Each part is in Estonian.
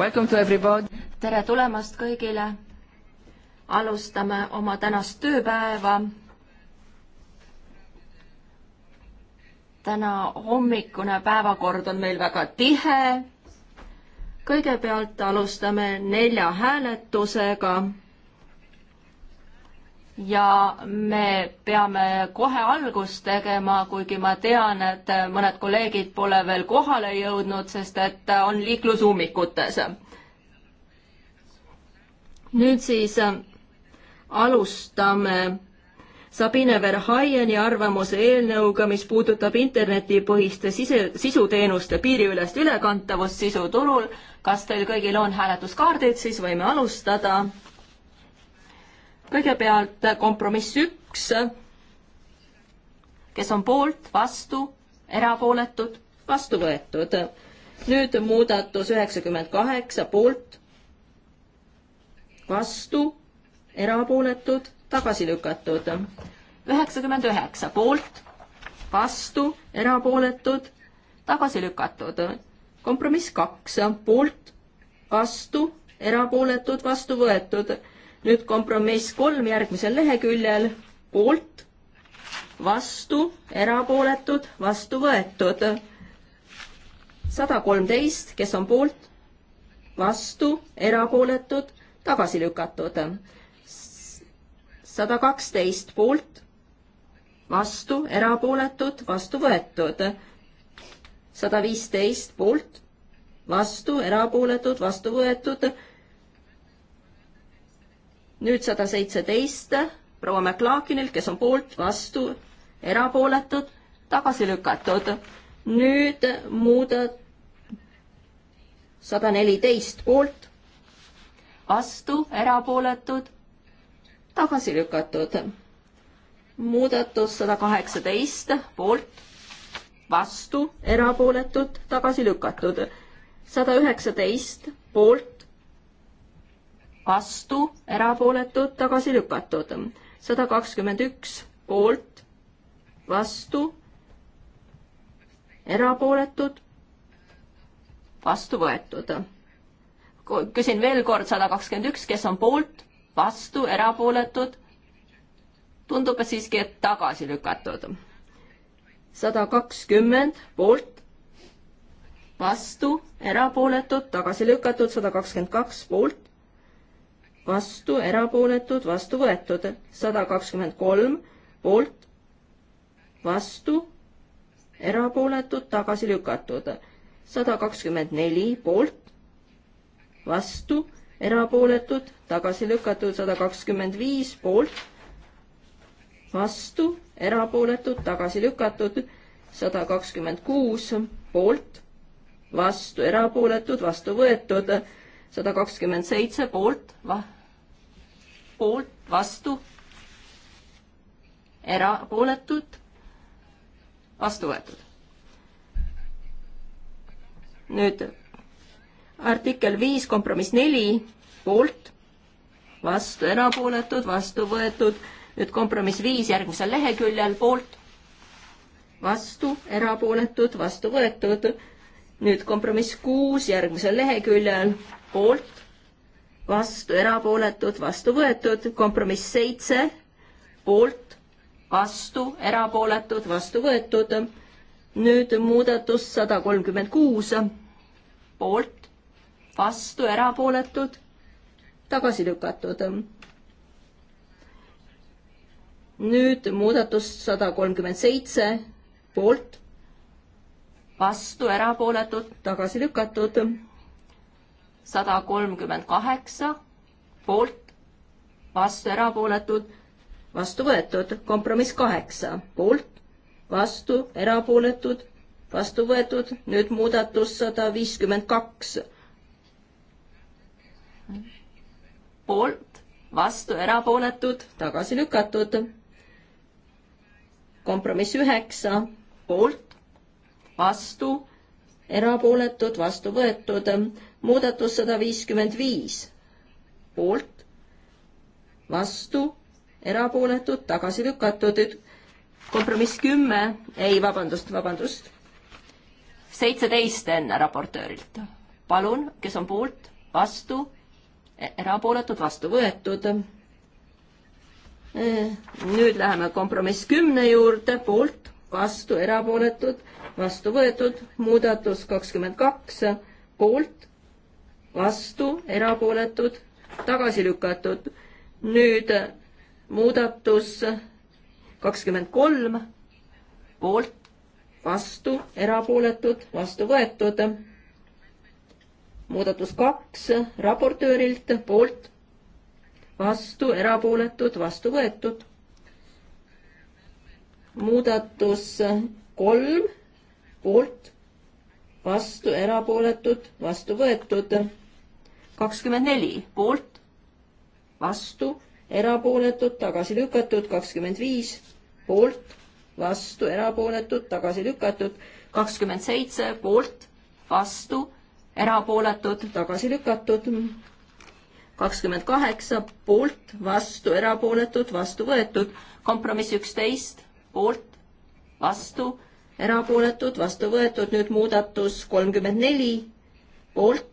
Welcome to everybody. tere tulemast kõigile. alustame oma tänast tööpäeva. täna hommikune päevakord on meil väga tihe. kõigepealt alustame nelja hääletusega ja me peame kohe algust tegema, kuigi ma tean, et mõned kolleegid pole veel kohale jõudnud, sest et on liiklusummikutes. nüüd siis äh, alustame Sabine Verhaieni arvamuse eelnõuga, mis puudutab internetipõhiste sise, sisuteenuste piiriülest ülekantavust sisuturul. kas teil kõigil on hääletuskaardid, siis võime alustada kõigepealt kompromiss üks, kes on poolt, vastu, erapooletud, vastu võetud. nüüd muudatus üheksakümmend kaheksa, poolt, vastu, erapooletud, tagasi lükatud. üheksakümmend üheksa, poolt, vastu, erapooletud, tagasi lükatud. kompromiss kaks, poolt, vastu, erapooletud, vastu võetud nüüd kompromiss kolm järgmisel leheküljel, poolt, vastu, erapooletud, vastu võetud. sada kolmteist, kes on poolt, vastu, erapooletud, tagasi lükatud. sada kaksteist poolt, vastu, erapooletud, vastu võetud. sada viisteist poolt, vastu, erapooletud, vastu võetud nüüd sada seitseteist proua McLaughlinilt, kes on poolt, vastu, erapooletud, tagasi lükatud. nüüd muuda sada neliteist poolt, vastu, erapooletud, tagasi lükatud. muudatus sada kaheksateist poolt, vastu, erapooletud, tagasi lükatud. sada üheksateist poolt, vastu, erapooletud, tagasi lükatud. sada kakskümmend üks poolt, vastu, erapooletud, vastu võetud. küsin veel kord, sada kakskümmend üks, kes on poolt, vastu, erapooletud, tundub siiski, et tagasi lükatud. sada kakskümmend poolt, vastu, erapooletud, tagasi lükatud, sada kakskümmend kaks poolt, vastu, erapooletud, vastu võetud. sada kakskümmend kolm poolt, vastu, erapooletud, tagasi lükatud. sada kakskümmend neli poolt, vastu, erapooletud, tagasi lükatud, sada kakskümmend viis poolt, vastu, erapooletud, tagasi lükatud, sada kakskümmend kuus poolt, vastu, erapooletud, vastu võetud, sada kakskümmend seitse poolt, vah-, poolt, vastu, erapooletud, vastu võetud. nüüd artikkel viis, kompromiss neli, poolt, vastu, erapooletud, vastu võetud, nüüd kompromiss viis järgmisel leheküljel, poolt, vastu, erapooletud, vastu võetud, nüüd kompromiss kuus järgmisel leheküljel, poolt, vastu erapooletud, vastu võetud, kompromiss seitse, poolt, vastu erapooletud, vastu võetud. nüüd muudatus sada kolmkümmend kuus, poolt, vastu erapooletud, tagasi lükatud. nüüd muudatus sada kolmkümmend seitse, poolt, vastu erapooletud, tagasi lükatud sada kolmkümmend kaheksa poolt, vastu erapooletud, vastu võetud, kompromiss kaheksa poolt, vastu erapooletud, vastu võetud, nüüd muudatus sada viiskümmend kaks poolt, vastu erapooletud, tagasi lükatud. kompromiss üheksa poolt, vastu erapooletud, vastu võetud muudatus sada viiskümmend viis poolt, vastu, erapooletud, tagasi lükatud, kompromiss kümme, ei, vabandust, vabandust, seitseteist enne raportöörilt. palun, kes on poolt, vastu, erapooletud, vastu võetud. Äh, nüüd läheme kompromiss kümne juurde, poolt, vastu, erapooletud, vastu võetud, muudatus kakskümmend kaks, poolt vastu, erapooletud, tagasi lükatud. nüüd muudatus kakskümmend kolm, poolt, vastu, erapooletud, vastu võetud. muudatus kaks raportöörilt, poolt, vastu, erapooletud, vastu võetud. muudatus kolm, poolt, vastu, erapooletud, vastu võetud kakskümmend neli poolt, vastu, erapooletud, tagasi lükatud, kakskümmend viis poolt, vastu, erapooletud, tagasi lükatud, kakskümmend seitse poolt, vastu, erapooletud, tagasi lükatud, kakskümmend kaheksa poolt, vastu, erapooletud, vastu võetud, kompromiss üksteist poolt, vastu, erapooletud, vastu võetud, nüüd muudatus kolmkümmend neli poolt,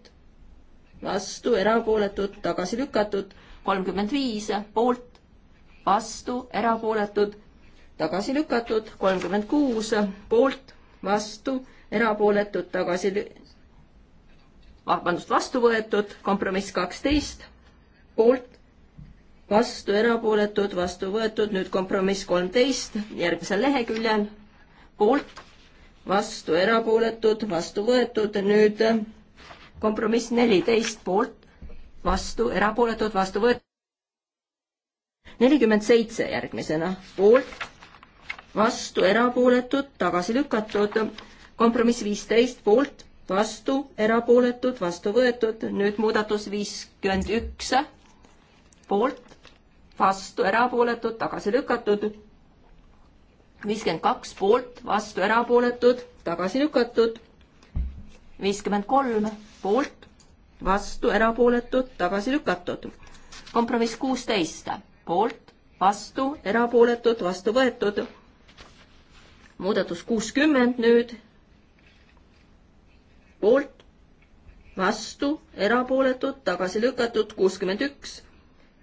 vastu, erapooletud, tagasi lükatud, kolmkümmend viis poolt, vastu, erapooletud, tagasi lükatud, kolmkümmend kuus poolt, vastu, erapooletud, tagasi lü-, vabandust, vastu võetud, kompromiss kaksteist, poolt, vastu, erapooletud, vastu võetud, nüüd kompromiss kolmteist, järgmisel leheküljel, poolt, vastu, erapooletud, vastu võetud, nüüd kompromiss neliteist poolt, vastu, erapooletud, vastu võetud. nelikümmend seitse järgmisena poolt, vastu, erapooletud, tagasi lükatud. kompromiss viisteist poolt, vastu, erapooletud, vastu võetud. nüüd muudatus viiskümmend üks poolt, vastu, erapooletud, tagasi lükatud. viiskümmend kaks poolt, vastu, erapooletud, tagasi lükatud viiskümmend kolm poolt, vastu, erapooletud, tagasi lükatud. kompromiss kuusteist poolt, vastu, erapooletud, vastu võetud. muudatus kuuskümmend nüüd poolt, vastu, erapooletud, tagasi lükatud, kuuskümmend üks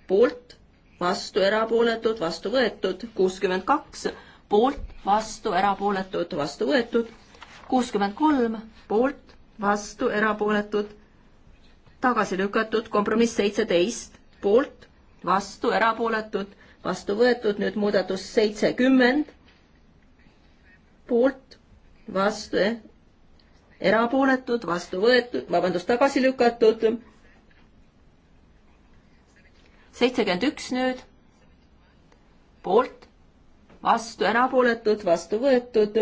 poolt, vastu, erapooletud, vastu võetud, kuuskümmend kaks poolt, vastu, erapooletud, vastu võetud, kuuskümmend kolm poolt, vastu, erapooletud, tagasi lükatud, kompromiss seitseteist, poolt, vastu, erapooletud, vastu võetud, nüüd muudatus seitsekümmend, poolt, vastu, erapooletud, vastu võetud, vabandust, tagasi lükatud, seitsekümmend üks nüüd, poolt, vastu, erapooletud, vastu võetud,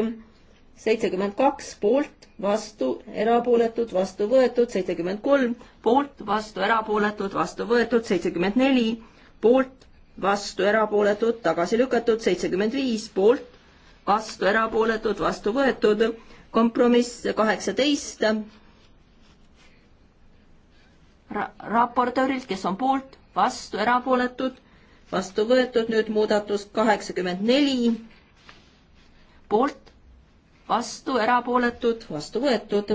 seitsekümmend kaks, poolt, vastu, erapooletud, vastu võetud, seitsekümmend kolm, poolt, vastu, erapooletud, vastu võetud, seitsekümmend neli, poolt, vastu, erapooletud, tagasi lükatud, seitsekümmend viis, poolt, vastu, erapooletud, vastu võetud, kompromiss kaheksateist ra, raportöörilt, kes on poolt, vastu, erapooletud, vastu võetud, nüüd muudatus kaheksakümmend neli, poolt, vastu, erapooletud, vastu võetud.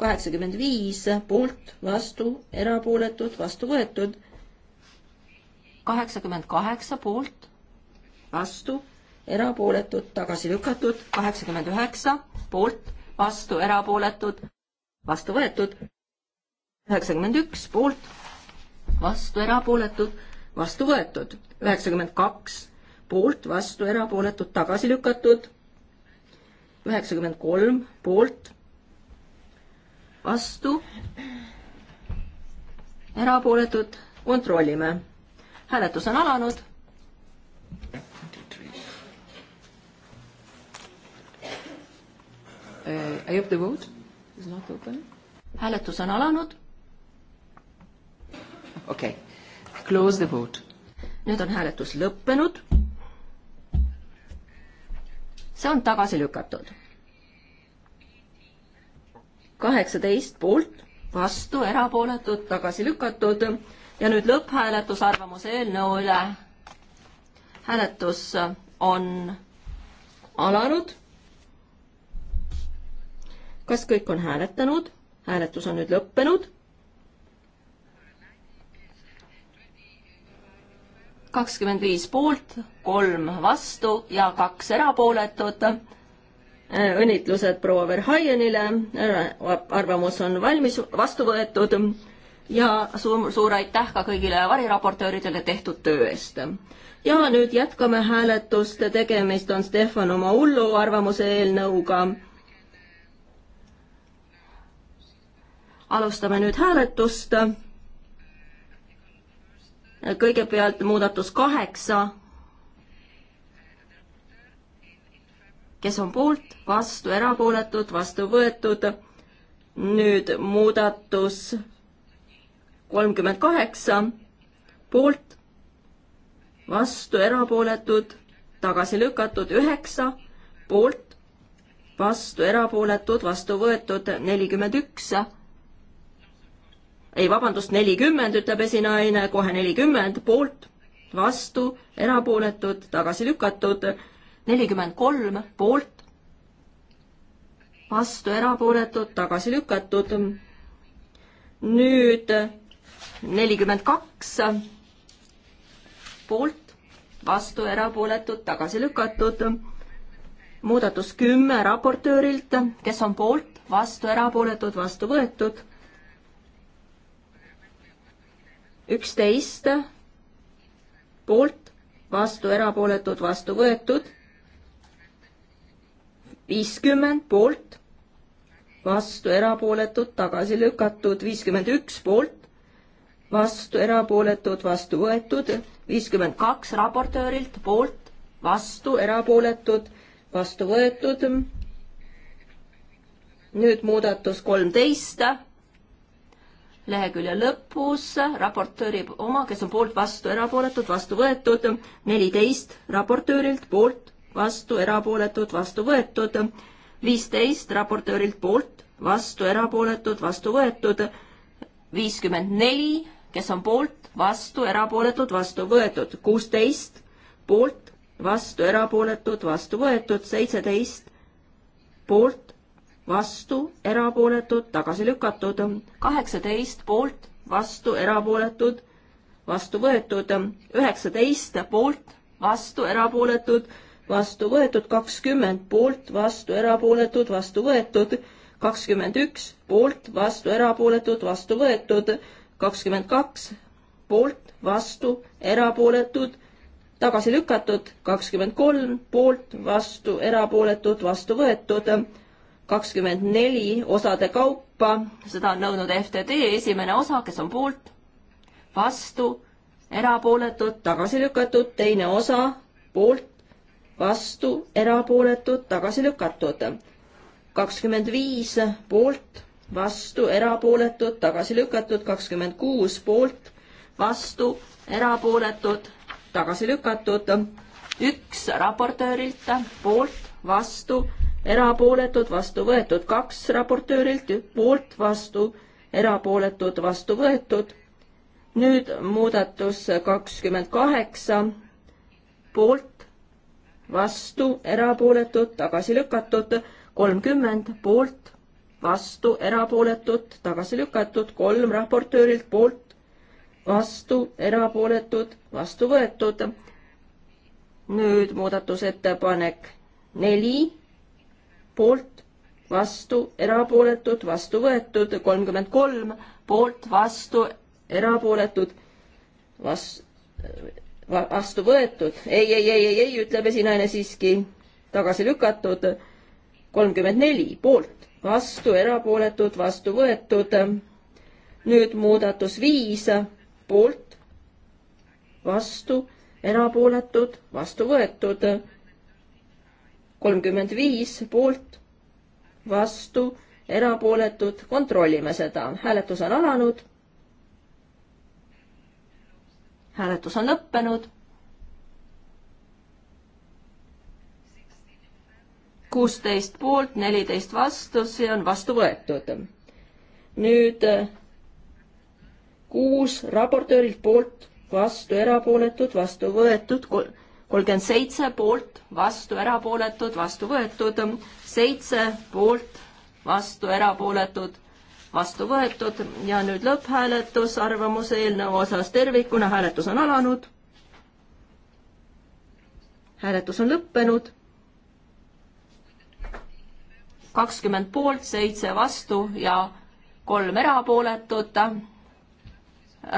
kaheksakümmend viis poolt, vastu, erapooletud, vastu võetud. kaheksakümmend kaheksa poolt, vastu, erapooletud, tagasi lükatud. kaheksakümmend üheksa poolt, vastu, erapooletud, vastu võetud. üheksakümmend üks poolt, vastu, erapooletud, vastu võetud. üheksakümmend kaks poolt, vastu, erapooletud, tagasi lükatud üheksakümmend kolm poolt, vastu, erapooletud, kontrollime. hääletus on alanud. Äh, I hope the vote is not open. hääletus on alanud. okei okay., close the vote. nüüd on hääletus lõppenud see on tagasi lükatud. kaheksateist poolt, vastu, erapooletud, tagasi lükatud ja nüüd lõpphääletus arvamuse eelnõu üle. hääletus on alanud. kas kõik on hääletanud? hääletus on nüüd lõppenud kakskümmend viis poolt, kolm vastu ja kaks erapooletut. õnnitlused proua Verhaienile, arvamus on valmis, vastu võetud ja suur, suur aitäh ka kõigile variraportööridele tehtud töö eest. ja nüüd jätkame hääletust, tegemist on Stefan oma hullu arvamuse eelnõuga. alustame nüüd hääletust kõigepealt muudatus kaheksa. kes on poolt, vastu, erapooletud, vastu võetud. nüüd muudatus kolmkümmend kaheksa, poolt, vastu, erapooletud, tagasi lükatud, üheksa, poolt, vastu, erapooletud, vastu võetud, nelikümmend üks ei, vabandust, nelikümmend, ütleb esinaine, kohe nelikümmend, poolt, vastu, erapooletud, tagasi lükatud, nelikümmend kolm, poolt, vastu, erapooletud, tagasi lükatud. nüüd nelikümmend kaks, poolt, vastu, erapooletud, tagasi lükatud. muudatus kümme raportöörilt, kes on poolt, vastu, erapooletud, vastu võetud üksteist poolt, vastu erapooletud, vastu võetud. viiskümmend poolt, vastu erapooletud, tagasi lükatud, viiskümmend üks poolt, vastu erapooletud, vastu võetud, viiskümmend kaks raportöörilt poolt, vastu erapooletud, vastu võetud. nüüd muudatus kolmteist lehekülje lõpus, raportööri oma, kes on poolt, vastu, erapooletud, vastu võetud, neliteist raportöörilt poolt, vastu, erapooletud, vastu võetud, viisteist raportöörilt poolt, vastu, erapooletud, vastu võetud, viiskümmend neli, kes on poolt, vastu, erapooletud, vastu võetud, kuusteist poolt, vastu, erapooletud, vastu võetud, seitseteist poolt, vastu, erapooletud, tagasi lükatud, kaheksateist poolt, vastu, erapooletud, vastu võetud, üheksateist poolt, vastu, erapooletud, vastu võetud, kakskümmend poolt, vastu, erapooletud, vastu võetud, kakskümmend üks poolt, vastu, erapooletud, vastu võetud, kakskümmend kaks poolt, vastu, erapooletud, tagasi lükatud, kakskümmend kolm poolt, vastu, erapooletud, vastu võetud, kakskümmend neli osade kaupa, seda on nõudnud FTD, esimene osa, kes on poolt, vastu, erapooletud, tagasi lükatud, teine osa, poolt, vastu, erapooletud, tagasi lükatud. kakskümmend viis poolt, vastu, erapooletud, tagasi lükatud, kakskümmend kuus poolt, vastu, erapooletud, tagasi lükatud, üks raportöörilt poolt, vastu erapooletud, vastu võetud, kaks raportöörilt poolt, vastu, erapooletud, vastu võetud. nüüd muudatus kakskümmend kaheksa, poolt, vastu, erapooletud, tagasi lükatud, kolmkümmend poolt, vastu, erapooletud, tagasi lükatud, kolm raportöörilt poolt, vastu, erapooletud, vastu võetud. nüüd muudatusettepanek neli poolt, vastu, erapooletud, vastu võetud, kolmkümmend kolm, poolt, vastu, erapooletud, vas-, vastu võetud, ei, ei, ei, ei, ei, ütleb esinaine siiski, tagasi lükatud, kolmkümmend neli, poolt, vastu, erapooletud, vastu võetud, nüüd muudatus viis, poolt, vastu, erapooletud, vastu võetud kolmkümmend viis poolt, vastu, erapooletud, kontrollime seda. hääletus on alanud. hääletus on lõppenud. kuusteist poolt, neliteist vastu, see on vastu võetud. nüüd kuus raportöörilt poolt, vastu erapooletud, vastu võetud, kolm kolmkümmend seitse poolt, vastu erapooletud, vastu võetud, seitse poolt, vastu erapooletud, vastu võetud ja nüüd lõpphääletus arvamuse eelnõu osas tervikuna, hääletus on alanud. hääletus on lõppenud. kakskümmend poolt, seitse vastu ja kolm erapooletut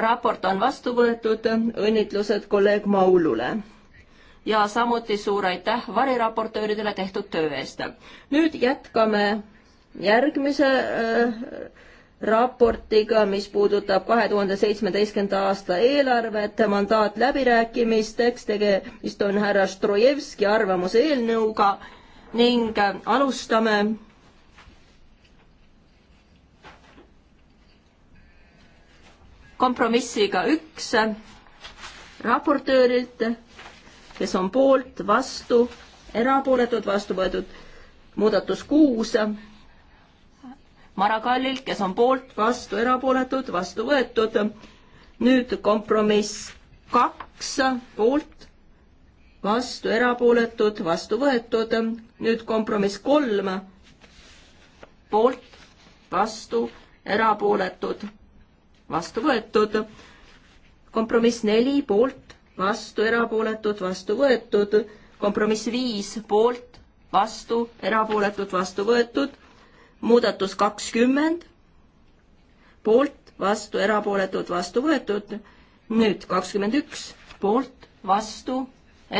raport on vastu võetud, õnnitlused kolleeg Maulule ja samuti suur aitäh variraportööridele tehtud töö eest. nüüd jätkame järgmise äh, raportiga, mis puudutab kahe tuhande seitsmeteistkümnenda aasta eelarvet, mandaat läbirääkimisteks, tegemist on härra Strojevski arvamuse eelnõuga ning äh, alustame kompromissiga üks raportöörilt kes on poolt, vastu, erapooletud, vastu võetud. muudatus kuus Marakallilt, kes on poolt, vastu, erapooletud, vastu võetud. nüüd kompromiss kaks, poolt, vastu, erapooletud, vastu võetud. nüüd kompromiss kolm, poolt, vastu, erapooletud, vastu võetud. kompromiss neli, poolt, vastu, erapooletud, vastu võetud, kompromiss viis poolt, vastu, erapooletud, vastu võetud, muudatus kakskümmend, poolt, vastu, erapooletud, vastu võetud, nüüd kakskümmend üks, poolt, vastu,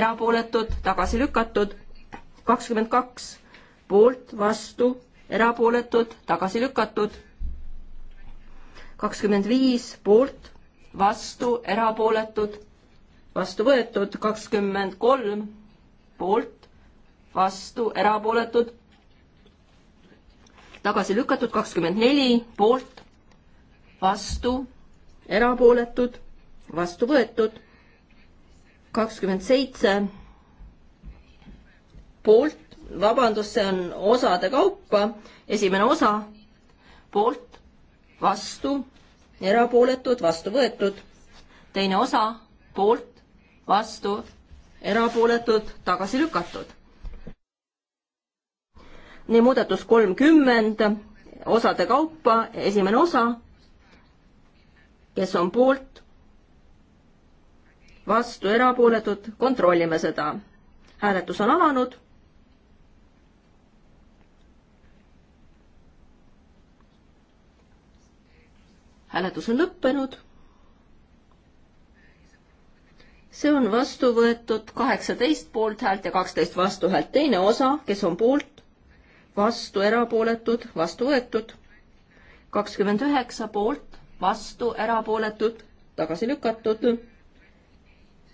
erapooletud, tagasi lükatud, kakskümmend kaks, poolt, vastu, erapooletud, tagasi lükatud, kakskümmend viis, poolt, vastu, erapooletud vastu võetud, kakskümmend kolm poolt, vastu, erapooletud, tagasi lükatud, kakskümmend neli poolt, vastu, erapooletud, vastu võetud, kakskümmend seitse poolt, vabandust, see on osade kaupa, esimene osa, poolt, vastu, erapooletud, vastu võetud, teine osa, poolt, vastu, erapooletud, tagasi lükatud. nii, muudatus kolmkümmend, osade kaupa, esimene osa, kes on poolt, vastu, erapooletud, kontrollime seda. hääletus on alanud hääletus on lõppenud see on vastu võetud kaheksateist poolthäält ja kaksteist vastuhäält. teine osa, kes on poolt, vastu, erapooletud, vastu võetud. kakskümmend üheksa poolt, vastu, erapooletud, tagasi lükatud.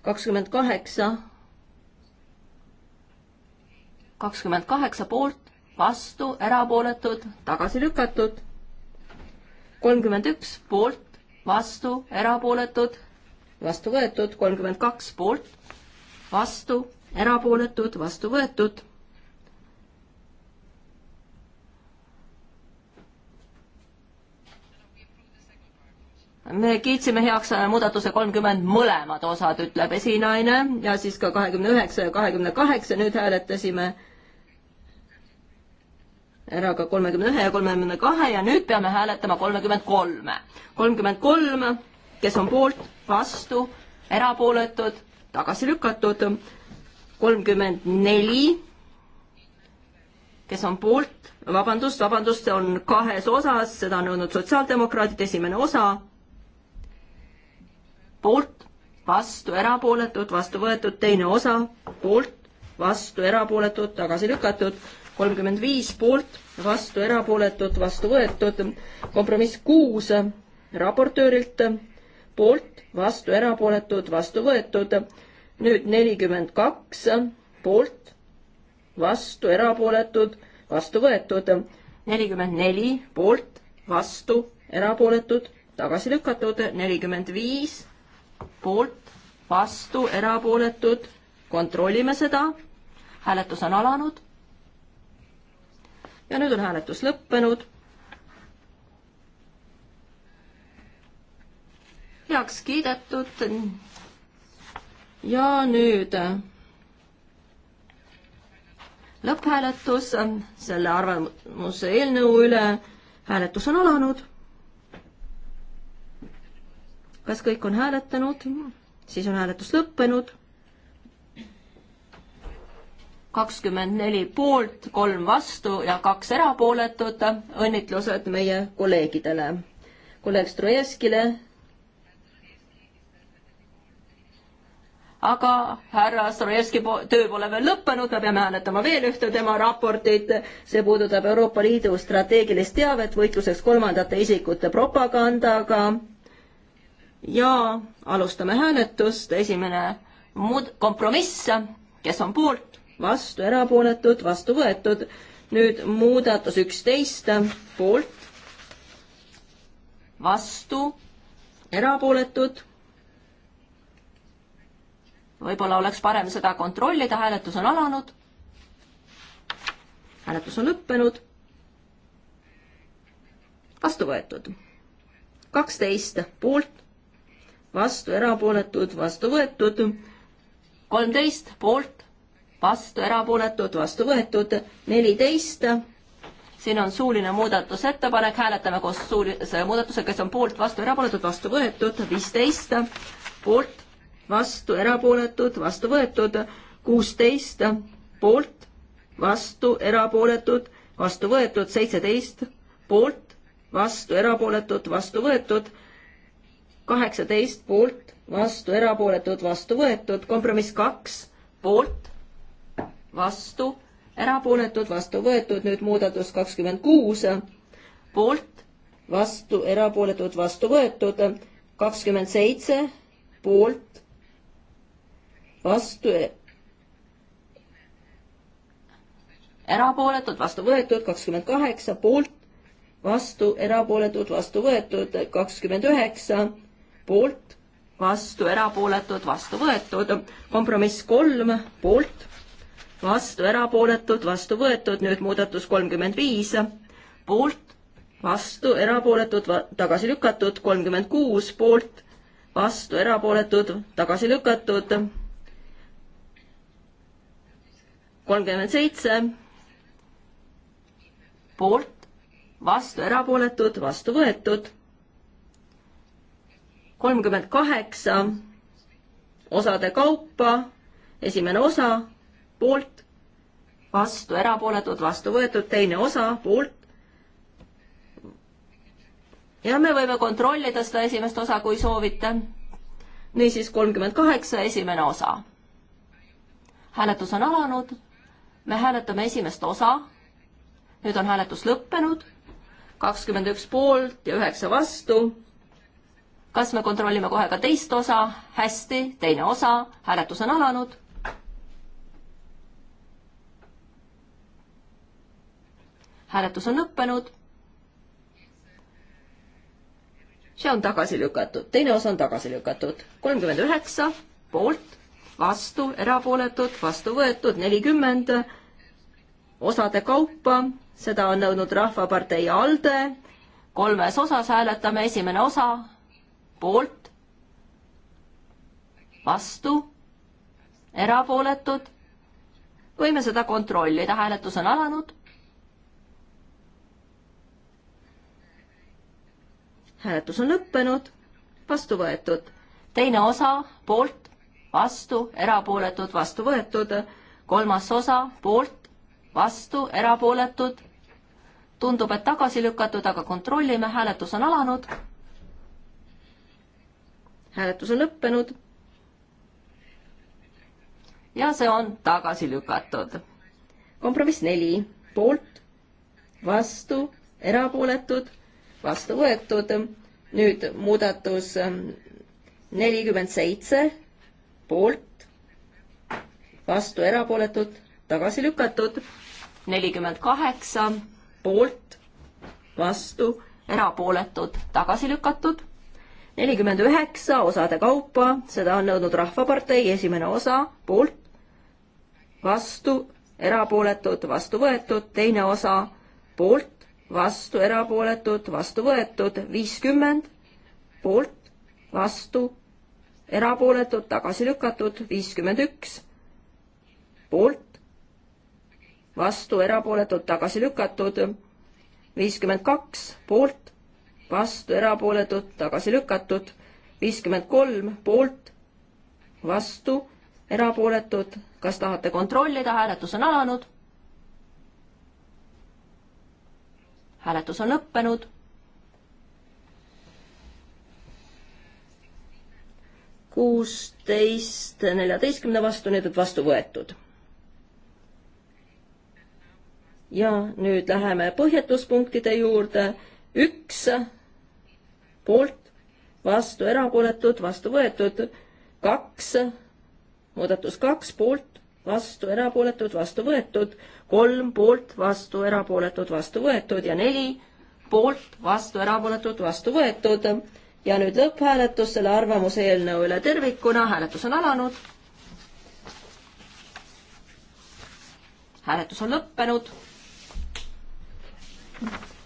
kakskümmend kaheksa, kakskümmend kaheksa poolt, vastu, erapooletud, tagasi lükatud. kolmkümmend üks poolt, vastu, erapooletud, vastu võetud, kolmkümmend kaks poolt, vastu, erapooletud, vastu võetud. me kiitsime heaks muudatuse kolmkümmend mõlemad osad, ütleb esinaine ja siis ka kahekümne üheksa ja kahekümne kaheksa nüüd hääletasime ära ka kolmekümne ühe ja kolmekümne kahe ja nüüd peame hääletama kolmekümmend kolme. kolmkümmend kolm, kes on poolt vastu, erapooletud, tagasi lükatud, kolmkümmend neli, kes on poolt, vabandust, vabandust, see on kahes osas, seda on nõudnud sotsiaaldemokraadid, esimene osa, poolt, vastu, erapooletud, vastu võetud, teine osa, poolt, vastu, erapooletud, tagasi lükatud, kolmkümmend viis poolt, vastu, erapooletud, vastu võetud, kompromiss kuus raportöörilt poolt, vastu erapooletud, vastu võetud. nüüd nelikümmend kaks poolt, vastu erapooletud, vastu võetud. nelikümmend neli poolt, vastu erapooletud, tagasi lükatud. nelikümmend viis poolt, vastu erapooletud. kontrollime seda. hääletus on alanud. ja nüüd on hääletus lõppenud heaks kiidetud. ja nüüd lõpphääletus selle arvamuse eelnõu üle. hääletus on alanud. kas kõik on hääletanud? siis on hääletus lõppenud. kakskümmend neli poolt, kolm vastu ja kaks erapooletut. õnnitlused meie kolleegidele, kolleeg Strojevskile aga härra Strojevski töö pole veel lõppenud, me peame hääletama veel ühte tema raportit, see puudutab Euroopa Liidu strateegilist teavet võitluseks kolmandate isikute propagandaga. ja alustame hääletust, esimene muud-, kompromiss, kes on poolt, vastu, erapooletud, vastu võetud, nüüd muudatus üksteist, poolt, vastu, erapooletud võib-olla oleks parem seda kontrollida, hääletus on alanud. hääletus on lõppenud. vastu võetud. kaksteist poolt, vastu erapooletud, vastu võetud. kolmteist poolt, vastu erapooletud, vastu võetud. neliteist, siin on suuline muudatusettepanek, hääletame koos suulise muudatusega, kes on poolt, vastu erapooletud, vastu võetud. viisteist poolt vastu, erapooletud, vastu võetud, kuusteist poolt, vastu, erapooletud, vastu võetud, seitseteist poolt, vastu, erapooletud, vastu võetud, kaheksateist poolt, vastu, erapooletud, vastu võetud, kompromiss kaks poolt, vastu, erapooletud, vastu võetud, nüüd muudatus kakskümmend kuus, poolt, vastu, erapooletud, vastu võetud, kakskümmend seitse, poolt, vastu erapooletud, vastu võetud, kakskümmend kaheksa poolt, vastu erapooletud, vastu võetud, kakskümmend üheksa poolt, vastu erapooletud, vastu võetud, kompromiss kolm poolt, vastu erapooletud, vastu võetud, nüüd muudatus kolmkümmend viis poolt, vastu erapooletud, tagasi lükatud, kolmkümmend kuus poolt, vastu erapooletud, tagasi lükatud kolmkümmend seitse poolt, vastu, erapooletud, vastu võetud. kolmkümmend kaheksa osade kaupa, esimene osa poolt, vastu, erapooletud, vastu võetud, teine osa poolt. ja me võime kontrollida seda esimest osa, kui soovite. niisiis kolmkümmend kaheksa, esimene osa. hääletus on alanud me hääletame esimest osa. nüüd on hääletus lõppenud. kakskümmend üks poolt ja üheksa vastu. kas me kontrollime kohe ka teist osa? hästi, teine osa, hääletus on alanud. hääletus on lõppenud. see on tagasi lükatud, teine osa on tagasi lükatud, kolmkümmend üheksa poolt vastu, erapooletud, vastu võetud, nelikümmend osade kaupa, seda on nõudnud Rahvapartei ALDE, kolmes osas hääletame, esimene osa poolt, vastu, erapooletud, võime seda kontrollida, hääletus on alanud. hääletus on lõppenud, vastu võetud, teine osa poolt vastu, erapooletud, vastu võetud, kolmas osa poolt, vastu, erapooletud, tundub, et tagasi lükatud, aga kontrollime, hääletus on alanud. hääletus on lõppenud. ja see on tagasi lükatud. kompromiss neli, poolt, vastu, erapooletud, vastu võetud. nüüd muudatus ähm, nelikümmend seitse poolt, vastu erapooletud, tagasi lükatud, nelikümmend kaheksa poolt, vastu erapooletud, tagasi lükatud, nelikümmend üheksa osade kaupa, seda on nõudnud Rahvapartei esimene osa, poolt, vastu erapooletud, vastu võetud, teine osa poolt, vastu erapooletud, vastu võetud, viiskümmend poolt, vastu erapooletud, tagasi lükatud, viiskümmend üks poolt, vastu, erapooletud, tagasi lükatud, viiskümmend kaks poolt, vastu, erapooletud, tagasi lükatud, viiskümmend kolm poolt, vastu, erapooletud, kas tahate kontrollida, hääletus on alanud hääletus on lõppenud. kuusteist neljateistkümne vastu, need on vastu võetud. ja nüüd läheme põhjenduspunktide juurde. üks poolt, vastu erapooletud, vastu võetud, kaks, muudatus kaks poolt, vastu erapooletud, vastu võetud, kolm poolt, vastu erapooletud, vastu võetud ja neli poolt, vastu erapooletud, vastu võetud ja nüüd lõpphääletus selle arvamuse eelnõu üle tervikuna, hääletus on alanud. hääletus on lõppenud.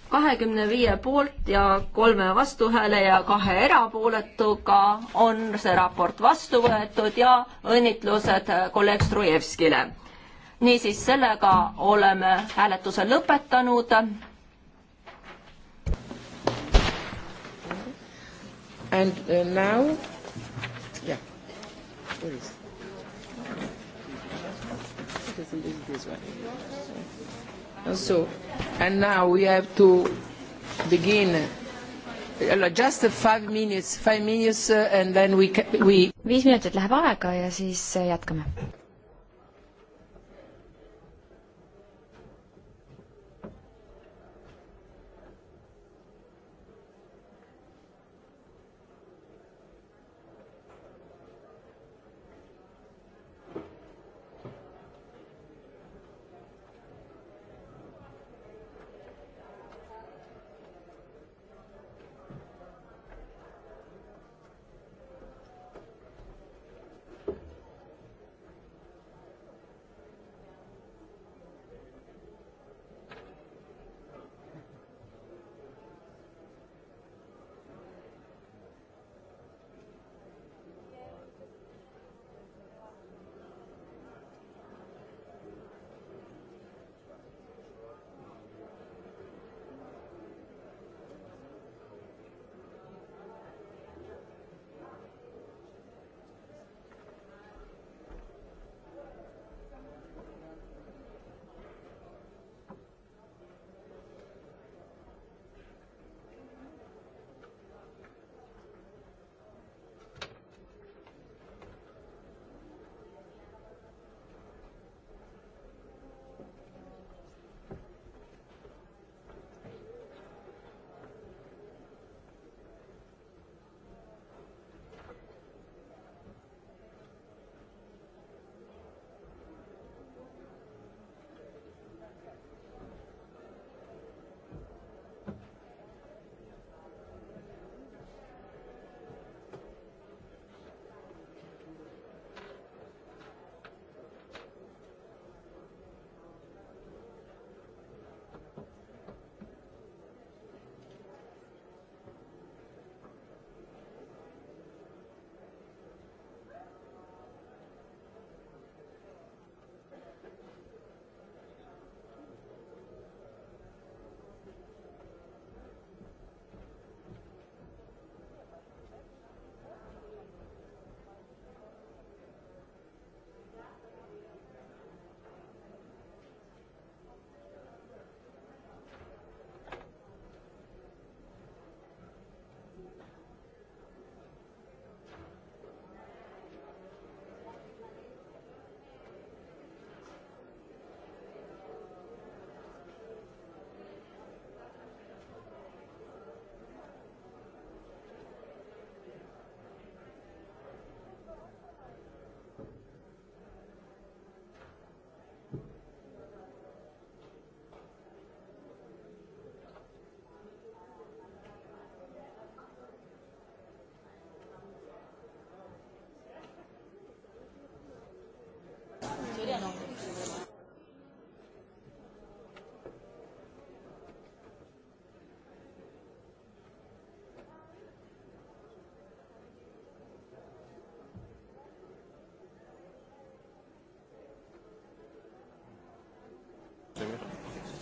kahekümne viie poolt ja kolme vastuhääle ja kahe erapooletuga on see raport vastu võetud ja õnnitlused kolleeg Strujevskile. niisiis, sellega oleme hääletuse lõpetanud And uh, now, yeah, where is it? Doesn't this, this one? And so, and now we have to begin. Just five minutes, five minutes, uh, and then we, we. viis minutit läheb aega ja siis uh, jätkame.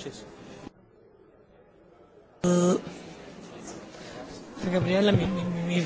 noches. Eh, Gabriela, mi, mi, mi, mi.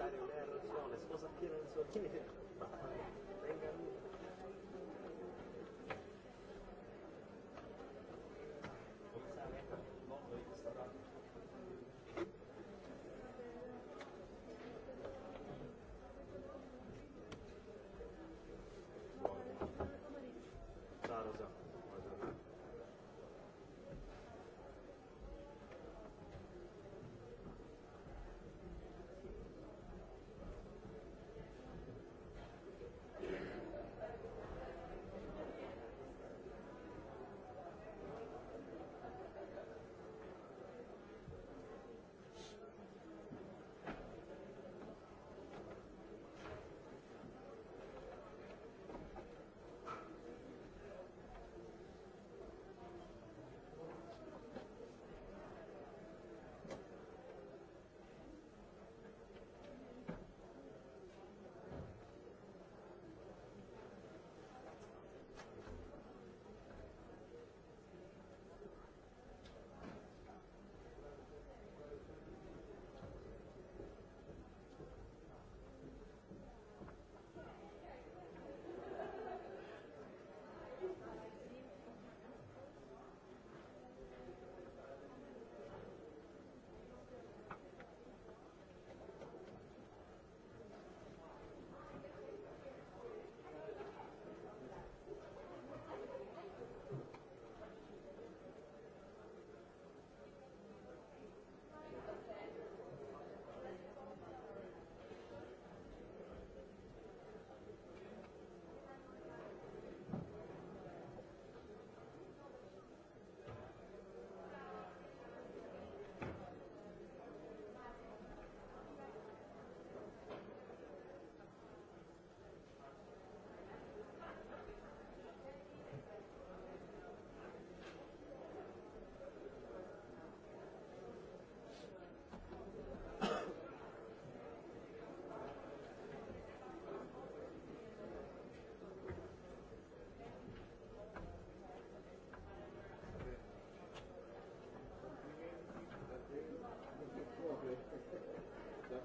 necessario, lei ha ragione, sposa piena del suo pieno.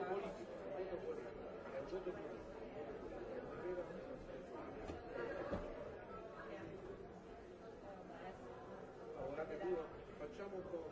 gioco politico, è un gioco politico, è un gioco politico. Ora capito, facciamo un po'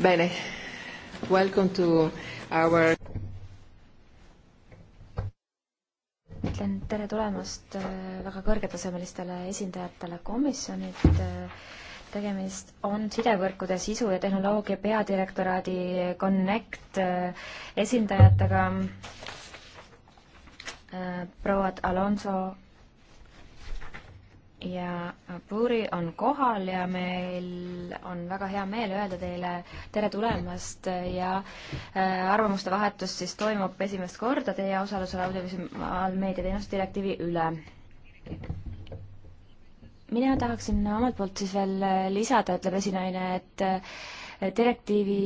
Bene, welcome to our ütlen tere tulemast äh, väga kõrgetasemelistele esindajatele komisjonilt. Äh, tegemist on sidevõrkude sisu ja tehnoloogia peadirektoraadi Connect äh, esindajatega. prouad Alonso ja Puuri on kohal ja meil on väga hea meel öelda teile tere tulemast ja äh, arvamuste vahetus siis toimub esimest korda teie osalusel audiovisuaalmeedia teenuste direktiivi üle. mina tahaksin omalt poolt siis veel lisada, ütleb esinaine, et äh, direktiivi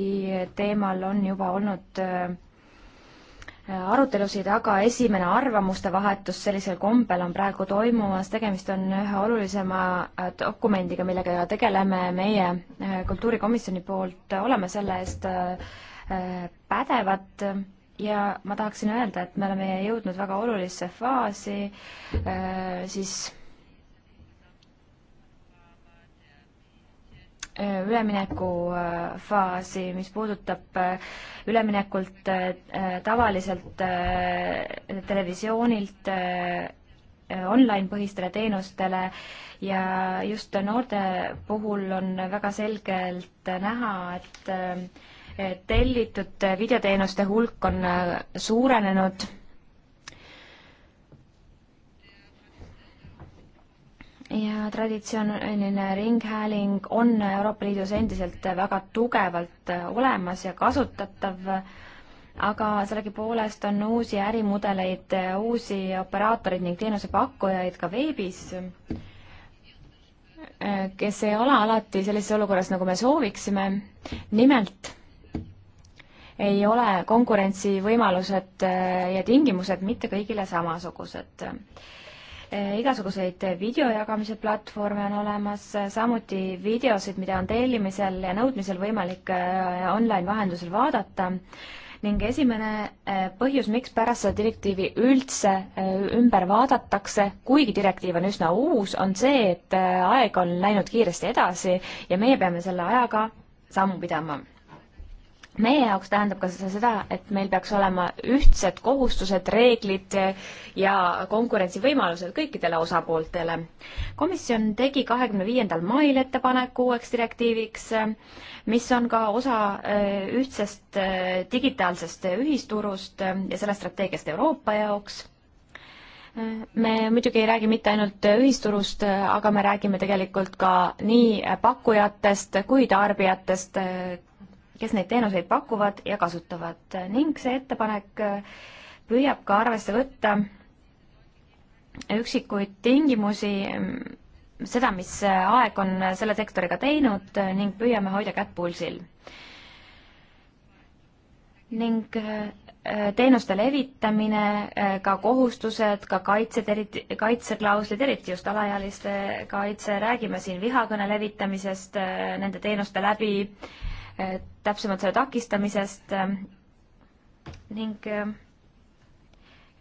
teemal on juba olnud äh, arutelusid, aga esimene arvamuste vahetus sellisel kombel on praegu toimumas, tegemist on ühe olulisema äh, dokumendiga, millega tegeleme meie äh, kultuurikomisjoni poolt, oleme selle eest äh, pädevad ja ma tahaksin öelda, et me oleme jõudnud väga olulisse faasi, siis Äh, üleminekufaasi, äh, mis puudutab äh, üleminekult tavaliselt televisioonilt online-põhistele teenustele ja just noorte puhul on väga selgelt näha, et tellitud videoteenuste hulk on suurenenud ja traditsiooniline ringhääling on Euroopa Liidus endiselt väga tugevalt äh, olemas ja kasutatav, aga sellegipoolest on uusi ärimudeleid, äh, uusi operaatoreid ning teenusepakkujaid ka veebis, äh, kes ei ole alati sellises olukorras, nagu me sooviksime. nimelt ei ole konkurentsivõimalused ja tingimused mitte kõigile samasugused Eh, igasuguseid videojagamise platvorme on olemas, eh, samuti videosid, mida on tellimisel ja nõudmisel võimalik eh, online vahendusel vaadata ning esimene põhjus, miks pärast seda direktiivi üldse ümber vaadatakse, kuigi direktiiv on üsna uus, on see, et aeg on läinud kiiresti edasi ja meie peame selle ajaga sammu pidama meie jaoks tähendab ka see seda, et meil peaks olema ühtsed kohustused, reeglid ja konkurentsivõimalused kõikidele osapooltele. komisjon tegi kahekümne viiendal mail ettepaneku uueks direktiiviks, mis on ka osa eh, ühtsest eh, digitaalsest ühisturust ja sellest strateegiast Euroopa jaoks me muidugi ei räägi mitte ainult ühisturust, aga me räägime tegelikult ka nii pakkujatest kui tarbijatest, kes neid teenuseid pakuvad ja kasutavad ning see ettepanek äh, püüab ka arvesse võtta üksikuid tingimusi, mm, seda, mis äh, aeg on äh, selle sektoriga teinud ning püüame hoida kätt pulsil. ning teenuste levitamine, ka kohustused, ka kaitsed, eriti, kaitseklauslid, eriti just alaealiste kaitse, räägime siin vihakõne levitamisest nende teenuste läbi äh,, Eh, täpsemalt selle takistamisest eh, ning eh,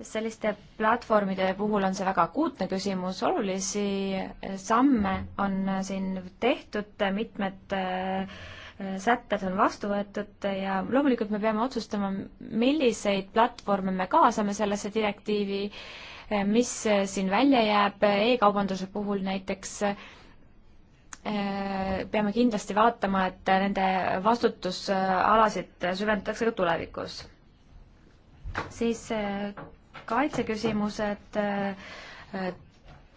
selliste platvormide puhul on see väga akuutne küsimus, olulisi samme on siin tehtud, mitmed sätted on vastu võetud ja loomulikult me peame otsustama, milliseid platvorme me kaasame sellesse direktiivi, mis siin välja jääb e-kaubanduse puhul näiteks Äh, peame kindlasti vaatama, et nende vastutusalasid süvendatakse ka tulevikus. siis äh, kaitseküsimused, äh,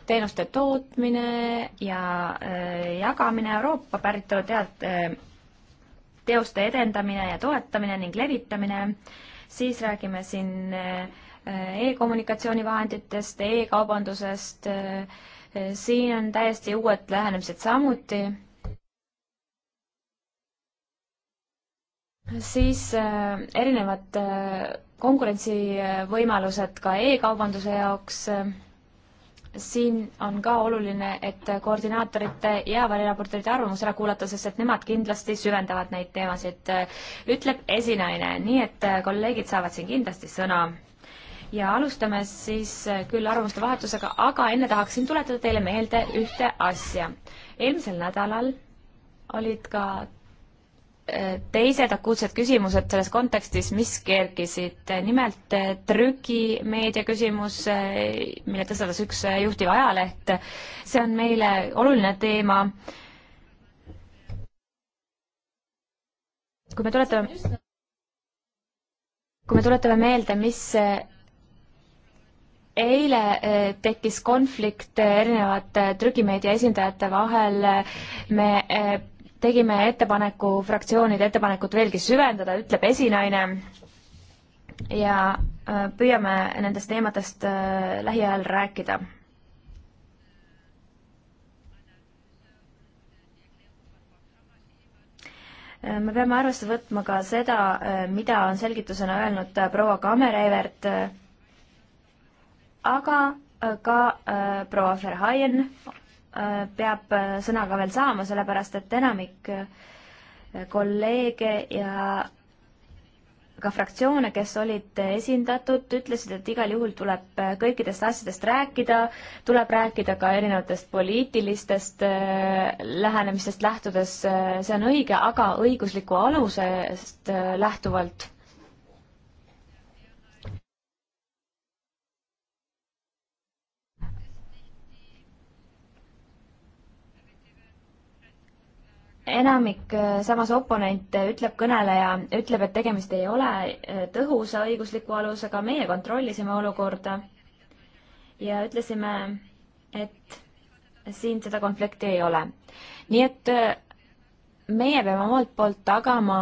teenuste tootmine ja jagamine Euroopa päritolu tead-, teoste edendamine ja toetamine ning levitamine, siis räägime siin e-kommunikatsioonivahenditest e, e-kaubandusest e, siin on täiesti uued lähenemised samuti. siis äh, erinevad äh, konkurentsivõimalused ka e-kaubanduse jaoks siin on ka oluline, et koordinaatorite ja väliraportorite arvamus ära kuulata, sest et nemad kindlasti süvendavad neid teemasid, äh, ütleb esinaine, nii et kolleegid saavad siin kindlasti sõna ja alustame siis eh, küll arvamuste vahetusega, aga enne tahaksin tuletada teile meelde ühte asja. eelmisel nädalal olid ka eh, teised akuutsed küsimused selles kontekstis, mis kerkisid, nimelt eh, trükimeedia küsimus, mille tõstatas üks juhtiv ajaleht. see on meile oluline teema. kui me tuletame, kui me tuletame meelde, mis eile eh, tekkis konflikt eh, erinevate eh, trükimeedia esindajate vahel. me tegime ettepaneku, fraktsioonide ettepanekut veelgi süvendada, ütleb esinaine. ja püüame nendest teemadest lähiajal rääkida. me peame arvesse võtma ka seda, mida on selgitusena öelnud proua Kammerevert aga äh, ka äh, proua Verhaien äh, peab sõna ka veel saama, sellepärast et enamik kolleege ja ka fraktsioone, kes olid esindatud, ütlesid, et igal juhul tuleb kõikidest asjadest rääkida, tuleb rääkida ka erinevatest poliitilistest lähenemistest lähtudes, see on õige, aga õigusliku alusest lähtuvalt enamik äh, samas oponente ütleb, kõneleja ütleb, et tegemist ei ole äh, tõhusa õigusliku alusega, meie kontrollisime olukorda ja ütlesime, et siin seda konflikti ei ole. nii et äh, meie peame omalt poolt tagama,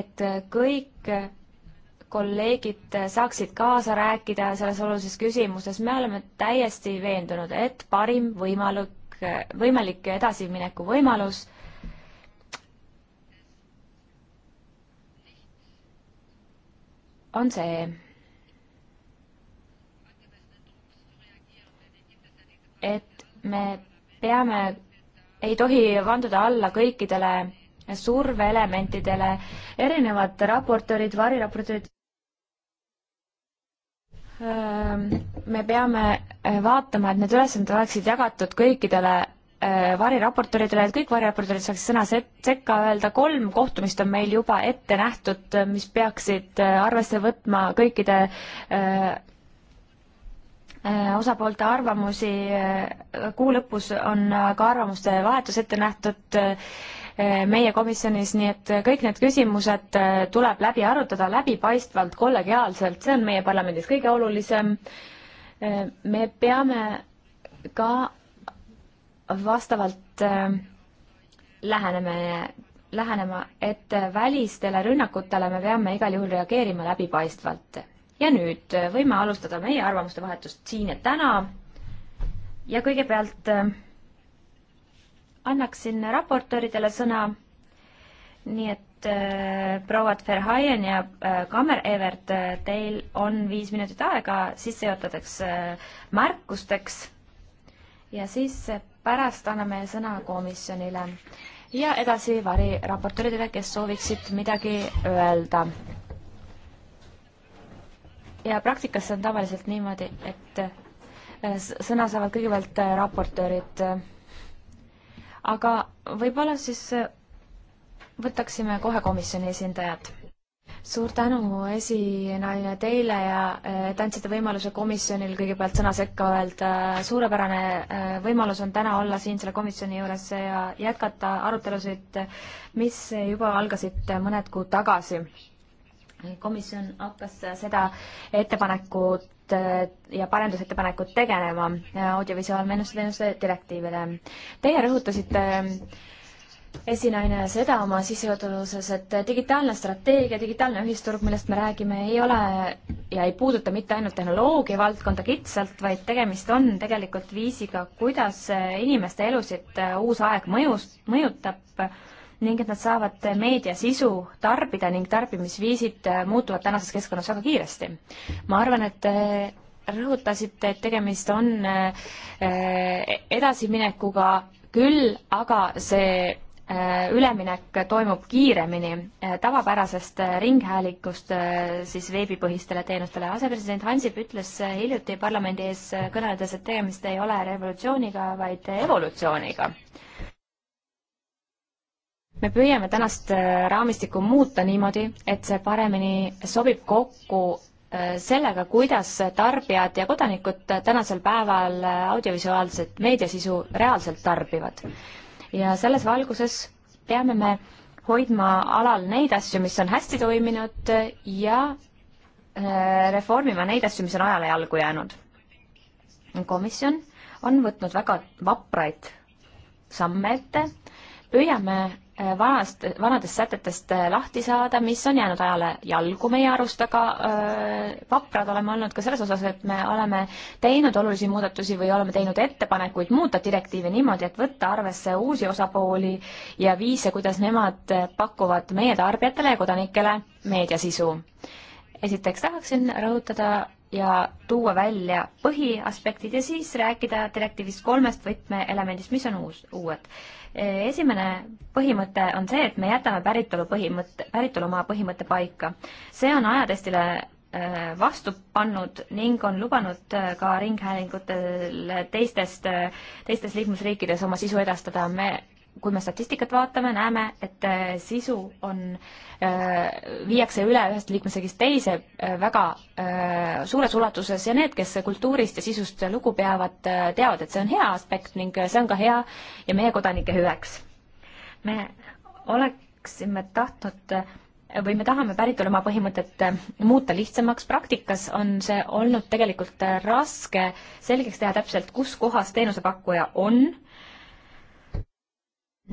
et kõik kolleegid saaksid kaasa rääkida selles olulises küsimuses, me oleme täiesti veendunud, et parim võimalik, võimalik edasimineku võimalus on see, et me peame, ei tohi vanduda alla kõikidele surveelementidele, erinevad raportöörid, variraportöörid, me peame vaatama, et need ülesanded oleksid jagatud kõikidele Äh, variraportööridele, et kõik variraportöörid saaks sõna sekka öelda, kolm kohtumist on meil juba ette nähtud, äh, mis peaksid äh, arvesse võtma kõikide osapoolte arvamusi, kuu lõpus on ka arvamuste vahetus ette nähtud meie komisjonis, nii et kõik need küsimused tuleb läbi arutada läbipaistvalt, kollegiaalselt, see on meie parlamendis kõige olulisem. me peame ka vastavalt ähm, läheneme, lähenema, et välistele rünnakutele me peame igal juhul reageerima läbipaistvalt. ja nüüd äh, võime alustada meie arvamuste vahetust siin ja täna. ja kõigepealt ähm, annaksin raportööridele sõna. nii et äh, prouad Verhaien ja äh, Kammer-Evert, äh, teil on viis minutit aega sissejuhatavaks äh, märkusteks ja siis äh, pärast anname sõna komisjonile ja edasi variraportööridele, kes sooviksid midagi öelda. ja praktikas see on tavaliselt niimoodi, et äh, sõna saavad kõigepealt äh, raportöörid. aga võib-olla siis äh, võtaksime kohe komisjoni esindajad suur tänu, esinaine teile ja äh, et andsite võimaluse komisjonil kõigepealt sõna sekka öelda. suurepärane äh, võimalus on täna olla siin selle komisjoni juures ja jätkata arutelusid, mis juba algasid mõned kuud tagasi. komisjon hakkas seda ettepanekut äh, ja parendusettepanekut tegelema audiovisuaalmenuste teenuste direktiivile. Teie rõhutasite äh, esinaine seda oma sissejuhatuses, et digitaalne strateegia, digitaalne ühisturg, millest me räägime, ei ole ja ei puuduta mitte ainult tehnoloogia valdkonda kitsalt, vaid tegemist on tegelikult viisiga, kuidas inimeste elusid äh, uus aeg mõjus, mõjutab ning et nad saavad meediasisu tarbida ning tarbimisviisid äh, muutuvad tänases keskkonnas väga kiiresti. ma arvan, et äh, rõhutasite, et tegemist on edasiminekuga küll, aga see Äh, üleminek toimub kiiremini äh, tavapärasest äh, ringhäälikust siis veebipõhistele teenustele. asepresident Hansip ütles hiljuti parlamendi ees kõneledes, et tegemist ei ole revolutsiooniga, vaid evolutsiooniga. me püüame tänast raamistikku muuta niimoodi, et see paremini sobib kokku sellega, kuidas tarbijad ja kodanikud tänasel päeval audiovisuaalset meediasisu reaalselt tarbivad ja selles valguses peame me hoidma alal neid asju, mis on hästi toiminud ja äh, reformima neid asju, mis on ajale jalgu jäänud. komisjon on võtnud väga vapraid samme ette, püüame Äh, vanast, vanadest sätetest äh, lahti saada, mis on jäänud ajale jalgu meie arust, aga äh, vaprad oleme olnud ka selles osas, et me oleme teinud olulisi muudatusi või oleme teinud ettepanekuid muuta direktiivi niimoodi, et võtta arvesse uusi osapooli ja viise, kuidas nemad pakuvad meie tarbijatele ja kodanikele meediasisu. esiteks tahaksin rõhutada ja tuua välja põhiaspektid ja siis rääkida direktiivist kolmest võtmeelemendist, mis on uus, uued esimene põhimõte on see, et me jätame päritolu põhimõtte, päritolumaa põhimõtte paika. see on ajatestile äh, vastu pannud ning on lubanud äh, ka ringhäälingutel teistest, äh, teistes liikmesriikides oma sisu edastada. me kui me statistikat vaatame, näeme, et äh, sisu on, äh, viiakse üle ühest liikmesriigist teise äh, väga suures ulatuses ja need, kes kultuurist ja sisust lugu peavad, teavad, et see on hea aspekt ning see on ka hea ja meie kodanike hüveks. me oleksime tahtnud või me tahame päritolumaa põhimõtet muuta lihtsamaks, praktikas on see olnud tegelikult raske selgeks teha täpselt, kus kohas teenusepakkuja on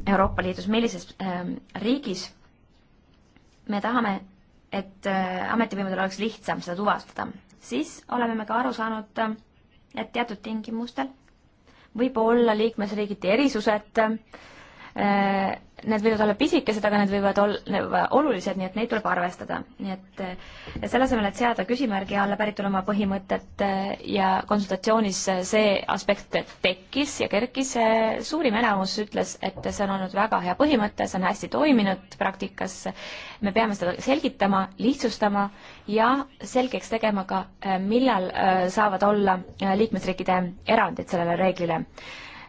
Euroopa Liidus, millises ähm, riigis. me tahame, et äh, ametivõimudel oleks lihtsam seda tuvastada. siis oleme me ka aru saanud, äh, et teatud tingimustel võib olla liikmesriigiti erisused äh, Äh, need võivad olla pisikesed, aga need võivad olla olulised, nii et neid tuleb arvestada. nii et äh, selle asemel, et seada küsimärgi alla päritolumaa põhimõtet äh, ja konsultatsioonis see aspekt tekkis ja kerkis, suurim enamus ütles, et see on olnud väga hea põhimõte, see on hästi toiminud praktikas, me peame seda selgitama, lihtsustama ja selgeks tegema ka, millal saavad olla liikmesriikide erandid sellele reeglile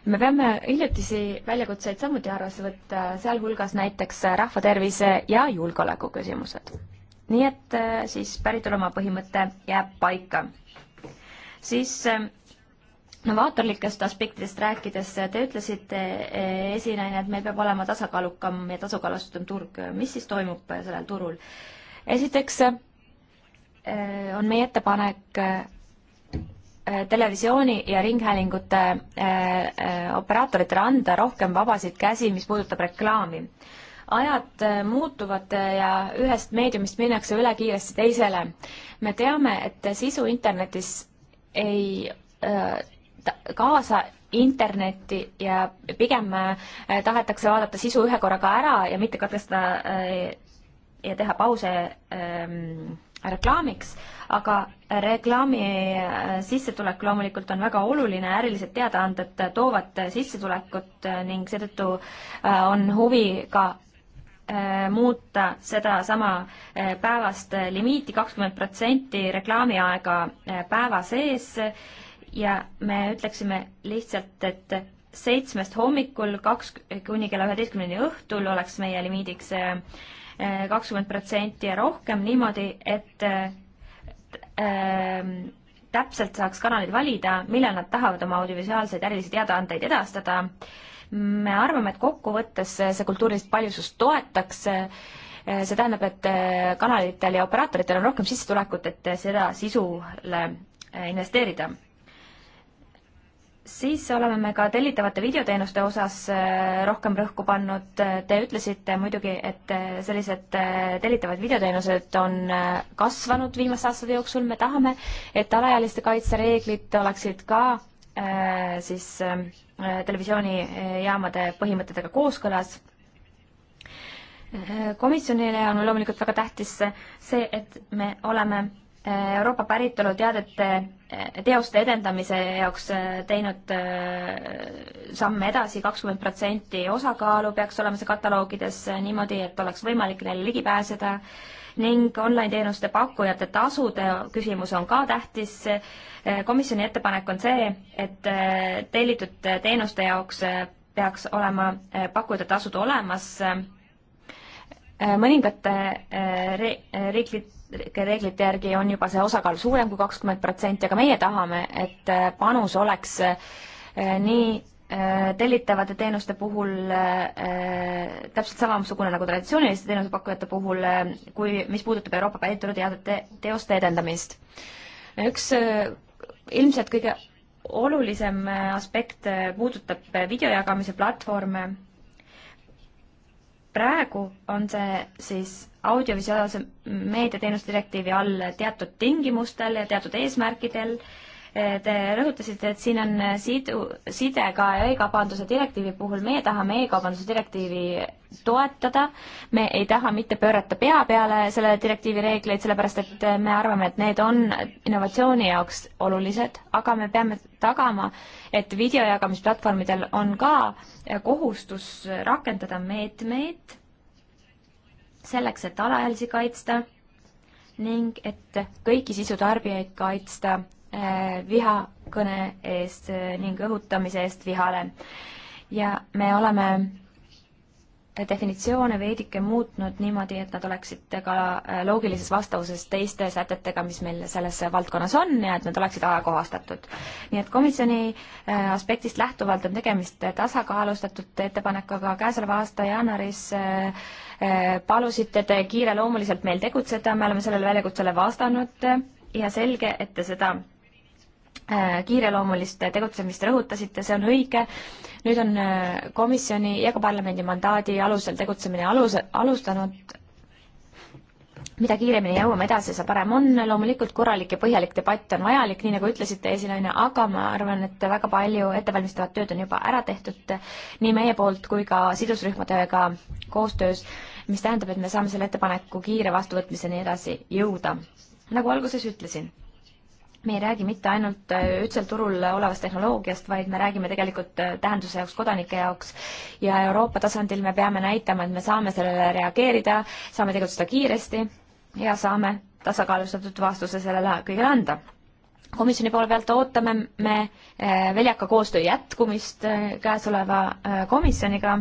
me peame hiljutisi väljakutseid samuti arvesse võtta, sealhulgas näiteks rahvatervise ja julgeoleku küsimused. nii et äh, siis päritolumaa põhimõte jääb paika. siis novaatorlikest äh, aspektidest rääkides, äh, te ütlesite, esinaine, et meil peab olema tasakaalukam ja tasakaalustatum turg. mis siis toimub sellel turul? esiteks on meie ettepanek Äh, televisiooni ja ringhäälingute äh, äh, operaatoritele anda rohkem vabasid käsi, mis puudutab reklaami. ajad muutuvad ja ühest meediumist minnakse üle kiiresti teisele. me teame, et sisu internetis ei kaasa internetti ja pigem tahetakse vaadata sisu ühe korraga ära ja mitte katkestada ja teha pause ähm, reklaamiks, aga reklaami äh, sissetulek loomulikult on väga oluline, ärilised teadaanded toovad sissetulekut äh, ning seetõttu äh, on huvi ka muuta sedasama päevast limiiti kakskümmend protsenti reklaamiaega päeva sees ja me ütleksime lihtsalt, et seitsmest hommikul kaks kuni kella üheteistkümneni õhtul oleks meie limiidiks kakskümmend protsenti ja rohkem niimoodi, et ähm, täpselt saaks kanalid valida, millal nad tahavad oma audiovisuaalseid ärilisi teadaandeid edastada. me arvame, et kokkuvõttes see kultuurilist paljusust toetaks. Äh, see tähendab, et äh, kanalitel ja operaatoritel on rohkem sissetulekut, et seda sisule äh, investeerida siis oleme me ka tellitavate videoteenuste osas äh, rohkem rõhku pannud. Te ütlesite muidugi, et äh, sellised äh, tellitavad videoteenused on kasvanud viimaste aastate jooksul. me tahame, et alaealiste kaitsereeglid oleksid ka äh, siis äh, televisioonijaamade põhimõtetega kooskõlas äh,. komisjonile on loomulikult väga tähtis see, et me oleme äh, Euroopa päritolu teadete, teoste edendamise jaoks äh, teinud äh, samme edasi, kakskümmend protsenti osakaalu peaks olema see kataloogides äh, niimoodi, et oleks võimalik neile ligi pääseda ning online-teenuste pakkujate tasude küsimus on ka tähtis. komisjoni ettepanek on see, et tellitud teenuste jaoks peaks olema pakkuda tasud olemas Äh, mõningate äh, riiklike äh, reeglite järgi on juba see osakaal suurem kui kakskümmend protsenti, aga meie tahame, et panus oleks nii tellitavate teenuste puhul äh, täpselt samasugune nagu traditsiooniliste teenusepakkujate puhul, kui, mis puudutab Euroopa päritoluteadete teoste edendamist. üks äh, ilmselt kõige olulisem aspekt puudutab videojagamise platvorme praegu on see siis audiovisuaalse meediateenuste direktiivi all teatud tingimustel ja teatud eesmärkidel äh, Te rõhutasite, et siin on sidu, side ka e-kaubanduse direktiivi puhul, meie tahame e-kaubanduse direktiivi toetada, me ei taha mitte pöörata pea peale selle direktiivi reegleid, sellepärast et me arvame, et need on innovatsiooni jaoks olulised, aga me peame tagama, et videojagamisplatvormidel on ka kohustus rakendada meetmeid selleks, et alaealisi kaitsta ning et kõiki sisutarbijaid kaitsta Äh, vihakõne eest äh, ning õhutamise eest vihale. ja me oleme definitsioone veidike muutnud niimoodi, et nad oleksid ka äh, loogilises vastavuses teiste sätetega, mis meil selles valdkonnas on ja et nad oleksid ajakohastatud. nii et komisjoni aspektist lähtuvalt on tegemist tasakaalustatud ettepanekuga käesoleva aasta jaanuaris palusite te kiireloomuliselt meil tegutseda, me oleme sellele väljakutsele vastanud ja selge, et te seda Äh, kiireloomulist tegutsemist rõhutasite, see on õige. nüüd on äh, komisjoni ja ka parlamendi mandaadi alusel tegutsemine alus, alustanud. mida kiiremini jõuame edasi, see parem on. loomulikult korralik ja põhjalik debatt on vajalik, nii nagu ütlesite, esinaine, aga ma arvan, et väga palju ettevalmistavat tööd on juba ära tehtud nii meie poolt kui ka sidusrühmadega koostöös, mis tähendab, et me saame selle ettepaneku kiire vastuvõtmiseni edasi jõuda. nagu alguses ütlesin me ei räägi mitte ainult äh, ühtsel turul olevast tehnoloogiast, vaid me räägime tegelikult äh, tähenduse jaoks, kodanike jaoks ja Euroopa tasandil me peame näitama, et me saame sellele reageerida, saame tegutseda kiiresti ja saame tasakaalustatud vastuse sellele kõigele anda. komisjoni poole pealt ootame me äh, väljaka koostöö jätkumist käesoleva komisjoniga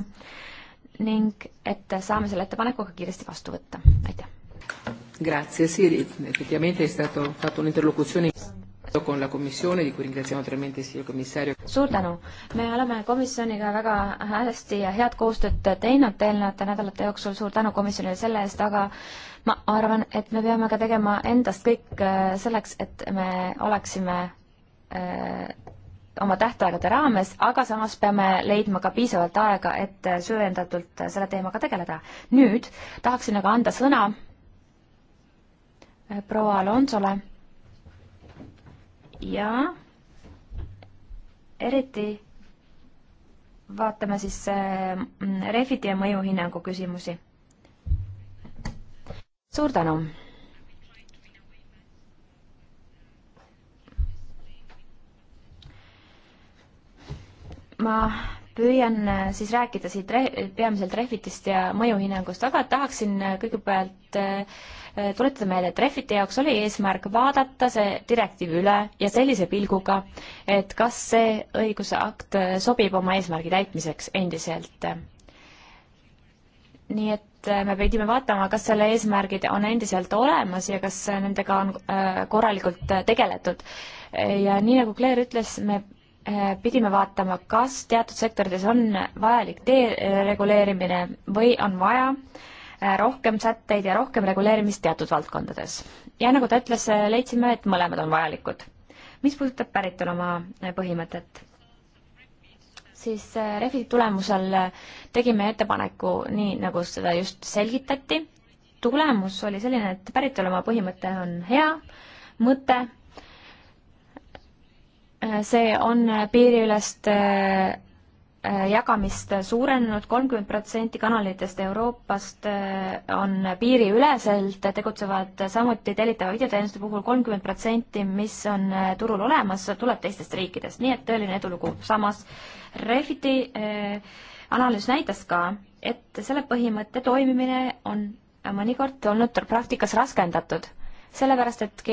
ning et saame selle ettepaneku ka kiiresti vastu võtta, aitäh! Grazie, sì, effettivamente è stato fatto un'interlocuzione con la Commissione, di cui ringraziamo tremendamente il signor commissario. suur tänu, me oleme komisjoniga väga hästi ja head koostööd teinud eelnevate nädalate jooksul, suur tänu komisjonile selle eest, aga ma arvan, et me peame ka tegema endast kõik äh, selleks, et me oleksime äh, oma tähtaegade raames, aga samas peame leidma ka piisavalt aega, et süvendatult selle teemaga tegeleda. nüüd tahaksin aga anda sõna proua Alonsole ja eriti vaatame siis äh, Refiti ja mõjuhinnangu küsimusi. suur tänu! ma püüan äh, siis rääkida siit re peamiselt Refitist ja mõjuhinnangust, aga tahaksin äh, kõigepealt äh, Äh, tuletada meelde, et Refiti jaoks oli eesmärk vaadata see direktiiv üle ja sellise pilguga, et kas see õigusakt äh, sobib oma eesmärgi täitmiseks endiselt. nii et äh, me pidime vaatama, kas selle eesmärgid on endiselt olemas ja kas nendega on korralikult tegeletud. ja nii, nagu Claire ütles, me pidime vaatama, kas teatud sektorites on vajalik dereguleerimine või on vaja äh, Äh, rohkem sätteid ja rohkem reguleerimist teatud valdkondades. ja nagu ta ütles, äh, leidsime, et mõlemad on vajalikud. mis puudutab päritolumaa äh, põhimõtet, siis Refiti tulemusel tegime ettepaneku, nii nagu seda just selgitati, tulemus oli selline, et päritolumaa põhimõte on hea mõte, see on piiriülest Äh, jagamist suurenenud, kolmkümmend protsenti kanalitest Euroopast äh, on piiriüleselt, tegutsevad samuti tellitava videoteenuste puhul kolmkümmend protsenti, mis on äh, turul olemas, tuleb teistest riikidest, nii et tõeline edulugu. samas Refiti analüüs näitas ka, et selle põhimõtte toimimine on mõnikord olnud praktikas raskendatud sellepärast, et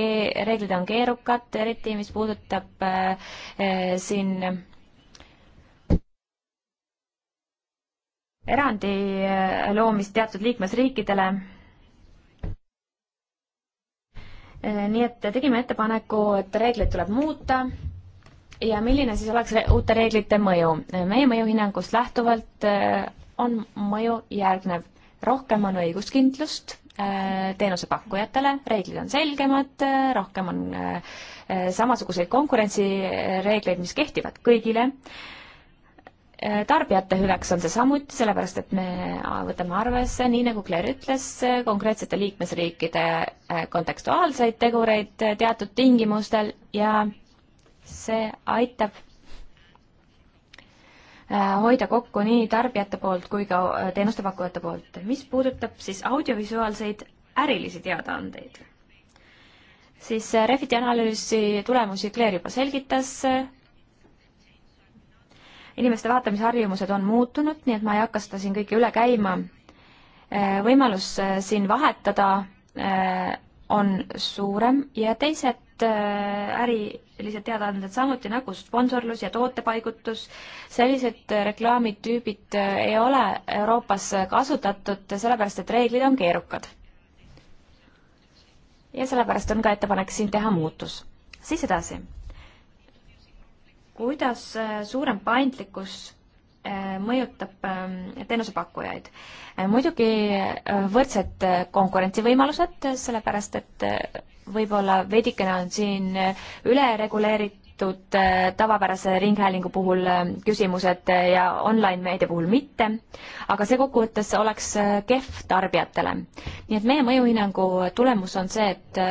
reeglid on keerukad, eriti mis puudutab äh, siin erandi äh, loomist teatud liikmesriikidele. Äh, nii et tegime ettepaneku, et reegleid tuleb muuta ja milline siis oleks uute reeglite mõju. meie mõjuhinnangust lähtuvalt äh, on mõju järgnev. rohkem on õiguskindlust teenusepakkujatele, reeglid on selgemad, rohkem on samasuguseid konkurentsireegleid, mis kehtivad kõigile Äh, tarbijate hüveks on see samuti, sellepärast et me äh, võtame arvesse, nii nagu Claire ütles, äh, konkreetsete liikmesriikide kontekstuaalseid tegureid teatud tingimustel ja see aitab hoida kokku nii tarbijate poolt kui ka teenustepakkujate poolt. mis puudutab siis audiovisuaalseid ärilisi teadaandeid, siis Refiti analüüsi tulemusi Claire juba selgitas inimeste vaatamisharjumused on muutunud, nii et ma ei hakka seda siin kõike üle käima. Äh, võimalus äh, siin vahetada äh, on suurem ja teised ärilised teadaanded samuti nagu sponsorlus ja tootepaigutus. sellised reklaamitüübid ei ole Euroopas kasutatud, sellepärast et reeglid on keerukad. ja sellepärast on ka ettepanek siin teha muutus. siis edasi kuidas äh, suurem paindlikkus äh, mõjutab ähm, teenusepakkujaid. Äh, muidugi võrdsed konkurentsivõimalused, sellepärast et võib-olla veidikene on siin üle reguleeritud tavapärase ringhäälingu puhul küsimused ja online-meedia puhul mitte, aga see kokkuvõttes oleks kehv tarbijatele. nii et meie mõjuhinnangu tulemus on see, et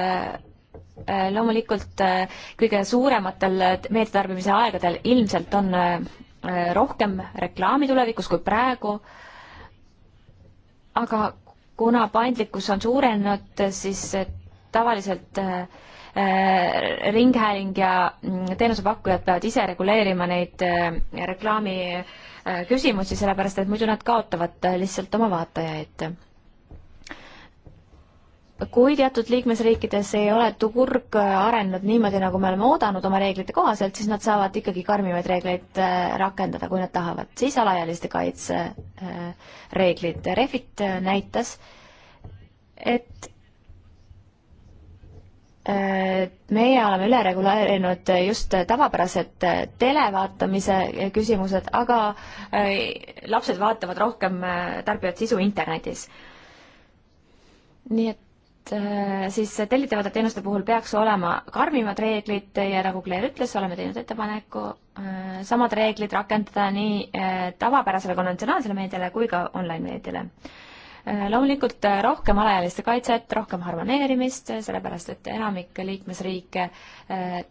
Äh, loomulikult äh, kõige suurematel äh, meediatarbimise aegadel ilmselt on rohkem reklaami tulevikus kui praegu, aga kuna paindlikkus on suurenenud, siis tavaliselt ringhääling ja mm, teenusepakkujad peavad ise reguleerima neid reklaami küsimusi, sellepärast et muidu nad kaotavad lihtsalt oma vaatajaid kui teatud liikmesriikides ei ole turg äh, arenenud niimoodi, nagu me oleme oodanud oma reeglite kohaselt, siis nad saavad ikkagi karmimaid reegleid äh, rakendada, kui nad tahavad. siis alaealiste kaitse äh, reeglid. Refit näitas, et meie oleme üle reguleerinud just tavapärased televaatamise küsimused, aga lapsed vaatavad rohkem, tarbivad sisu internetis. nii et Äh, siis tellitavate teenuste puhul peaks olema karmimad reeglid ja nagu Claire ütles, oleme teinud ettepaneku äh, samad reeglid rakendada nii äh, tavapärasele konventsionaalsele meediale kui ka online-meediale. loomulikult rohkem alaealiste kaitset, rohkem harmoneerimist, sellepärast et enamik liikmesriike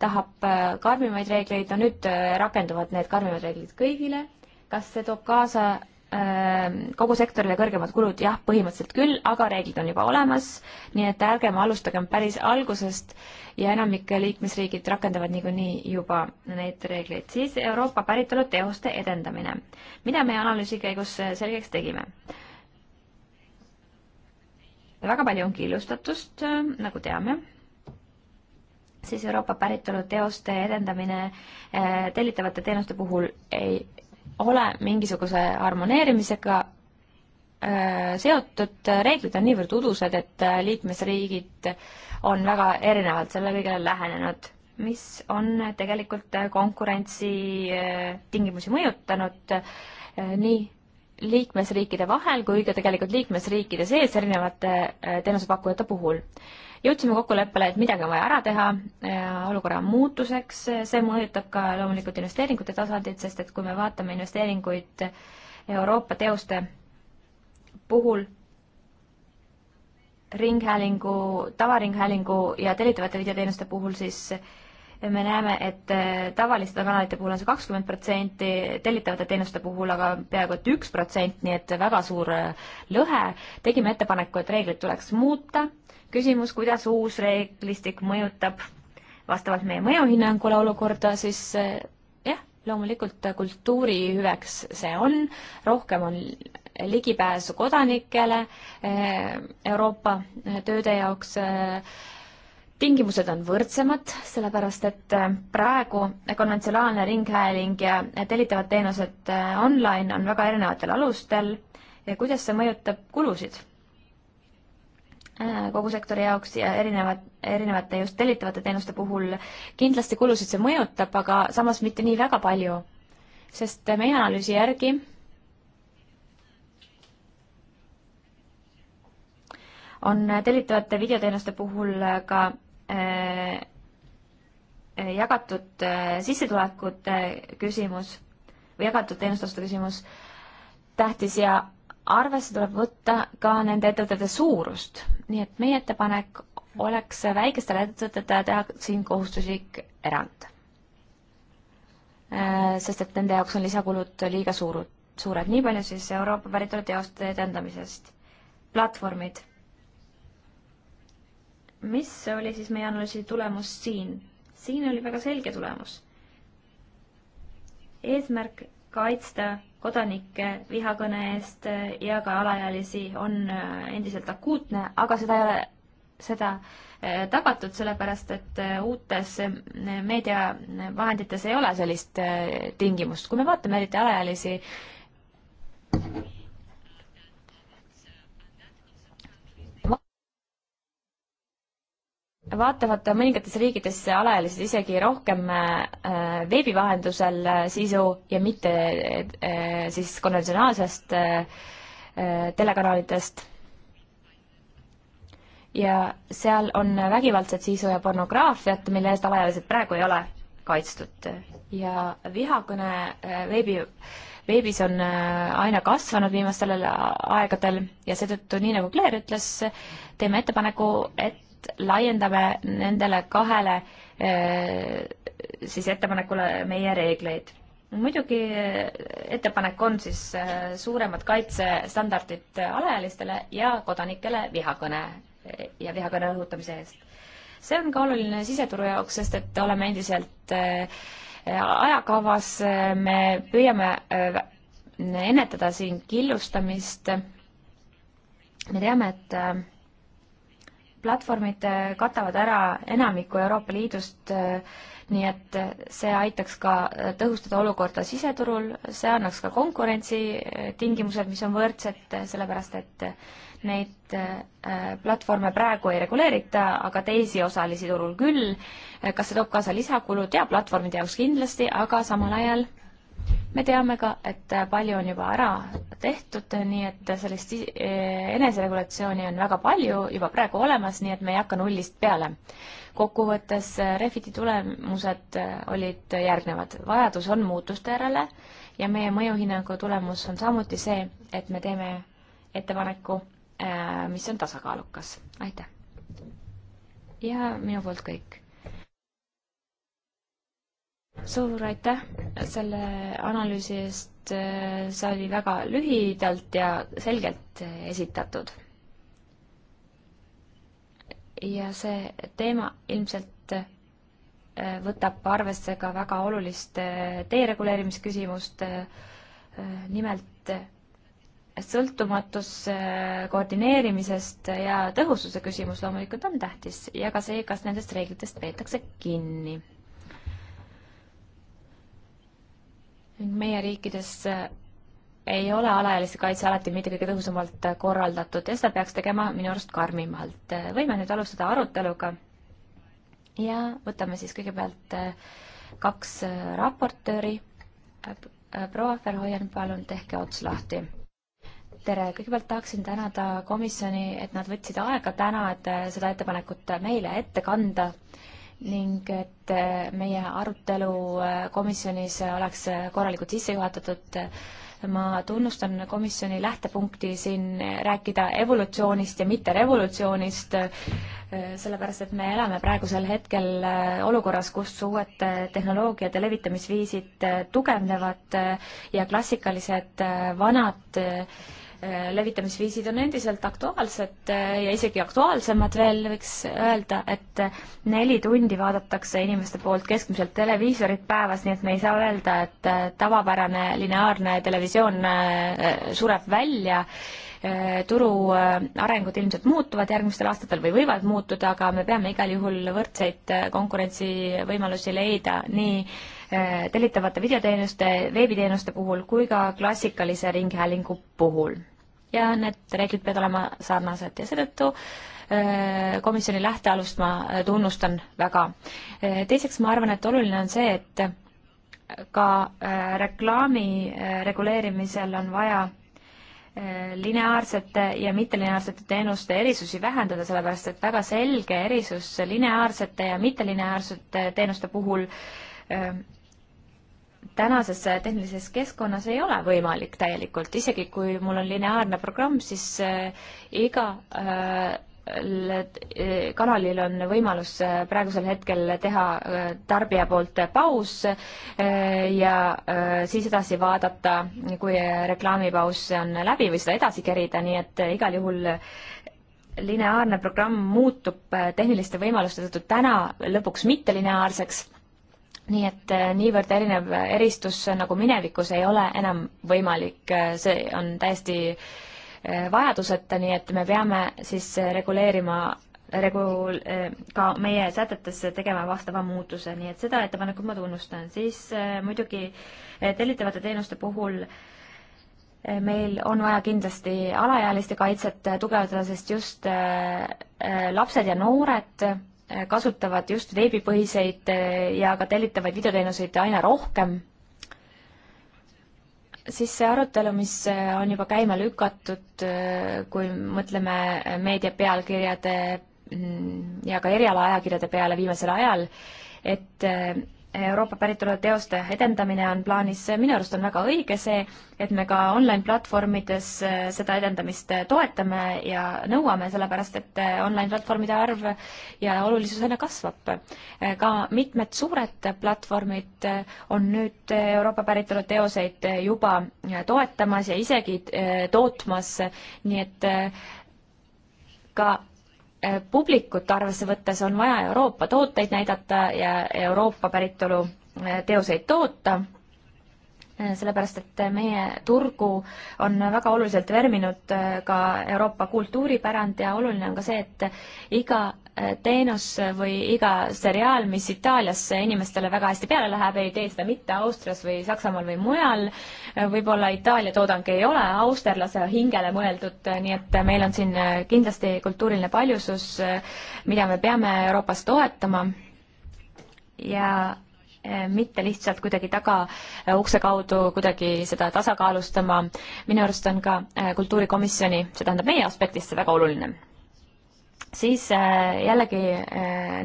tahab karmimaid reegleid, no nüüd rakenduvad need karmimad reeglid kõigile, kas see toob kaasa Äh, kogu sektorile kõrgemad kulud, jah, põhimõtteliselt küll, aga reeglid on juba olemas, nii et ärgem alustagem päris algusest ja enamik liikmesriigid rakendavad niikuinii juba neid reegleid. siis Euroopa päritolu teoste edendamine, mida me analüüsi käigus selgeks tegime. väga palju on killustatust, nagu teame siis Euroopa päritolu teoste edendamine äh, tellitavate teenuste puhul ei ole mingisuguse harmoneerimisega äh, seotud, äh, reeglid on niivõrd udused, et äh, liikmesriigid on väga erinevalt selle kõigele lähenenud, mis on tegelikult konkurentsi tingimusi mõjutanud nii liikmesriikide vahel kui ka tegelikult liikmesriikide sees erinevate teenusepakkujate puhul jõudsime kokkuleppele, et midagi on vaja ära teha äh, olukorra muutuseks, see mõjutab ka loomulikult investeeringute tasandit, sest et kui me vaatame investeeringuid Euroopa teoste puhul, ringhäälingu, tavaringhäälingu ja tellitavate videoteenuste puhul, siis me näeme, et äh, tavaliste kanalite puhul on see kakskümmend protsenti, tellitavate teenuste puhul aga peaaegu et üks protsent, nii et väga suur äh, lõhe. tegime ettepaneku, et reegleid tuleks muuta. küsimus, kuidas uus reeglistik mõjutab vastavalt meie mõjuhinnangule olukorda, siis äh, jah, loomulikult kultuuri hüveks see on, rohkem on ligipääsu kodanikele Euroopa tööde jaoks tingimused on võrdsemad, sellepärast et äh, praegu konventsionaalne ringhääling ja tellitavad teenused äh, online on väga erinevatel alustel ja kuidas see mõjutab kulusid äh, kogu sektori jaoks ja erinevad, erinevate just tellitavate teenuste puhul kindlasti kulusid see mõjutab, aga samas mitte nii väga palju. sest meie analüüsi järgi on tellitavate videoteenuste puhul ka Äh, äh, jagatud äh, sissetulekute küsimus või jagatud teenustasude küsimus tähtis ja arvesse tuleb võtta ka nende ettevõtete suurust. nii et meie ettepanek oleks väikestele ettevõtetele teha siin kohustuslik erand. sest et nende jaoks on lisakulud liiga suurud, suured. nii palju siis Euroopa päritolu teoste edendamisest. platvormid mis oli siis meie analüüsi tulemus siin? siin oli väga selge tulemus. eesmärk kaitsta kodanikke vihakõne eest ja ka alaealisi on äh, endiselt akuutne, aga seda ei ole, seda äh, tagatud, sellepärast et äh, uutes meediavahendites ei ole sellist tingimust. kui me vaatame eriti alaealisi vaatavad mõningates riikides alaealised isegi rohkem äh, veebi vahendusel äh, sisu ja mitte äh, siis konventsionaalsest telekanalitest. ja seal on vägivaldset sisu ja pornograafiat, mille eest alaealised praegu ei ole kaitstud ja vihakõne veebi veebis on aina kasvanud viimastel aegadel ja seetõttu, nii nagu Claire ütles, teeme ettepaneku, et et laiendame nendele kahele eh, siis ettepanekule meie reegleid. muidugi eh, ettepanek on siis eh, suuremad kaitsestandardid alaealistele ja kodanikele vihakõne ja vihakõne õhutamise eest. see on ka oluline siseturu jaoks, sest et oleme endiselt ajakavas, me püüame ennetada siin killustamist. me teame, et platvormid äh, katavad ära enamiku Euroopa Liidust, äh, nii et äh, see aitaks ka tõhustada olukorda siseturul, see annaks ka konkurentsitingimused, mis on võrdsed, sellepärast et neid platvorme praegu ei reguleerita, aga teisi osalisi turul küll. kas see toob kaasa lisakulud? jaa, platvormide jaoks kindlasti, aga samal ajal me teame ka, et palju on juba ära tehtud, nii et sellist e, eneseregulatsiooni on väga palju juba praegu olemas, nii et me ei hakka nullist peale. kokkuvõttes e, Refiti tulemused e, olid järgnevad. vajadus on muutuste järele ja meie mõjuhinnangu tulemus on samuti see, et me teeme ettepaneku, mis on tasakaalukas. aitäh! ja minu poolt kõik suur aitäh selle analüüsi eest, see oli väga lühidalt ja selgelt esitatud. ja see teema ilmselt äh, võtab arvesse ka väga olulist dereguleerimisküsimust, äh, äh, nimelt sõltumatus koordineerimisest ja tõhususe küsimus loomulikult on tähtis ja ka see, kas nendest reeglitest peetakse kinni meie riikides eh, ei ole alaealiste kaitse alati mitte kõige tõhusamalt eh, korraldatud ja seda peaks tegema minu arust karmimalt. Eh, võime nüüd alustada aruteluga ja võtame siis kõigepealt kaks raportööri. Äh, äh, proua Verhoien, palun tehke ots lahti. tere, kõigepealt tahaksin tänada komisjoni, et nad võtsid aega täna, et seda ettepanekut meile ette kanda ning et eh, meie arutelu eh, komisjonis oleks eh, korralikult sisse juhatatud. ma tunnustan komisjoni lähtepunkti siin rääkida evolutsioonist ja mitte revolutsioonist, sellepärast et me elame praegusel hetkel olukorras, kus uued tehnoloogiad ja levitamisviisid tugevnevad ja klassikalised vanad Äh, levitamisviisid on endiselt aktuaalsed äh, ja isegi aktuaalsemad veel, võiks öelda, et äh, neli tundi vaadatakse inimeste poolt keskmiselt televiisorit päevas, nii et me ei saa öelda, et tavapärane lineaarne televisioon sureb välja turu arengud ilmselt muutuvad järgmistel aastatel või võivad muutuda, aga me peame igal juhul võrdseid konkurentsivõimalusi leida nii Äh, tellitavate videoteenuste, veebiteenuste puhul kui ka klassikalise ringhäälingu puhul. ja need reeglid peavad olema sarnased ja seetõttu äh, komisjoni lähtealust ma äh, tunnustan väga. teiseks ma arvan, et oluline on see, et ka reklaami reguleerimisel on vaja lineaarsete ja mittelineaarsete teenuste erisusi vähendada, sellepärast et väga selge erisus lineaarsete ja mittelineaarsete teenuste puhul tänases tehnilises keskkonnas ei ole võimalik täielikult, isegi kui mul on lineaarne programm, siis äh, iga äh, äh, kanalil on võimalus praegusel hetkel teha tarbija poolt paus ja siis edasi vaadata, kui reklaamipaus on läbi või seda edasi kerida, nii et igal juhul lineaarne programm muutub tehniliste võimaluste tõttu täna lõpuks mittelineaarseks nii et äh, niivõrd erinev eristus nagu minevikus ei ole enam võimalik, äh, see on täiesti äh, vajaduseta, nii et me peame siis reguleerima regu-, ka meie sätetesse tegema vastava muutuse, nii et seda ettepanekut ma tunnustan. siis muidugi tellitavate teenuste puhul meil on vaja kindlasti alaealiste kaitset tugevdada, sest just lapsed ja noored kasutavad just veebipõhiseid eh, ja ka tellitavaid videoteenuseid aina rohkem, siis see arutelu, mis eh, on juba käima lükatud, eh, kui mõtleme meedia pealkirjade mm, ja ka erialaajakirjade peale viimasel ajal, et Euroopa päritolu teoste edendamine on plaanis, minu arust on väga õige see, et me ka online-platvormides äh, seda edendamist äh, toetame ja nõuame, sellepärast et äh, online-platvormide arv ja olulisus aina kasvab. ka mitmed suured platvormid on nüüd Euroopa päritolu teoseid juba toetamas ja isegi tootmas, nii et ka Äh, publikut arvesse võttes on vaja Euroopa tooteid näidata ja Euroopa päritolu äh, teoseid toota Eh, sellepärast et meie turgu on väga oluliselt verminud eh, ka Euroopa kultuuripärand ja oluline on ka see, et iga eh, teenus või iga seriaal, mis Itaaliasse inimestele väga hästi peale läheb, ei tee seda mitte Austrias või Saksamaal või mujal. võib-olla Itaalia toodang ei ole austerlase hingele mõeldud, nii et meil on siin kindlasti kultuuriline paljusus, mida me peame Euroopas toetama. ja Eh, mitte lihtsalt kuidagi taga eh, ukse kaudu kuidagi seda tasakaalustama. minu arust on ka eh, kultuurikomisjoni, see tähendab meie aspektist, see väga oluline. siis jällegi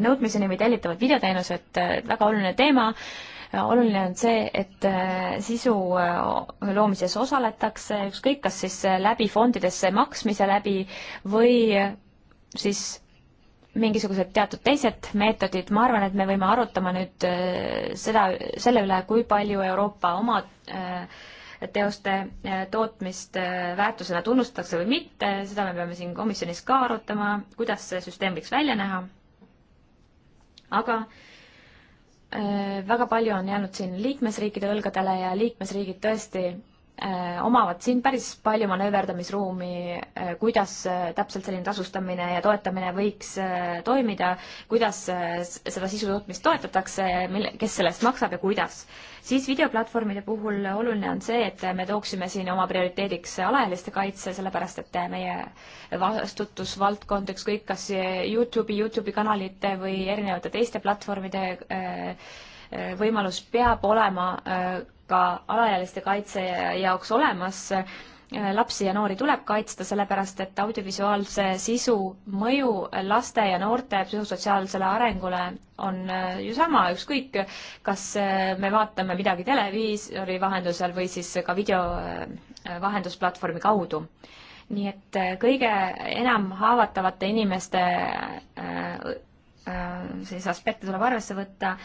nõudmiseni või tellitavad videoteenused, väga oluline teema. oluline on see, et sisu loomises osaletakse, ükskõik kas siis läbi fondidesse maksmise läbi või siis mingisugused teatud teised meetodid, ma arvan, et me võime arutama nüüd äh, seda, selle üle, kui palju Euroopa oma äh, teoste äh, tootmist väärtusena tunnustatakse või mitte, seda me peame siin komisjonis ka arutama, kuidas see süsteem võiks välja näha. aga väga palju on jäänud siin liikmesriikide õlgadele ja liikmesriigid tõesti Äh, omavad siin päris palju manööverdamisruumi, äh, kuidas äh, täpselt selline tasustamine ja toetamine võiks toimida, kuidas seda sisu tootmist toetatakse, mille, kes selle eest maksab ja kuidas. siis videoplatvormide puhul oluline on see, et me tooksime siin oma prioriteediks alaealiste kaitse, sellepärast et meie vastutusvaldkond, ükskõik kas Youtube'i, Youtube'i kanalite või erinevate teiste platvormide võimalus peab olema ka alaealiste kaitse jaoks olemas. lapsi ja noori tuleb kaitsta, sellepärast et audiovisuaalse sisu mõju laste ja noorte psühhosotsiaalsele arengule on äh, ju sama, ükskõik, kas äh, me vaatame midagi televiisori vahendusel või siis ka video äh, vahendusplatvormi kaudu nii et kõige enam haavatavate inimeste äh, äh, siis aspekte tuleb arvesse võtta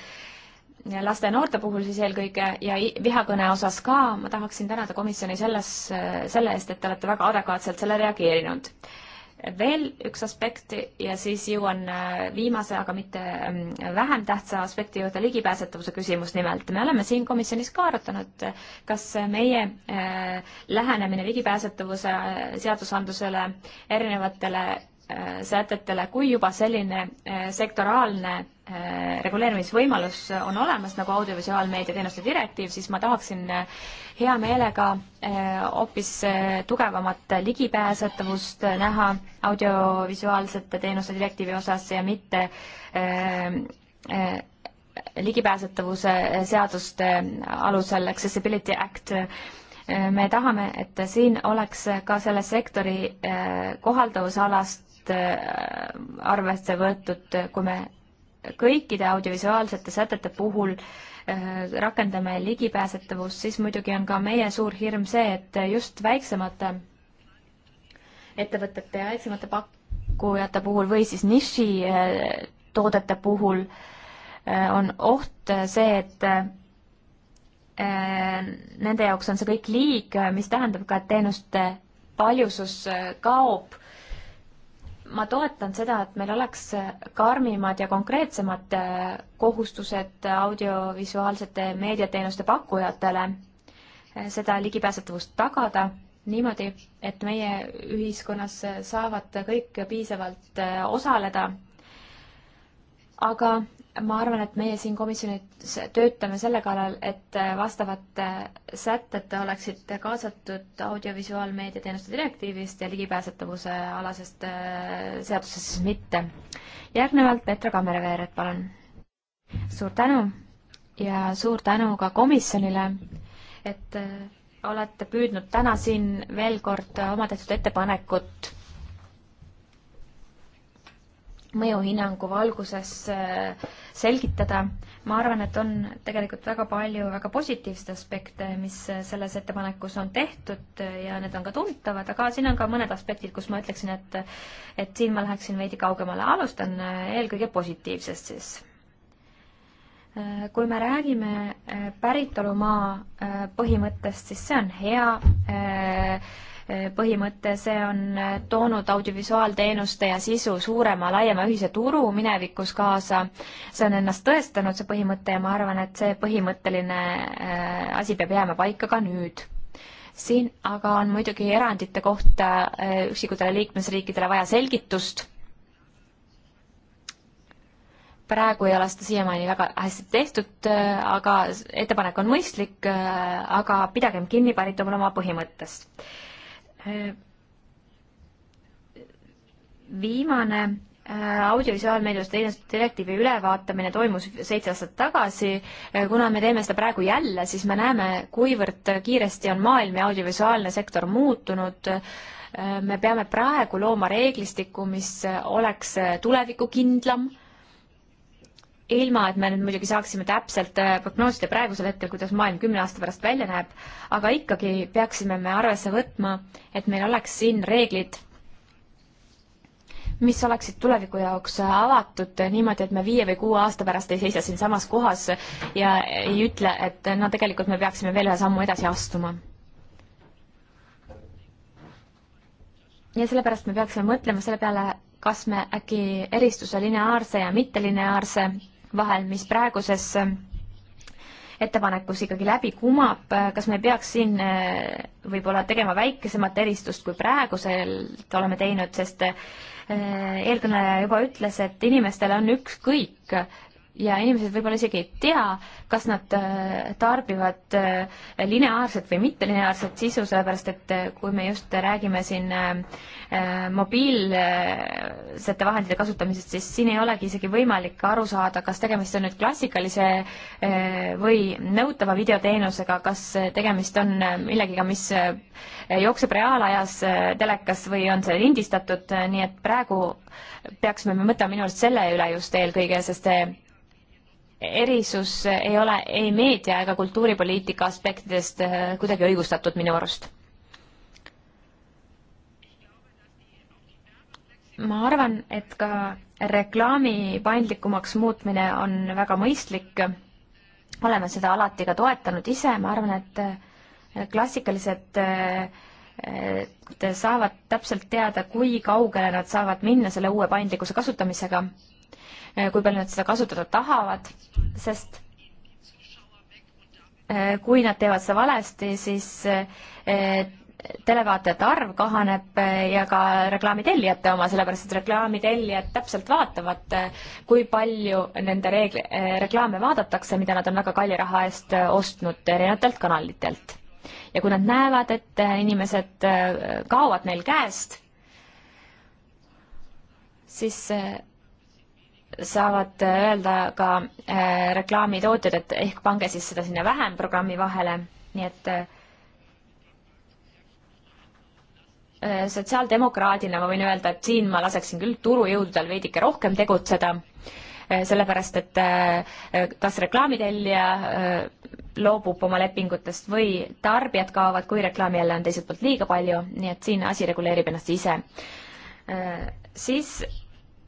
laste ja noorte puhul siis eelkõige ja vihakõne osas ka, ma tahaksin tänada komisjoni selles, selle eest, et te olete väga adekvaatselt sellele reageerinud. veel üks aspekt ja siis jõuan äh, viimase, aga mitte mm, vähem tähtsa aspekti juurde, ligipääsetavuse küsimus nimelt. me oleme siin komisjonis ka arutanud, kas meie äh, lähenemine ligipääsetavuse äh, seadusandlusele erinevatele Äh, sätetele, kui juba selline äh, sektoraalne äh, reguleerimisvõimalus on olemas, nagu audiovisuaalmeedia teenuste direktiiv, siis ma tahaksin hea meelega hoopis tugevamat ligipääsetavust näha audiovisuaalsete teenuste direktiivi osas ja mitte ligipääsetavuse seaduste alusel Accessibility Act me tahame, et siin oleks ka selle sektori kohaldavusalast Äh, arvesse võetud, kui me kõikide audiovisuaalsete sätete puhul äh, rakendame ligipääsetavust, siis muidugi on ka meie suur hirm see, et just väiksemate ettevõtete ja väiksemate pakkujate puhul või siis nišitoodete äh, puhul on oht see, et nende jaoks on see kõik liig, mis tähendab ka, et teenuste paljusus kaob ma toetan seda, et meil oleks karmimad ja konkreetsemad kohustused audiovisuaalsete meediateenuste pakkujatele, eh, seda ligipääsetavust tagada niimoodi, et meie ühiskonnas saavad kõik piisavalt eh, osaleda. aga ma arvan, et meie siin komisjonis töötame selle kallal, et vastavad sätted oleksid kaasatud audiovisuaalmeedia teenuste direktiivist ja ligipääsetavuse alasest äh, seadusest siis mitte. järgnevalt Petra Kammerveeret, palun. suur tänu ja suur tänu ka komisjonile, et äh, olete püüdnud täna siin veel kord oma tehtud ettepanekut mõjuhinnangu valguses äh, selgitada. ma arvan, et on tegelikult väga palju väga positiivseid aspekte, mis äh, selles ettepanekus on tehtud äh, ja need on ka tuntavad, aga siin on ka mõned aspektid, kus ma ütleksin, et et siin ma läheksin veidi kaugemale. alustan eelkõige positiivsest siis. kui me räägime päritolumaa põhimõttest, siis see on hea põhimõte, see on toonud audiovisuaalteenuste ja sisu suurema, laiema ühise turu minevikus kaasa. see on ennast tõestanud, see põhimõte, ja ma arvan, et see põhimõtteline äh, asi peab jääma paika ka nüüd siin aga on muidugi erandite kohta äh, üksikutele liikmesriikidele vaja selgitust praegu ei ole seda siiamaani väga hästi tehtud, äh, aga ettepanek on mõistlik, aga pidagem kinni päritolu oma põhimõttest viimane audiovisuaalmeedias teenuste direktiivi ülevaatamine toimus seitse aastat tagasi. kuna me teeme seda praegu jälle, siis me näeme, kuivõrd kiiresti on maailm ja audiovisuaalne sektor muutunud. me peame praegu looma reeglistikku, mis oleks tulevikukindlam ilma, et me nüüd muidugi saaksime täpselt äh, prognoosida praegusel hetkel, kuidas maailm kümne aasta pärast välja näeb, aga ikkagi peaksime me arvesse võtma, et meil oleks siin reeglid, mis oleksid tuleviku jaoks avatud niimoodi, et me viie või kuue aasta pärast ei seisa siinsamas kohas ja ei ütle, et no tegelikult me peaksime veel ühe sammu edasi astuma ja sellepärast me peaksime mõtlema selle peale, kas me äkki eristuse lineaarse ja mittelineaarse vahel, mis praeguses äh, ettepanekus ikkagi läbi kumab, äh, kas me peaks siin äh, võib-olla tegema väikesemat eristust, kui praeguselt oleme teinud, sest eelkõneleja juba ütles, et inimestel on ükskõik, ja inimesed võib-olla isegi ei tea, kas nad äh, tarbivad äh, lineaarset või mittelineaarset sisu, sellepärast et äh, kui me just räägime siin mobiilsete vahendite kasutamisest, siis siin ei olegi isegi võimalik aru saada, kas tegemist on nüüd klassikalise või nõutava videoteenusega, kas tegemist on millegiga, mis jookseb reaalajas telekas või on see lindistatud, nii et praegu peaksime me mõtlema minu arust selle üle just eelkõige, sest see erisus ei ole ei meedia ega kultuuripoliitika aspektidest äh, kuidagi õigustatud minu arust. ma arvan, et ka reklaami paindlikumaks muutmine on väga mõistlik. oleme seda alati ka toetanud ise, ma arvan, et äh, klassikalised et äh, saavad täpselt teada, kui kaugele nad saavad minna selle uue paindlikkuse kasutamisega Äh, kui palju nad seda kasutada tahavad, sest äh, kui nad teevad seda valesti, siis äh, televaatajate arv kahaneb ja ka reklaamitellijate oma, sellepärast et reklaamitellijad täpselt vaatavad, kui palju nende reegli, reklaame vaadatakse, mida nad on väga kalli raha eest ostnud erinevatelt kanalitelt. ja kui nad näevad, et inimesed kaovad neil käest, siis saavad öelda ka eh, reklaamitootjad, et ehk pange siis seda sinna vähem programmi vahele, nii et eh, sotsiaaldemokraadina ma võin öelda, et siin ma laseksin küll turujõududel veidike rohkem tegutseda, eh, sellepärast et kas reklaamitellija loobub oma lepingutest või tarbijad kaovad, kui reklaami jälle on teiselt poolt liiga palju, nii et siin asi reguleerib ennast ise. siis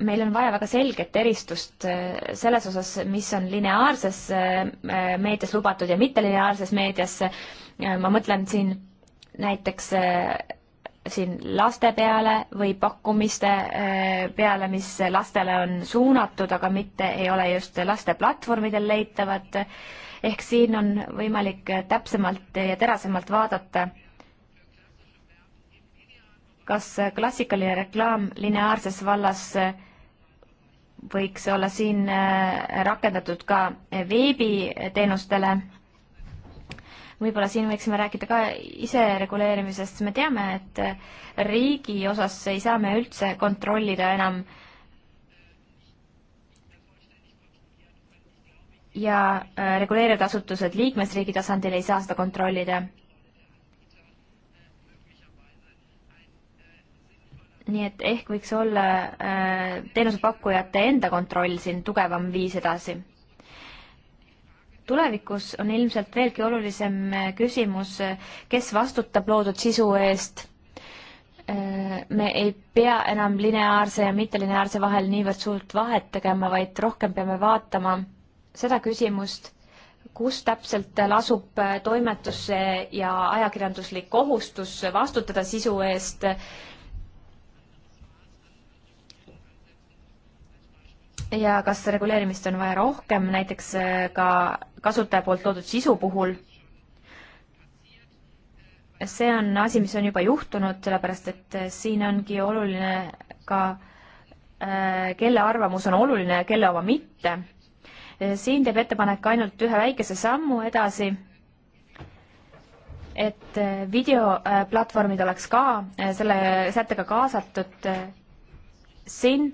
meil on vaja väga selget eristust äh, selles osas, mis on lineaarses äh, äh, meedias lubatud ja mittelineaarses meedias. ma mõtlen siin näiteks siin laste peale või pakkumiste peale, mis lastele on suunatud, aga mitte ei ole just laste platvormidel leitavad. ehk siin on võimalik täpsemalt ja terasemalt vaadata, kas klassikaline reklaam lineaarses vallas võiks olla siin äh, rakendatud ka veebiteenustele. võib-olla siin võiksime rääkida ka isereguleerimisest, me teame, et äh, riigi osas ei saa me üldse kontrollida enam ja äh, reguleerivad asutused liikmesriigi tasandil ei saa seda kontrollida nii et ehk võiks olla äh, teenusepakkujate enda kontroll siin tugevam viis edasi. tulevikus on ilmselt veelgi olulisem äh, küsimus, äh, kes vastutab loodud sisu eest. me ei pea enam lineaarse ja mittelineaarse vahel niivõrd suurt vahet tegema, vaid rohkem peame vaatama seda küsimust kus täpselt lasub toimetuse ja ajakirjanduslik kohustus vastutada sisu eest ja kas reguleerimist on vaja rohkem, näiteks äh, ka kasutaja poolt loodud sisu puhul? see on asi, mis on juba juhtunud, sellepärast et äh, siin ongi oluline ka, äh, kelle arvamus on oluline ja kelle oma mitte. siin teeb ettepanek ainult ühe väikese sammu edasi et videoplatvormid oleks ka selle sättega kaasatud. siin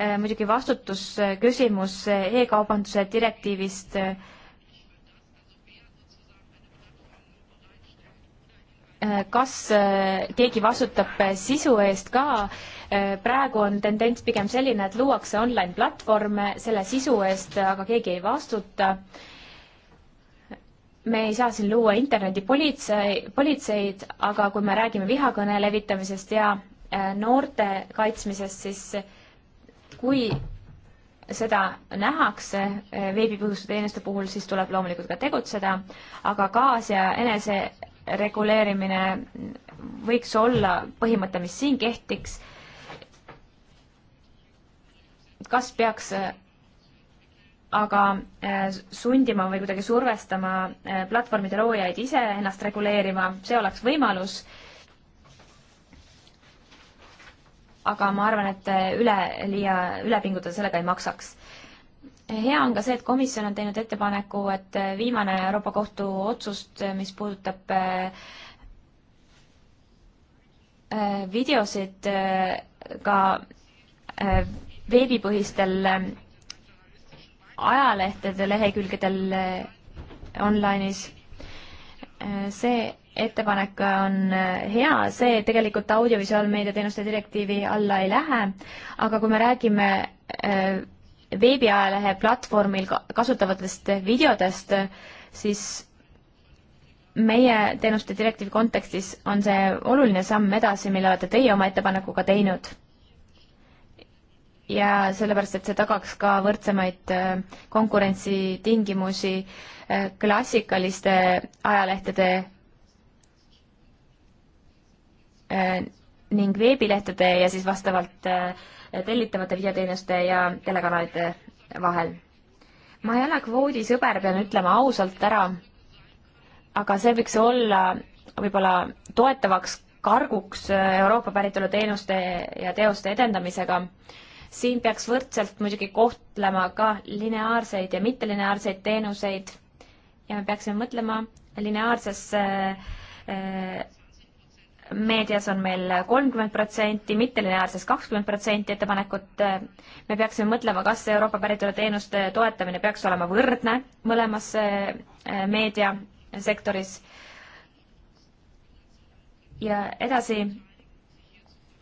Äh, muidugi vastutusküsimus äh, äh, e-kaubanduse direktiivist kas keegi vastutab sisu eest ka? praegu on tendents pigem selline, et luuakse online platvorme selle sisu eest, aga keegi ei vastuta. me ei saa siin luua internetipolitsei, politseid, aga kui me räägime vihakõne levitamisest ja noorte kaitsmisest, siis kui seda nähakse eh, veebipõhjuste teenuste puhul, siis tuleb loomulikult ka tegutseda, aga kaas- ja enesereguleerimine võiks olla põhimõte, mis siin kehtiks. kas peaks eh, aga eh, sundima või kuidagi survestama platvormide loojaid ise ennast reguleerima, see oleks võimalus aga ma arvan, et üleliia, üle pingutada sellega ei maksaks hea on ka see, et komisjon on teinud ettepaneku, et viimane Euroopa Kohtu otsust, mis puudutab äh, videosid äh, ka äh, veebipõhistel ajalehtede lehekülgedel online'is, see ettepanek on hea, see tegelikult audiovisuaalmeedia teenuste direktiivi alla ei lähe, aga kui me räägime äh, veebiajalehe platvormil kasutavatest videodest, siis meie teenuste direktiivi kontekstis on see oluline samm edasi, mille olete teie oma ettepanekuga teinud. ja sellepärast, et see tagaks ka võrdsemaid äh, konkurentsitingimusi äh, klassikaliste ajalehtede Äh, ning veebilehtede ja siis vastavalt äh, tellitavate videoteenuste ja telekanalite vahel. ma ei ole kvoodisõber, pean ütlema ausalt ära, aga see võiks olla võib-olla toetavaks karguks äh, Euroopa päritolu teenuste ja teoste edendamisega. siin peaks võrdselt muidugi kohtlema ka lineaarseid ja mittelineaarseid teenuseid ja me peaksime mõtlema lineaarses äh, meedias on meil kolmkümmend protsenti, mittelineaarses kakskümmend protsenti ettepanekut. me peaksime mõtlema, kas Euroopa päritolu teenuste toetamine peaks olema võrdne mõlemas äh, meediasektoris. ja edasi,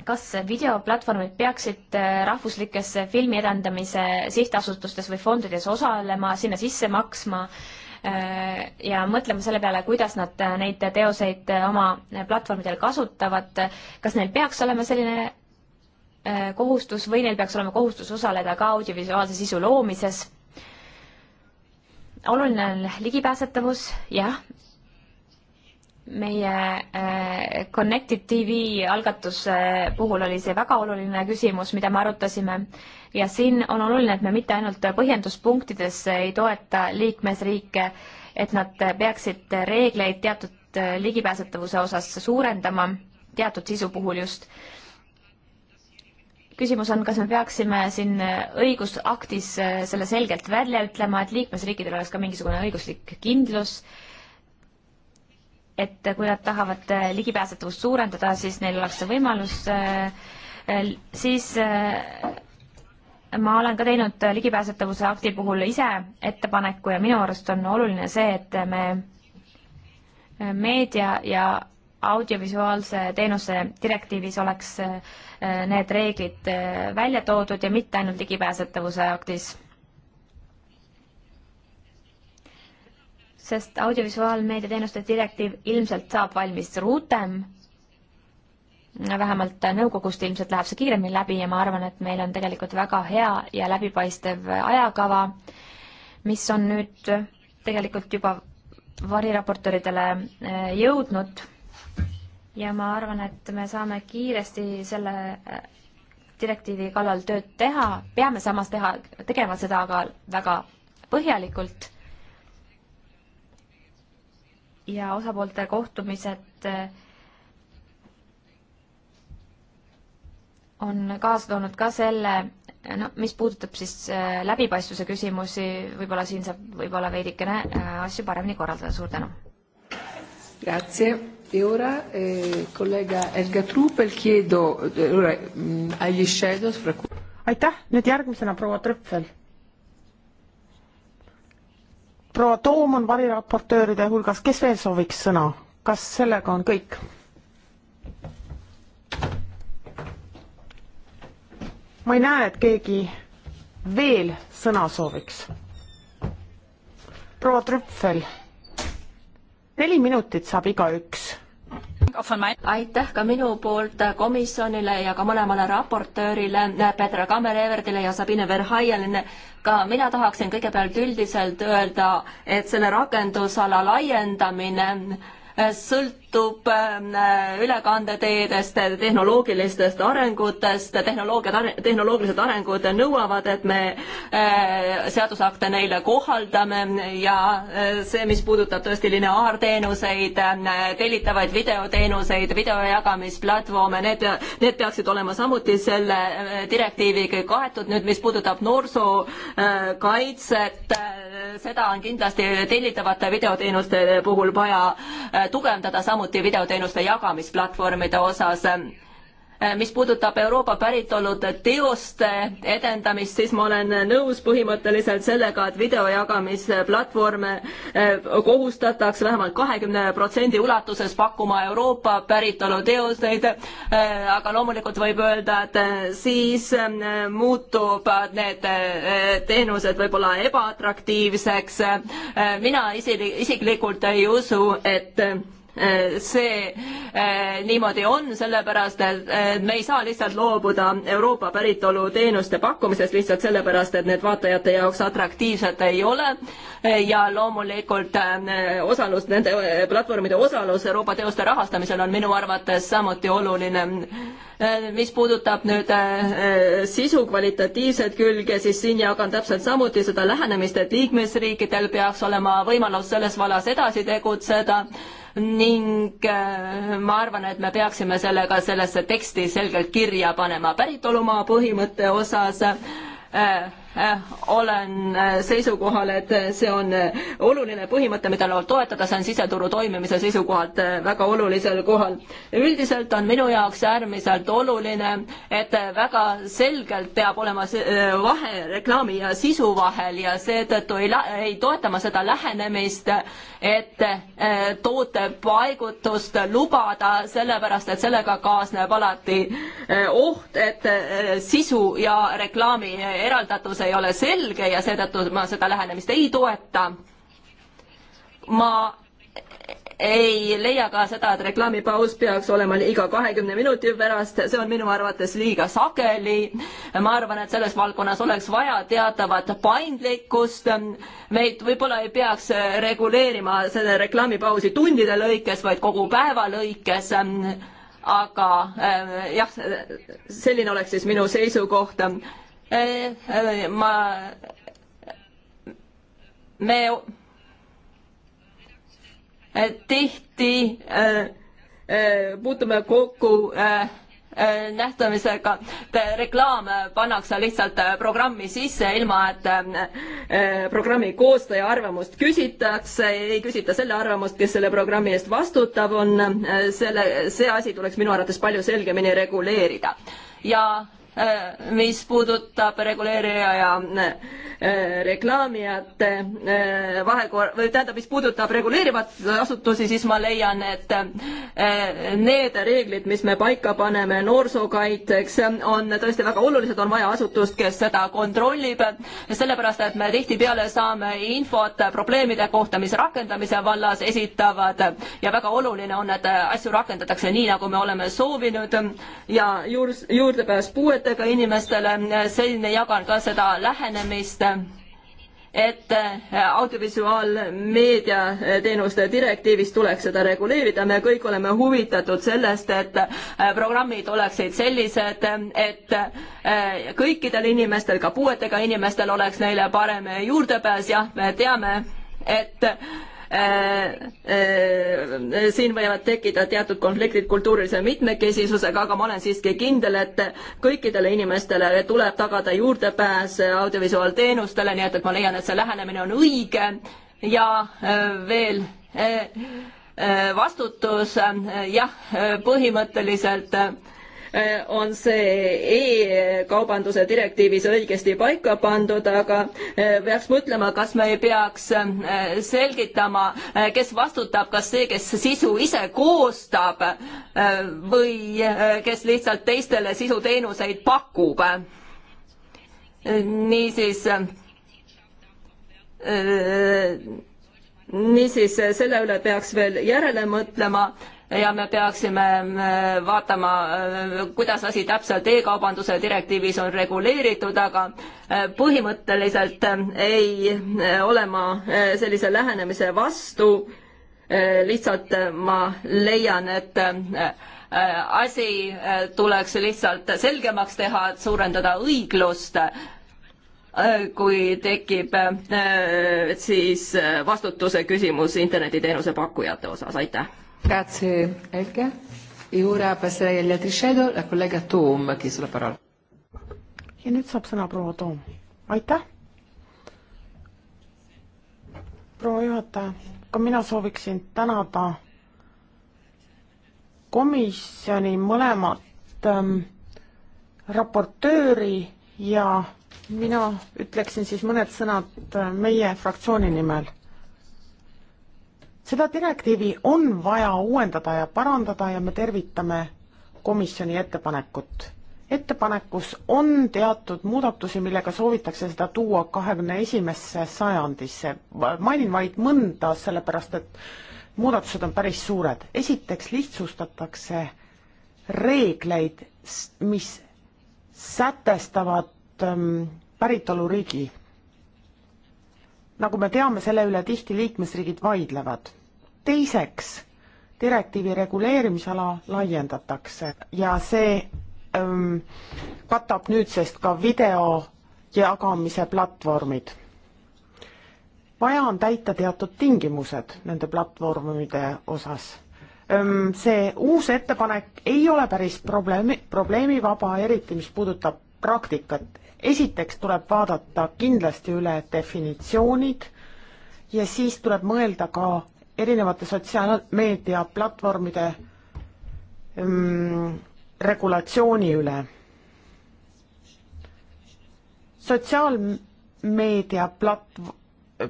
kas videoplatvormid peaksid äh, rahvuslikes filmi edendamise sihtasutustes või fondides osalema, sinna sisse maksma äh, Äh, ja mõtlema selle peale, kuidas nad äh, neid teoseid äh, oma platvormidel kasutavad, kas neil peaks olema selline kohustus või neil peaks olema kohustus osaleda ka audiovisuaalse sisu loomises. oluline on ligipääsetavus, jah, meie äh, Connected TV algatuse puhul oli see väga oluline küsimus, mida me arutasime ja siin on oluline, et me mitte ainult põhjenduspunktides ei toeta liikmesriike, et nad peaksid reegleid teatud äh, ligipääsetavuse osas suurendama, teatud sisu puhul just. küsimus on, kas me peaksime siin õigusaktis äh, selle selgelt välja ütlema, et liikmesriikidel oleks ka mingisugune õiguslik kindlus äh, et kui nad tahavad äh, ligipääsetavust suurendada, siis neil oleks see võimalus, äh, äh, siis ma olen ka teinud ligipääsetavuse akti puhul ise ettepaneku ja minu arust on oluline see, et me meedia ja audiovisuaalse teenuse direktiivis oleks need reeglid välja toodud ja mitte ainult ligipääsetavuse aktis sest audiovisuaalmeedia teenuste direktiiv ilmselt saab valmis ruutem. vähemalt nõukogust ilmselt läheb see kiiremini läbi ja ma arvan, et meil on tegelikult väga hea ja läbipaistev ajakava, mis on nüüd tegelikult juba variraportoridele eh, jõudnud. ja ma arvan, et me saame kiiresti selle eh, direktiivi kallal tööd teha, peame samas teha, tegema seda aga väga põhjalikult ja osapoolte kohtumised eh, on kaasa toonud ka selle, no mis puudutab siis eh, läbipaistvuse küsimusi, võib-olla siin saab võib-olla veidikene eh, asju paremini korraldada, suur tänu. Grazie. E ora eh, collega Helga Truppel chiedo eh, ora, mh, mm, agli shadows fra cui... Aitäh, nüüd järgmisena proua Trüppel proua Toom on variraportööride hulgas, kes veel sooviks sõna? kas sellega on kõik? ma ei näe, et keegi veel sõna sooviks. proua Trüpfel, neli minutit saab igaüks aitäh ka minu poolt komisjonile ja ka mõlemale raportöörile, Petra Kammer-Everdile ja Sabine Verhaienile. ka mina tahaksin kõigepealt üldiselt öelda, et selle rakendusala laiendamine sõlt-, sõltub äh, ülekandeteedest, tehnoloogilistest arengutest, tehnoloogiad, tehnoloogilised arengud nõuavad, et me äh, seadusakte neile kohaldame ja äh, see, mis puudutab tõesti lineaarteenuseid, tellitavaid videoteenuseid, videojagamisplatvorme, need, need peaksid olema samuti selle direktiiviga kaetud, nüüd mis puudutab noorsookaitset, seda on kindlasti tellitavate videoteenuste puhul vaja tugevdada, samuti samuti videoteenuste jagamisplatvormide osas mis puudutab Euroopa päritolud teoste edendamist, siis ma olen nõus põhimõtteliselt sellega, et videojagamisplatvorme eh, kohustatakse vähemalt kahekümne protsendi ulatuses pakkuma Euroopa päritolu teoseid. Eh, aga loomulikult võib öelda, et eh, siis muutuvad need teenused võib-olla ebaatraktiivseks. mina isiklikult ei usu, et Eh, see eh, niimoodi on, sellepärast et me ei saa lihtsalt loobuda Euroopa päritolu teenuste pakkumisest lihtsalt sellepärast, et need vaatajate jaoks atraktiivsed ei ole eh, ja loomulikult osalus, nende platvormide osalus Euroopa teoste rahastamisel on minu arvates samuti oluline. mis puudutab nüüd sisu kvalitatiivset külge, siis siin jagan täpselt samuti seda lähenemist, et liikmesriikidel peaks olema võimalus selles vallas edasi tegutseda ning äh, ma arvan, et me peaksime selle ka sellesse teksti selgelt kirja panema. päritolumaa põhimõtte osas äh, Äh, olen äh, seisukohal, et äh, see on oluline põhimõte, mida tuleb toetada, see on siseturu toimimise seisukohalt väga olulisel kohal. üldiselt on minu jaoks äärmiselt oluline, et väga selgelt peab olema vahe reklaami ja sisu vahel ja seetõttu ei, ei toeta ma seda lähenemist, et toote paigutust lubada, sellepärast et sellega kaasneb alati oht, et sisu ja reklaami eraldatuse ei ole selge ja seetõttu ma seda lähenemist ei toeta. ma ei leia ka seda, et reklaamipaus peaks olema iga kahekümne minuti pärast, see on minu arvates liiga sageli. ma arvan, et selles valdkonnas oleks vaja teatavat paindlikkust. meid võib-olla ei peaks reguleerima selle reklaamipausi tundide lõikes, vaid kogu päeva lõikes. aga äh, jah, selline oleks siis minu seisukoht Eh, eh, ma, me eh, tihti puutume kokku nähtamisega, reklaam pannakse lihtsalt programmi sisse, ilma et programmi koostaja arvamust küsitakse, ei küsita selle arvamust, kes selle programmi eest vastutav on, selle, see asi tuleks minu arvates palju selgemini reguleerida. ja Äh, mis puudutab reguleerija ja äh, reklaamijate äh, vahekor-, või tähendab, mis puudutab reguleerivat asutusi, siis ma leian, et need reeglid, mis me paika paneme noorsookaitseks, on tõesti väga olulised, on vaja asutust, kes seda kontrollib, sellepärast et me tihtipeale saame infot probleemide kohta, mis rakendamise vallas esitavad ja väga oluline on, et asju rakendatakse nii, nagu me oleme soovinud ja juur-, juurdepääs puuetega puuetega inimestele, eh, selline jagan ka seda lähenemist et eh, audiovisuaalmeedia teenuste direktiivis tuleks seda reguleerida, me kõik oleme huvitatud sellest, et eh, programmid oleksid sellised, et kõikidel inimestel, ka puuetega inimestel oleks neile parem juurdepääs, jah, me teame, et Äh, äh, siin võivad tekkida teatud konfliktid kultuurilise mitmekesisusega, aga ma olen siiski kindel, et kõikidele inimestele tuleb tagada juurdepääs audiovisuaalteenustele, nii et, et ma leian, et see lähenemine on õige ja äh, veel vastutus, jah, põhimõtteliselt Äh, on see e-kaubanduse direktiivis õigesti paika pandud, aga äh, peaks mõtlema, kas me ei peaks äh, selgitama, kes vastutab, kas see, kes sisu ise koostab või kes lihtsalt teistele sisuteenuseid pakub. niisiis niisiis selle üle peaks veel järele mõtlema ja me peaksime äh, vaatama, äh, kuidas asi täpselt e-kaubanduse direktiivis on reguleeritud, aga äh, põhimõtteliselt ei ole ma sellise lähenemise vastu. lihtsalt ma leian, et asi tuleks lihtsalt selgemaks teha, et suurendada õiglust kui tekib siis vastutuse küsimus internetiteenuse pakkujate osas, aitäh Grazie Elga. E ora passerei agli altri shadow, la collega Toom ha chiesto la parola. ja nüüd saab sõna proua Toom, aitäh. proua juhataja, ka mina sooviksin tänada komisjoni mõlemat ähm, raportööri ja mina ütleksin siis mõned sõnad äh, meie fraktsiooni nimel seda direktiivi on vaja uuendada ja parandada ja me tervitame komisjoni ettepanekut. ettepanekus on teatud muudatusi, millega soovitakse seda tuua kahekümne esimesse sajandisse. mainin vaid mõnda, sellepärast et muudatused on päris suured. esiteks lihtsustatakse reegleid, mis sätestavad ähm, päritoluriigi nagu me teame, selle üle tihti liikmesriigid vaidlevad. teiseks, direktiivi reguleerimisala laiendatakse ja see ähm, katab nüüdsest ka video jagamise platvormid. vaja on täita teatud tingimused nende platvormide osas ähm,. see uus ettepanek ei ole päris probleemi, probleemivaba, eriti mis puudutab praktikat. esiteks tuleb vaadata kindlasti üle definitsioonid ja siis tuleb mõelda ka erinevate sotsiaalmeedia platvormide mm, regulatsiooni üle. sotsiaalmeedia platv-,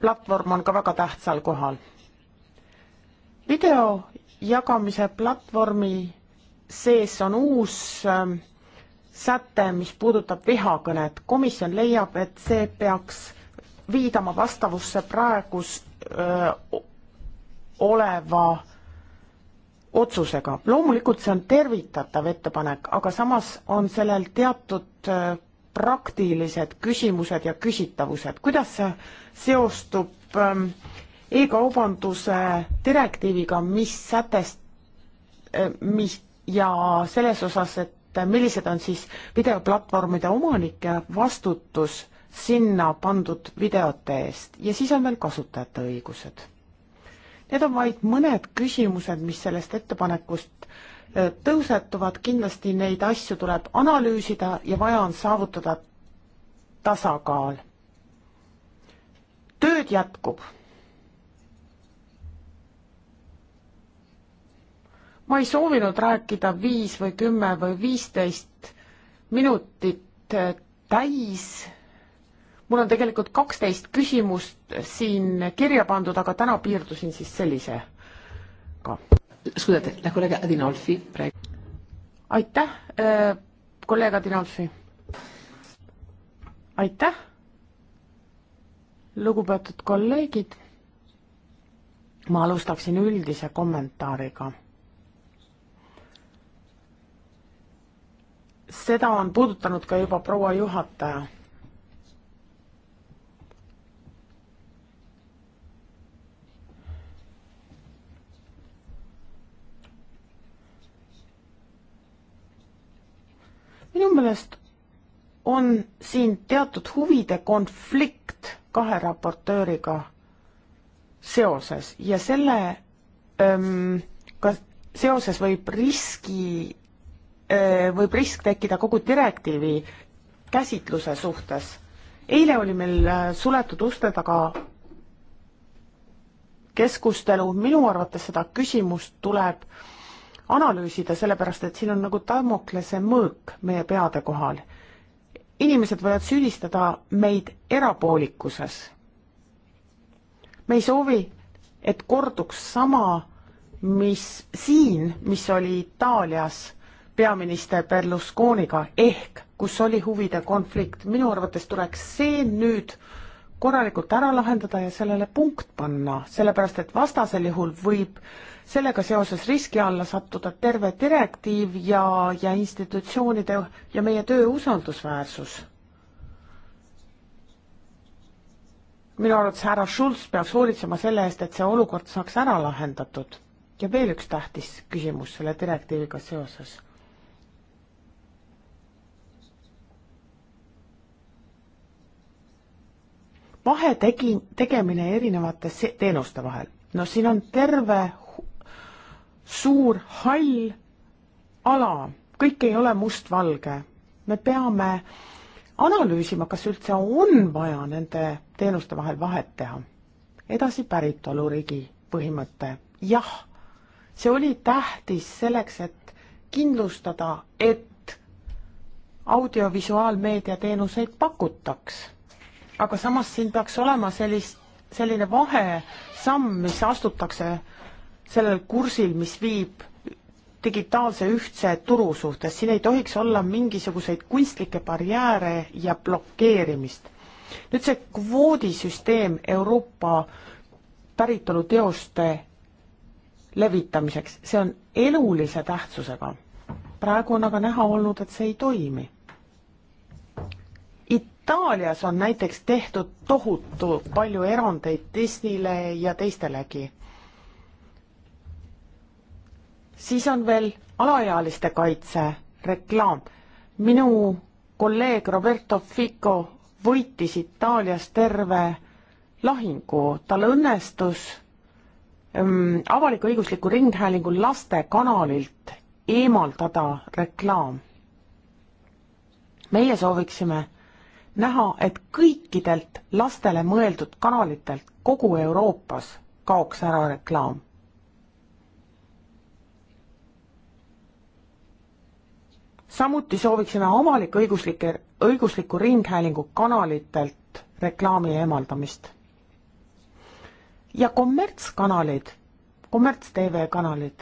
platvorm on ka väga tähtsal kohal. video jagamise platvormi sees on uus ähm, säte, mis puudutab vihakõnet. komisjon leiab, et see peaks viidama vastavusse praegus öö, oleva otsusega. loomulikult see on tervitatav ettepanek, aga samas on sellel teatud öö, praktilised küsimused ja küsitavused, kuidas see seostub e-kaubanduse direktiiviga, mis sätest, mis ja selles osas, et et millised on siis videoplatvormide omanike vastutus sinna pandud videote eest ja siis on veel kasutajate õigused. Need on vaid mõned küsimused, mis sellest ettepanekust tõusetuvad, kindlasti neid asju tuleb analüüsida ja vaja on saavutada tasakaal. tööd jätkub ma ei soovinud rääkida viis või kümme või viisteist minutit äh, täis. mul on tegelikult kaksteist küsimust siin kirja pandud, aga täna piirdusin siis sellisega. aitäh, äh, kolleeg Adinolfi. aitäh, lugupeetud kolleegid. ma alustaksin üldise kommentaariga seda on puudutanud ka juba proua juhataja. minu meelest on siin teatud huvide konflikt kahe raportööriga seoses ja selle öö, ka seoses võib riski Äh, võib risk tekkida kogu direktiivi käsitluse suhtes. eile oli meil äh, suletud uste taga keskustelu, minu arvates seda küsimust tuleb analüüsida, sellepärast et siin on nagu Damoklese mõõk meie peade kohal. inimesed võivad süüdistada meid erapoolikuses. me ei soovi, et korduks sama, mis siin, mis oli Itaalias peaminister Berlusconiga ehk kus oli huvide konflikt. minu arvates tuleks see nüüd korralikult ära lahendada ja sellele punkt panna, sellepärast et vastasel juhul võib sellega seoses riski alla sattuda terve direktiiv ja, ja institutsioonide ja meie töö usaldusväärsus minu arvates härra Schulz peaks hoolitsema selle eest, et see olukord saaks ära lahendatud. ja veel üks tähtis küsimus selle direktiiviga seoses. vahe tegi, tegemine erinevate teenuste vahel. no siin on terve suur hall ala, kõik ei ole mustvalge. me peame analüüsima, kas üldse on vaja nende teenuste vahel vahet teha. edasi päritoluriigi põhimõte, jah, see oli tähtis selleks, et kindlustada, et audiovisuaalmeedia teenuseid pakutaks aga samas siin peaks olema sellist, selline vahesamm, mis astutakse sellel kursil, mis viib digitaalse ühtse turu suhtes, siin ei tohiks olla mingisuguseid kunstlikke barjääre ja blokeerimist. nüüd see kvoodisüsteem Euroopa päritolu teoste levitamiseks, see on elulise tähtsusega. praegu on aga näha olnud, et see ei toimi Itaalias on näiteks tehtud tohutu palju erandeid Disneyle ja teistelegi. siis on veel alaealiste kaitse reklaam. minu kolleeg Roberto Fico võitis Itaalias terve lahingu, tal õnnestus ähm, avalik-õigusliku ringhäälingu lastekanalilt eemaldada reklaam. meie sooviksime näha, et kõikidelt lastele mõeldud kanalitelt kogu Euroopas kaoks ära reklaam. samuti sooviksime avalik-õiguslike, õigusliku ringhäälingu kanalitelt reklaami eemaldamist. ja kommertskanalid, kommerts-TV kanalid,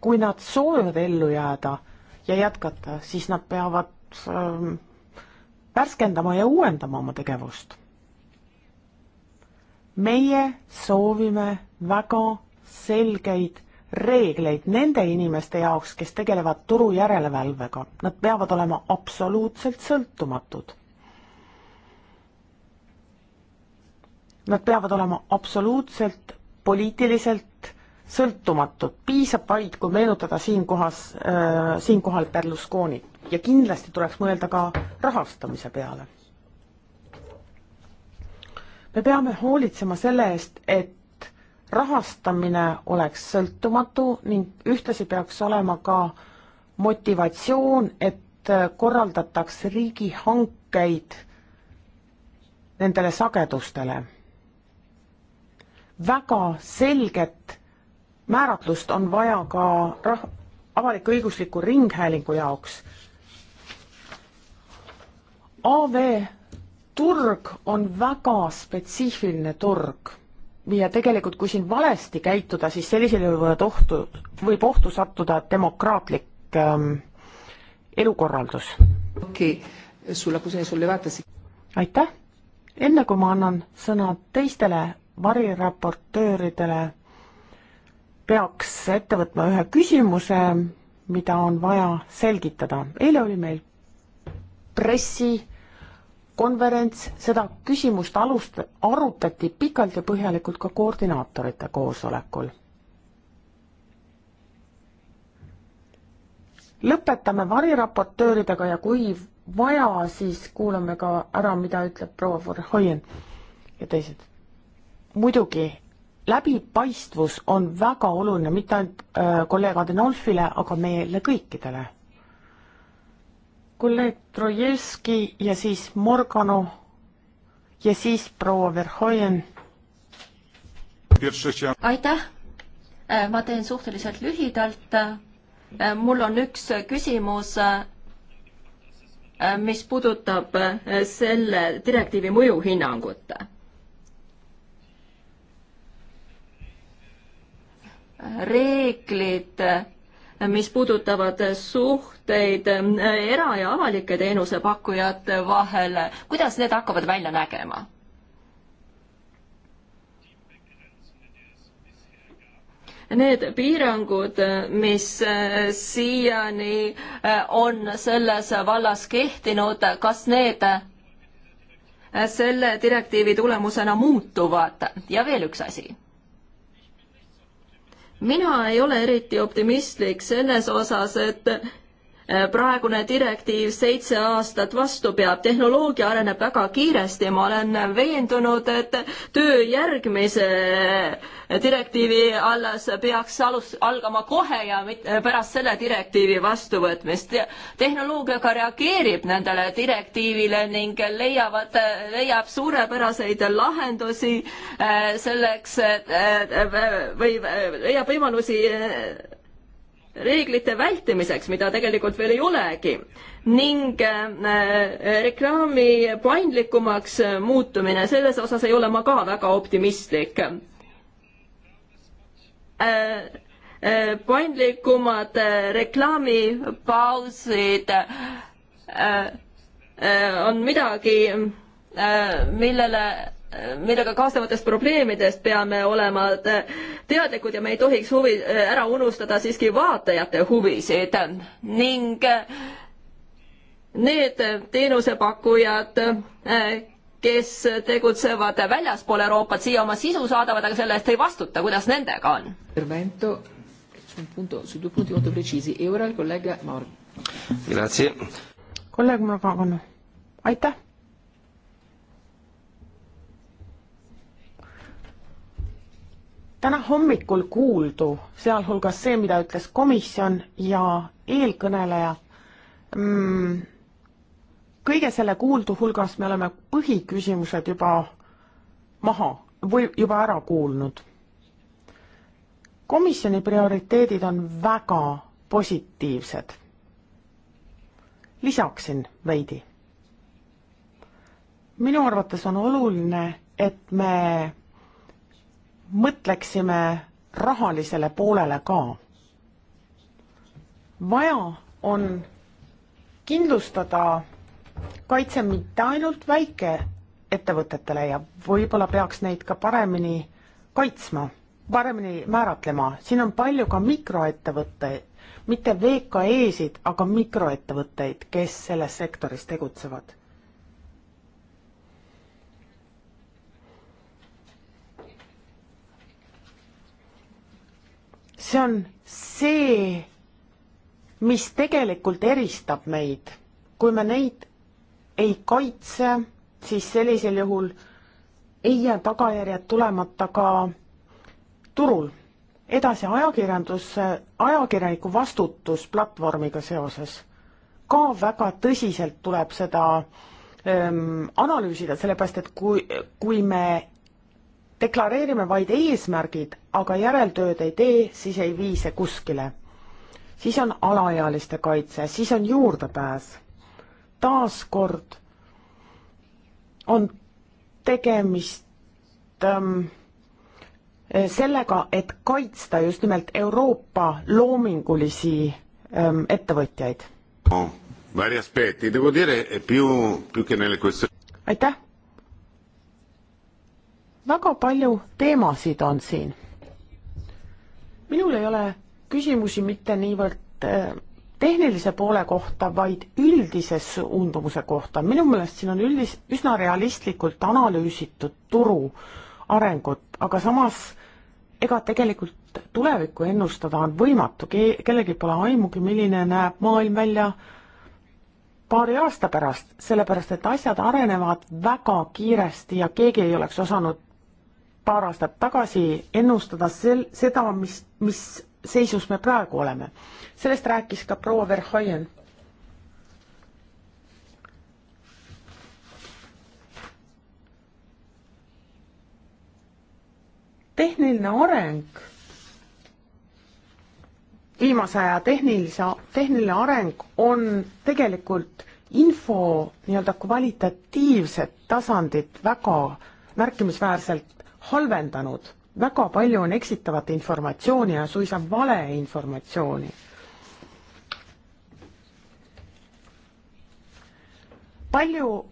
kui nad soovivad ellu jääda ja jätkata, siis nad peavad ähm, värskendama ja uuendama oma tegevust. meie soovime väga selgeid reegleid nende inimeste jaoks, kes tegelevad turu järelevalvega. Nad peavad olema absoluutselt sõltumatud. Nad peavad olema absoluutselt poliitiliselt sõltumatud, piisab vaid, kui meenutada siinkohas äh,, siinkohal Berlusconit ja kindlasti tuleks mõelda ka rahastamise peale. me peame hoolitsema selle eest, et rahastamine oleks sõltumatu ning ühtlasi peaks olema ka motivatsioon, et korraldataks riigihankeid nendele sagedustele. väga selget määratlust on vaja ka rah-, avalik-õigusliku ringhäälingu jaoks AV turg on väga spetsiifiline turg ja tegelikult, kui siin valesti käituda, siis sellisel juhul võivad ohtu, võib ohtu sattuda demokraatlik ähm, elukorraldus okay.. aitäh, enne kui ma annan sõna teistele variraportööridele, peaks ette võtma ühe küsimuse, mida on vaja selgitada. eile oli meil pressi konverents, seda küsimust alust-, arutati pikalt ja põhjalikult ka koordinaatorite koosolekul. lõpetame variraportööridega ja kui vaja, siis kuulame ka ära, mida ütleb proua Verhoien ja teised. muidugi, läbipaistvus on väga oluline, mitte ainult äh, kolleeg Adenolfile, aga meile kõikidele kolleeg Trojevski ja siis Morgano ja siis proua Verhoien. aitäh, äh, ma teen suhteliselt lühidalt. Äh, mul on üks küsimus, äh, mis puudutab selle direktiivi mõjuhinnangut reeglid mis puudutavad suhteid äh, era- ja avalike teenusepakkujate vahel, kuidas need hakkavad välja nägema? need piirangud, mis äh, siiani äh, on selles vallas kehtinud, kas need selle direktiivi tulemusena muutuvad ja veel üks asi mina ei ole eriti optimistlik selles osas, et Eh, praegune direktiiv seitse aastat vastu peab, tehnoloogia areneb väga kiiresti, ma olen veendunud, et töö järgmise eh, direktiivi alles peaks alus, algama kohe ja mitte eh, pärast selle direktiivi vastuvõtmist. tehnoloogiaga reageerib nendele direktiivile ning leiavad, leiab suurepäraseid lahendusi selleks või leiab võimalusi reeglite vältimiseks, mida tegelikult veel ei olegi, ning äh, reklaami paindlikumaks muutumine, selles osas ei ole ma ka väga optimistlik äh, äh, paindlikumad reklaamipausid on midagi, millele millega kaasnevatest probleemidest peame olema teadlikud ja me ei tohiks huvi, äh, ära unustada siiski vaatajate huvisid ning äh, need teenusepakkujad, äh, kes tegutsevad väljaspool Euroopat, siia oma sisu saadavad, aga selle eest ei vastuta, kuidas nendega on? kolleeg e Morgan, aitäh täna hommikul kuuldu, sealhulgas see, mida ütles komisjon ja eelkõneleja mm,, kõige selle kuuldu hulgas me oleme põhiküsimused juba maha või juba ära kuulnud. komisjoni prioriteedid on väga positiivsed. lisaksin veidi. minu arvates on oluline, et me mõtleksime rahalisele poolele ka. vaja on kindlustada kaitse mitte ainult väikeettevõtetele ja võib-olla peaks neid ka paremini kaitsma, paremini määratlema, siin on palju ka mikroettevõtteid, mitte VKE-sid, aga mikroettevõtteid, kes selles sektoris tegutsevad see on see, mis tegelikult eristab meid. kui me neid ei kaitse, siis sellisel juhul ei jää tagajärjed tulemata ka turul. edasi ajakirjandus, ajakirjaniku vastutus platvormiga seoses. ka väga tõsiselt tuleb seda ähm, analüüsida, sellepärast et kui, kui me deklareerime vaid eesmärgid, aga järeltööd ei tee, siis ei vii see kuskile. siis on alaealiste kaitse, siis on juurdepääs. taaskord on tegemist ähm, sellega, et kaitsta just nimelt Euroopa loomingulisi ähm, ettevõtjaid no,. aitäh väga palju teemasid on siin. minul ei ole küsimusi mitte niivõrd äh, tehnilise poole kohta, vaid üldise suundumuse kohta. minu meelest siin on üldis-, üsna realistlikult analüüsitud turu arengut, aga samas ega tegelikult tulevikku ennustada on võimatu, ke-, kellelgi pole aimugi, milline näeb maailm välja paari aasta pärast, sellepärast et asjad arenevad väga kiiresti ja keegi ei oleks osanud paar aastat tagasi ennustada sel-, seda, mis, mis seisus me praegu oleme. sellest rääkis ka proua Verhoien. tehniline areng, viimase aja tehnilise, tehniline areng on tegelikult info nii-öelda kvalitatiivset tasandit väga märkimisväärselt halvendanud. väga palju on eksitavat informatsiooni ja suisa valeinformatsiooni. palju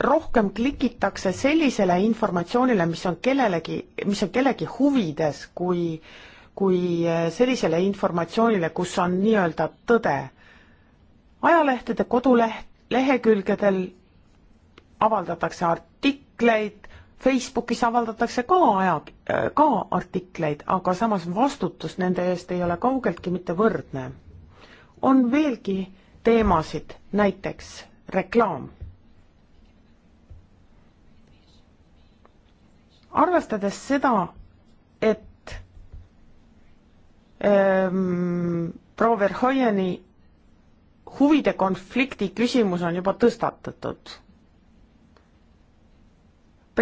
rohkem klikitakse sellisele informatsioonile, mis on kellelegi, mis on kellegi huvides, kui kui eh, sellisele informatsioonile, kus on nii-öelda tõde. ajalehtede koduleht, lehekülgedel avaldatakse artikleid, Facebookis avaldatakse ka aja, äh, ka artikleid, aga samas vastutus nende eest ei ole kaugeltki mitte võrdne. on veelgi teemasid, näiteks reklaam. arvestades seda, et ähm, proua Verhoieni huvide konflikti küsimus on juba tõstatatud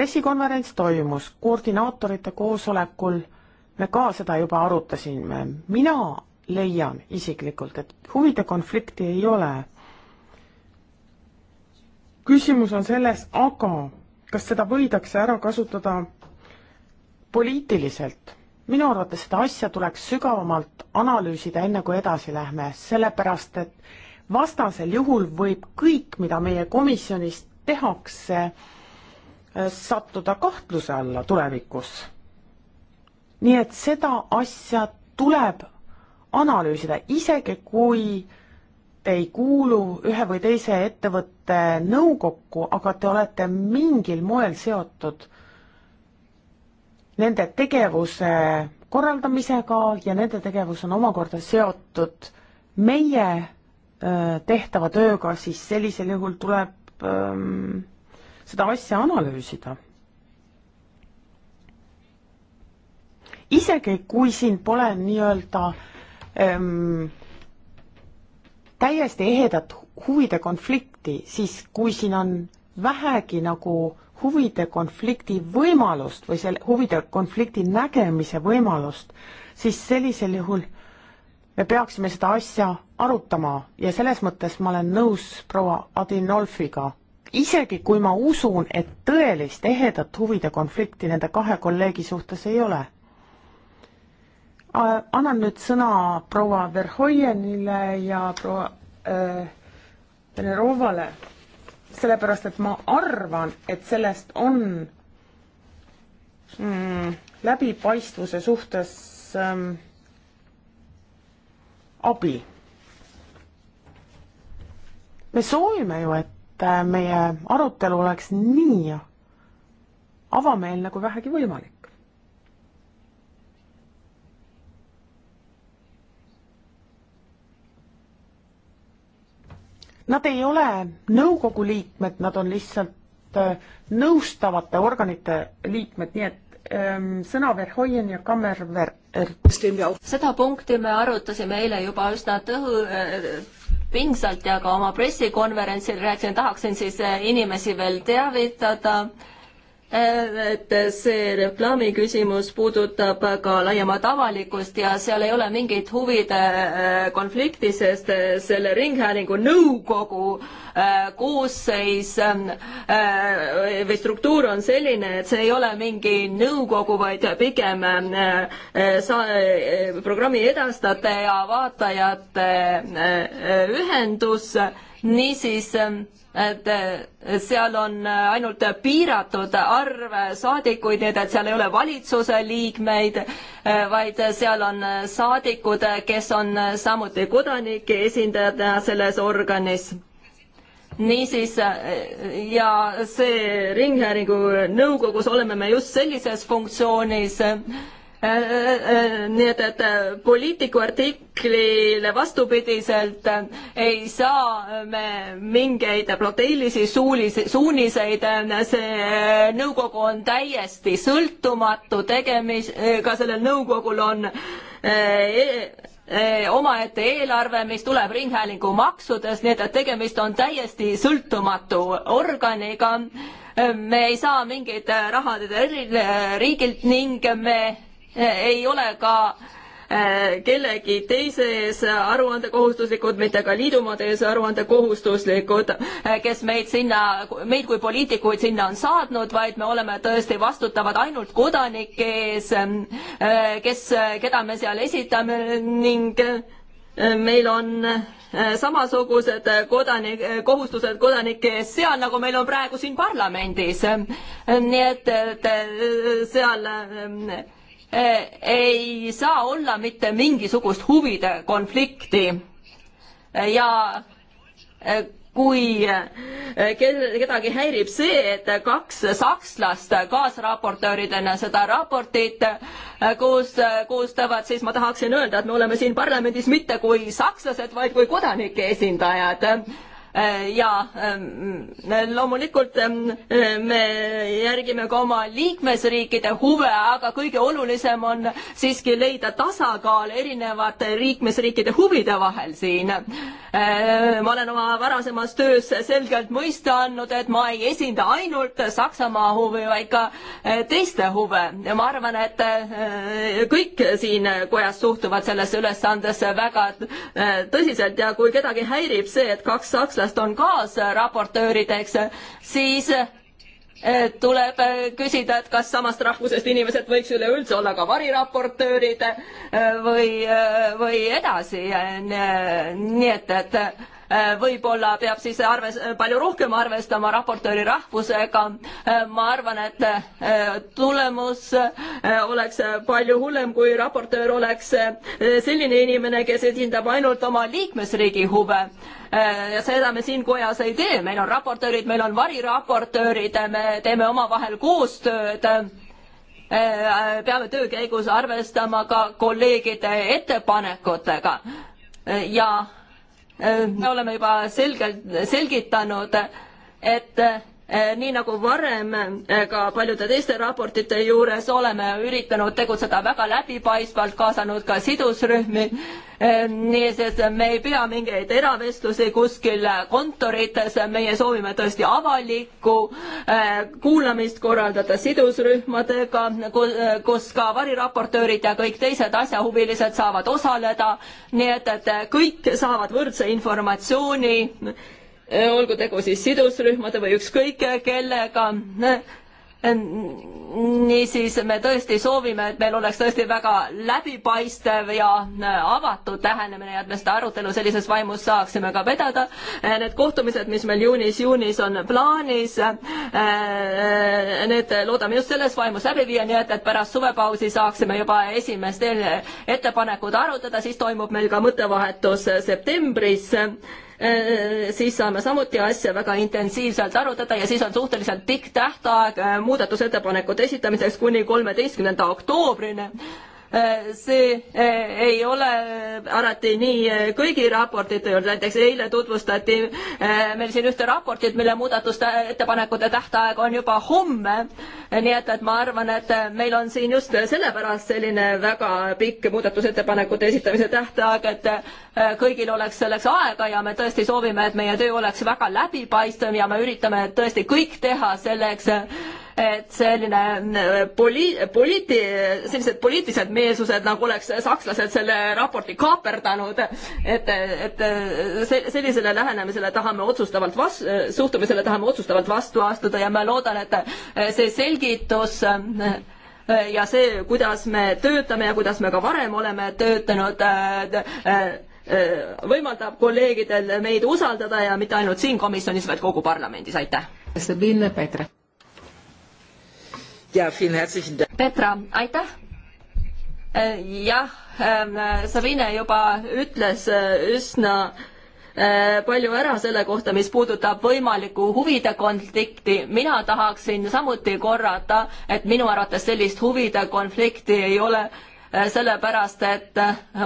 pressikonverents toimus koordinaatorite koosolekul, me ka seda juba arutasime, mina leian isiklikult, et huvide konflikti ei ole. küsimus on selles, aga kas seda võidakse ära kasutada poliitiliselt? minu arvates seda asja tuleks sügavamalt analüüsida, enne kui edasi lähme, sellepärast et vastasel juhul võib kõik, mida meie komisjonis tehakse, sattuda kahtluse alla tulevikus. nii et seda asja tuleb analüüsida, isegi kui te ei kuulu ühe või teise ettevõtte nõukokku, aga te olete mingil moel seotud nende tegevuse korraldamisega ja nende tegevus on omakorda seotud meie öö, tehtava tööga, siis sellisel juhul tuleb öö, seda asja analüüsida. isegi kui siin pole nii-öelda ähm, täiesti ehedat huvide konflikti, siis kui siin on vähegi nagu huvide konflikti võimalust või selle huvide konflikti nägemise võimalust, siis sellisel juhul me peaksime seda asja arutama ja selles mõttes ma olen nõus proua Adinolfiga isegi kui ma usun, et tõelist ehedat huvide konflikti nende kahe kolleegi suhtes ei ole. annan nüüd sõna proua Verhoienile ja proua äh, Venerovale, sellepärast et ma arvan, et sellest on mm, läbipaistvuse suhtes ähm, abi. me soovime ju, et et äh, meie arutelu oleks nii avameelne kui vähegi võimalik. Nad ei ole nõukogu liikmed, nad on lihtsalt äh, nõustavate organite liikmed, nii et ähm, sõna Verhoien ja Kammerver. seda punkti me arutasime eile juba üsna tõhu, äh, pingsalt ja ka oma pressikonverentsil rääkisin, tahaksin siis eh, inimesi veel teavitada äh, et see reklaami küsimus puudutab ka laiemat avalikkust ja seal ei ole mingit huvide äh, konflikti, sest äh, selle Ringhäälingu nõukogu äh, koosseis või struktuur on selline, et see ei ole mingi nõukogu, vaid pigem programmi edastajate ja vaatajate ühendus niisiis ähm, et äh, seal on äh, ainult piiratud arv saadikuid, nii et seal ei ole valitsuse liikmeid, äh, vaid seal on saadikud, kes on samuti kodanike esindajatena selles organis. niisiis ja see Ringhäälingu nõukogus oleme me just sellises funktsioonis Äh, äh, nii et, et äh, poliitiku artiklile vastupidiselt ei saa me mingeid proteilisi suulisi, suuniseid, see nõukogu on täiesti sõltumatu tegemis-, ka sellel nõukogul on e, e omaette eelarve, mis tuleb Ringhäälingu maksudest, nii et tegemist on täiesti sõltumatu organiga. me ei saa mingeid rahad riigilt ning me ei ole ka äh, kellegi teise ees aruandekohustuslikud, mitte ka liidumaade ees aruandekohustuslikud, äh, kes meid sinna, meid kui poliitikuid sinna on saatnud, vaid me oleme tõesti vastutavad ainult kodanike ees, ähm, äh, kes, keda me seal esitame ning meil on samasugused kodanik, kohustused kodanike ees seal, nagu meil on praegu siin parlamendis. nii et, et seal ähm, Eh, ei saa olla mitte mingisugust huvide konflikti eh, ja eh, kui kedagi häirib see, et kaks sakslast kaasraportööridena seda raportit koos, koostavad, siis ma tahaksin öelda, et me oleme siin parlamendis mitte kui sakslased, vaid kui kodanike esindajad Äh, ja ähm, loomulikult ähm, me järgime ka oma liikmesriikide huve, aga kõige olulisem on siiski leida tasakaal erinevate liikmesriikide huvide vahel siin. Äh, ma olen oma varasemas töös selgelt mõista andnud, et ma ei esinda ainult Saksamaa huve, vaid ka äh, teiste huve ja ma arvan, et kõik siin kojas suhtuvad sellesse ülesandesse väga tõsiselt ja kui kedagi häirib see, et kaks sakslast prantslast on kaasraportöörideks, siis eh, tuleb eh, küsida, et kas samast rahvusest inimesed võiks üleüldse olla ka variraportöörid eh, või, või edasi, nii et, et Äh, võib-olla peab siis arves, palju rohkem arvestama raportööri rahvusega. Äh, ma arvan, et äh, tulemus oleks palju hullem, kui raportöör oleks selline inimene, kes esindab ainult oma liikmesriigi huve ja seda me siin kojas ei tee, meil on raportöörid, meil on variraportöörid, me teeme omavahel koostööd. peame töö käigus arvestama ka kolleegide ettepanekutega ja me oleme juba selgelt, selgitanud, et Eh, nii nagu varem eh, ka paljude teiste raportite juures oleme üritanud tegutseda väga läbipaistvalt, kaasanud ka sidusrühmi. Eh, nii et me ei pea mingeid eravestlusi kuskil kontorites, meie soovime tõesti avalikku kuulamist korraldada sidusrühmadega, kus ka variraportöörid ja kõik teised asjahuvilised saavad osaleda. nii et, et kõik saavad võrdse informatsiooni Äh, olgu tegu siis sidusrühmade või ükskõik kellega. Äh, niisiis me tõesti soovime, et meil oleks tõesti väga läbipaistev ja äh, avatud lähenemine ja et me seda arutelu sellises vaimus saaksime ka vedada. Need kohtumised, mis meil juunis-juunis on plaanis, need loodame just selles vaimus läbi viia, nii et, et pärast suvepausi saaksime juba esimest ettepanekut arutada, siis toimub meil ka mõttevahetus septembris Äh, siis saame samuti asja väga intensiivselt arutada ja siis on suhteliselt pikk tähtaeg äh, muudatusettepanekute esitamiseks kuni kolmeteistkümnenda oktoobrini Äh, see äh, ei ole alati nii äh, kõigi raportite juures, näiteks eile tutvustati meil siin ühte raportit, mille muudatuste ettepanekute tähtaeg on juba homme. nii et, et ma arvan, et meil on siin just sellepärast selline väga pikk muudatusettepanekute esitamise tähtaeg, et kõigil oleks selleks aega ja me tõesti soovime, et meie töö oleks väga läbipaistvam ja me üritame tõesti kõik teha selleks, et selline äh, poli-, poliiti-, sellised poliitilised meelsused, nagu oleks sakslased selle raporti kaaperdanud, et, et äh, see, sellisele lähenemisele tahame otsustavalt vas-, äh, suhtumisele tahame otsustavalt vastu astuda ja ma loodan, et see selgitus ja see, kuidas me töötame ja kuidas me ka varem oleme töötanud, võimaldab kolleegidel meid usaldada ja mitte ainult siin komisjonis, vaid kogu parlamendis, aitäh! Sabine Petre Petra, aitäh! Äh, jah, ähm, Sabine juba ütles äh, üsna äh, palju ära selle kohta, mis puudutab võimalikku huvide konflikti. mina tahaksin samuti korrata, et minu arvates sellist huvide konflikti ei ole sellepärast, et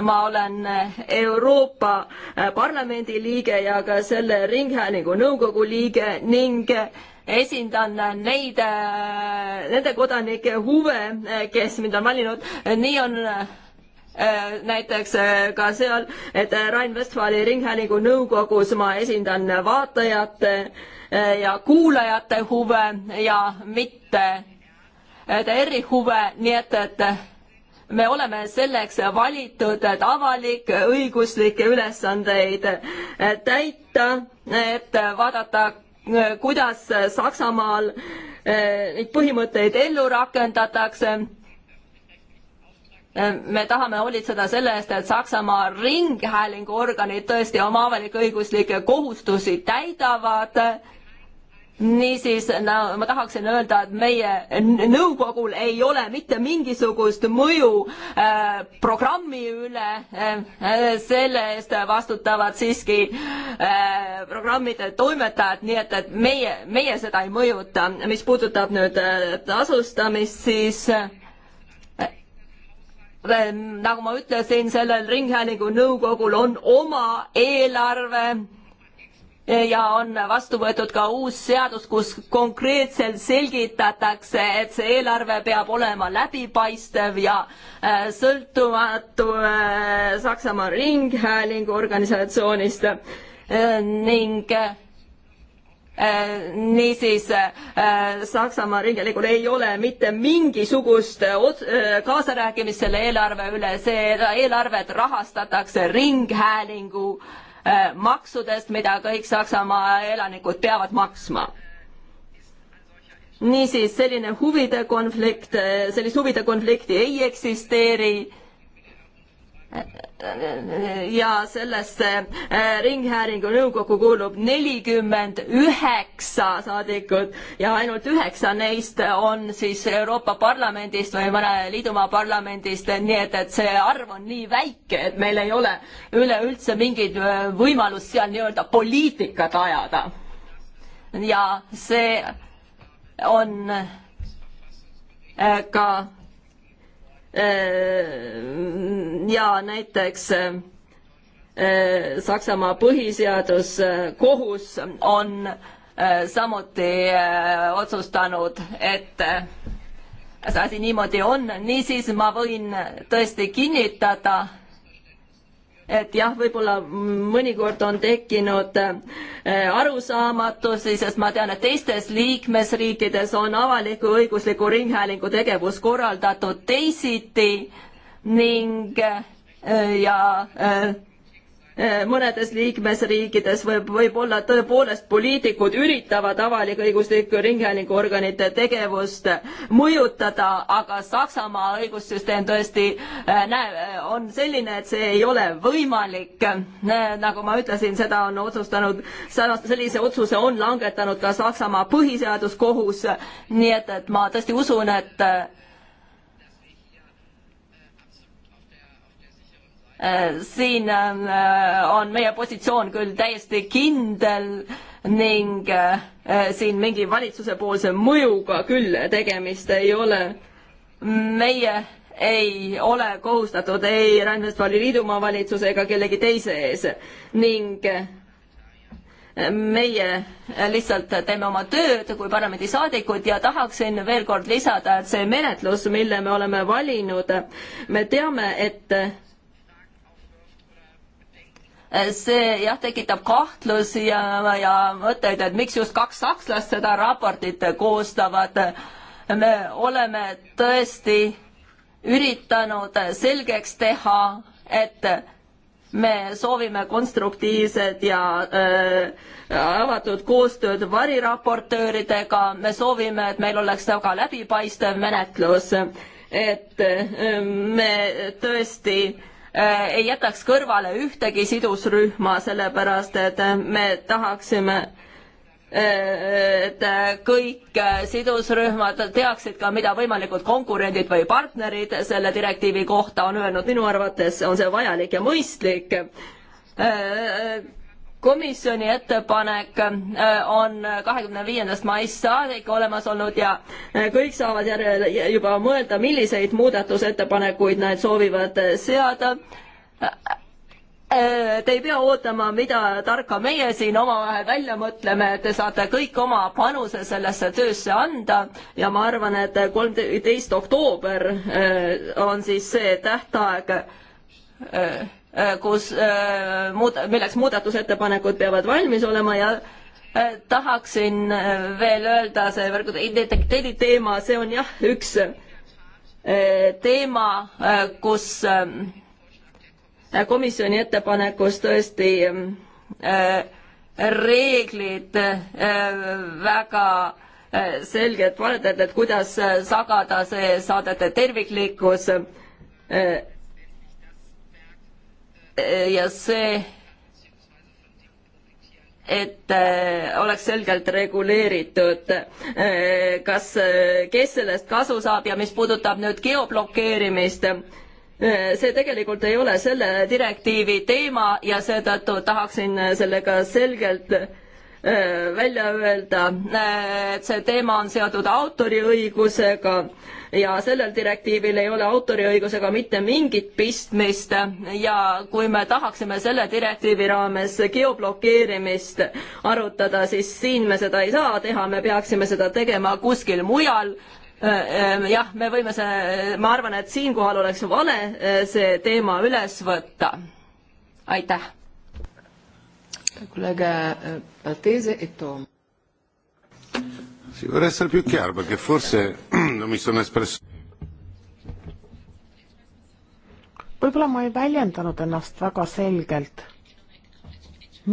ma olen Euroopa Parlamendi liige ja ka selle Ringhäälingu nõukogu liige ning esindan neid, äh, nende kodanike huve, äh, kes mind on valinud, nii on äh, näiteks ka seal, et Rhein-Westfali Ringhäälingu nõukogus ma esindan vaatajate ja kuulajate huve ja mitte ERR-i huve, nii et, et me oleme selleks valitud, et avalik-õiguslikke ülesandeid täita, et vaadata, Äh, kuidas Saksamaal äh, neid põhimõtteid ellu rakendatakse. Äh, me tahame hoolitseda selle eest, et Saksamaa ringhäälinguorganid tõesti oma avalik-õiguslikke kohustusi täidavad niisiis no, ma tahaksin öelda, et meie nõukogul ei ole mitte mingisugust mõju äh, programmi üle äh, äh,, selle eest vastutavad siiski äh, programmide toimetajad, nii et, et meie, meie seda ei mõjuta. mis puudutab nüüd äh, tasustamist, siis äh, äh nagu ma ütlesin, sellel Ringhäälingu nõukogul on oma eelarve ja on vastu võetud ka uus seadus, kus konkreetselt selgitatakse, et see eelarve peab olema läbipaistev ja äh, sõltumatu äh, Saksamaa Ringhäälingu organisatsioonist äh, ning niisiis Saksamaa ringhäälingul ei ole mitte mingisugust kaasarääkimist selle eelarve üle, see eelarvet rahastatakse ringhäälingu Äh, maksudest, mida kõik Saksamaa elanikud peavad maksma niisiis, selline huvide konflikt, äh, sellist huvide konflikti ei eksisteeri ja sellesse äh, Ringhäälingu nõukokku kuulub nelikümmend üheksa saadikut ja ainult üheksa neist on siis Euroopa Parlamendist või mõne liidumaa parlamendist, nii et, et see arv on nii väike, et meil ei ole üleüldse mingit äh, võimalust seal nii-öelda poliitikat ajada. ja see on äh, ka Äh, ja näiteks äh, Saksamaa põhiseaduskohus äh, on samuti otsustanud, et see asi niimoodi on, niisiis ma võin tõesti kinnitada, et jah, võib-olla mõnikord on tekkinud äh, arusaamatusi, sest ma tean, et teistes liikmesriikides on avaliku-õigusliku ringhäälingu tegevus korraldatud teisiti ning äh, ja äh, Eh, mõnedes liikmesriikides võib, võib-olla tõepoolest poliitikud üritavad avalik-õigusliku ringhäälinguorganite tegevust mõjutada, aga Saksamaa õigussüsteem tõesti eh, näe, eh, on selline, et see ei ole võimalik. nagu ma ütlesin, seda on otsustanud, sellise otsuse on langetanud ka Saksamaa põhiseaduskohus, nii et, et ma tõesti usun, et Äh, siin äh, on meie positsioon küll täiesti kindel ning äh, siin mingi valitsusepoolse mõjuga küll tegemist ei ole. meie ei ole kohustatud ei Rheinvestfali Liidumaa valitsuse ega kellegi teise ees ning meie lihtsalt teeme oma tööd kui parlamendisaadikud ja tahaksin veel kord lisada, et see menetlus, mille me oleme valinud, me teame, et see jah, tekitab kahtlusi ja, ja mõtteid, et miks just kaks sakslast seda raportit koostavad. me oleme tõesti üritanud selgeks teha, et me soovime konstruktiivset ja äh, avatud koostööd variraportööridega, me soovime, et meil oleks väga läbipaistev menetlus, et äh, me tõesti äh, Äh, ei jätaks kõrvale ühtegi sidusrühma, sellepärast et me tahaksime äh, et kõik sidusrühmad teaksid ka, mida võimalikud konkurendid või partnerid selle direktiivi kohta on öelnud, minu arvates on see vajalik ja mõistlik äh, komisjoni ettepanek äh, on kahekümne viiendast maist saadik olemas olnud ja äh, kõik saavad järele juba mõelda, milliseid muudatusettepanekuid nad soovivad seada. Äh, te ei pea ootama, mida tarka meie siin omavahel välja mõtleme, te saate kõik oma panuse sellesse töösse anda ja ma arvan, et kolmteist oktoober on siis see tähtaeg Äh, kus äh, muud, milleks muudatusettepanekud peavad valmis olema ja äh, tahaksin veel öelda see võrgude identiteedi teema, see on jah, üks teema, kus komisjoni ettepanekus tõesti reeglid väga selgelt valetajad, et kuidas sagada see saadete terviklikkus ja see, et äh, oleks selgelt reguleeritud, äh, kas, äh, kes sellest kasu saab ja mis puudutab nüüd geoblokeerimist, see tegelikult ei ole selle direktiivi teema ja seetõttu tahaksin sellega selgelt Äh, välja öelda, äh, et see teema on seotud autoriõigusega ja sellel direktiivil ei ole autoriõigusega mitte mingit pistmist ja kui me tahaksime selle direktiivi raames geoblokeerimist arutada, siis siin me seda ei saa teha, me peaksime seda tegema kuskil mujal. Äh, jah, me võime see, ma arvan, et siinkohal oleks vale see teema üles võtta. aitäh Collega Paltese eh, e Tom. Sì, vorrei essere più chiaro perché forse non mi sono espresso. võib-olla ma ei väljendanud ennast väga selgelt.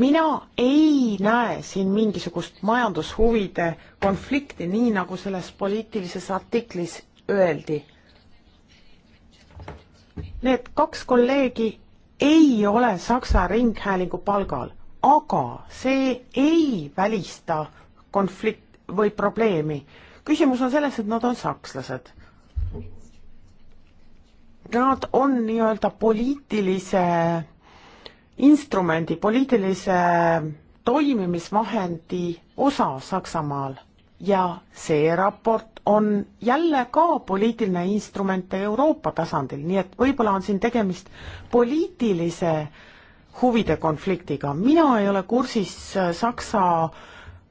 mina ei näe siin mingisugust majandushuvide konflikti, nii nagu selles poliitilises artiklis öeldi. Need kaks kolleegi ei ole Saksa Ringhäälingu palgal aga see ei välista konflikt või probleemi. küsimus on selles, et nad on sakslased. Nad on nii-öelda poliitilise instrumendi, poliitilise toimimisvahendi osa Saksamaal ja see raport on jälle ka poliitiline instrument Euroopa tasandil, nii et võib-olla on siin tegemist poliitilise äh, huvide konfliktiga. mina ei ole kursis äh, Saksa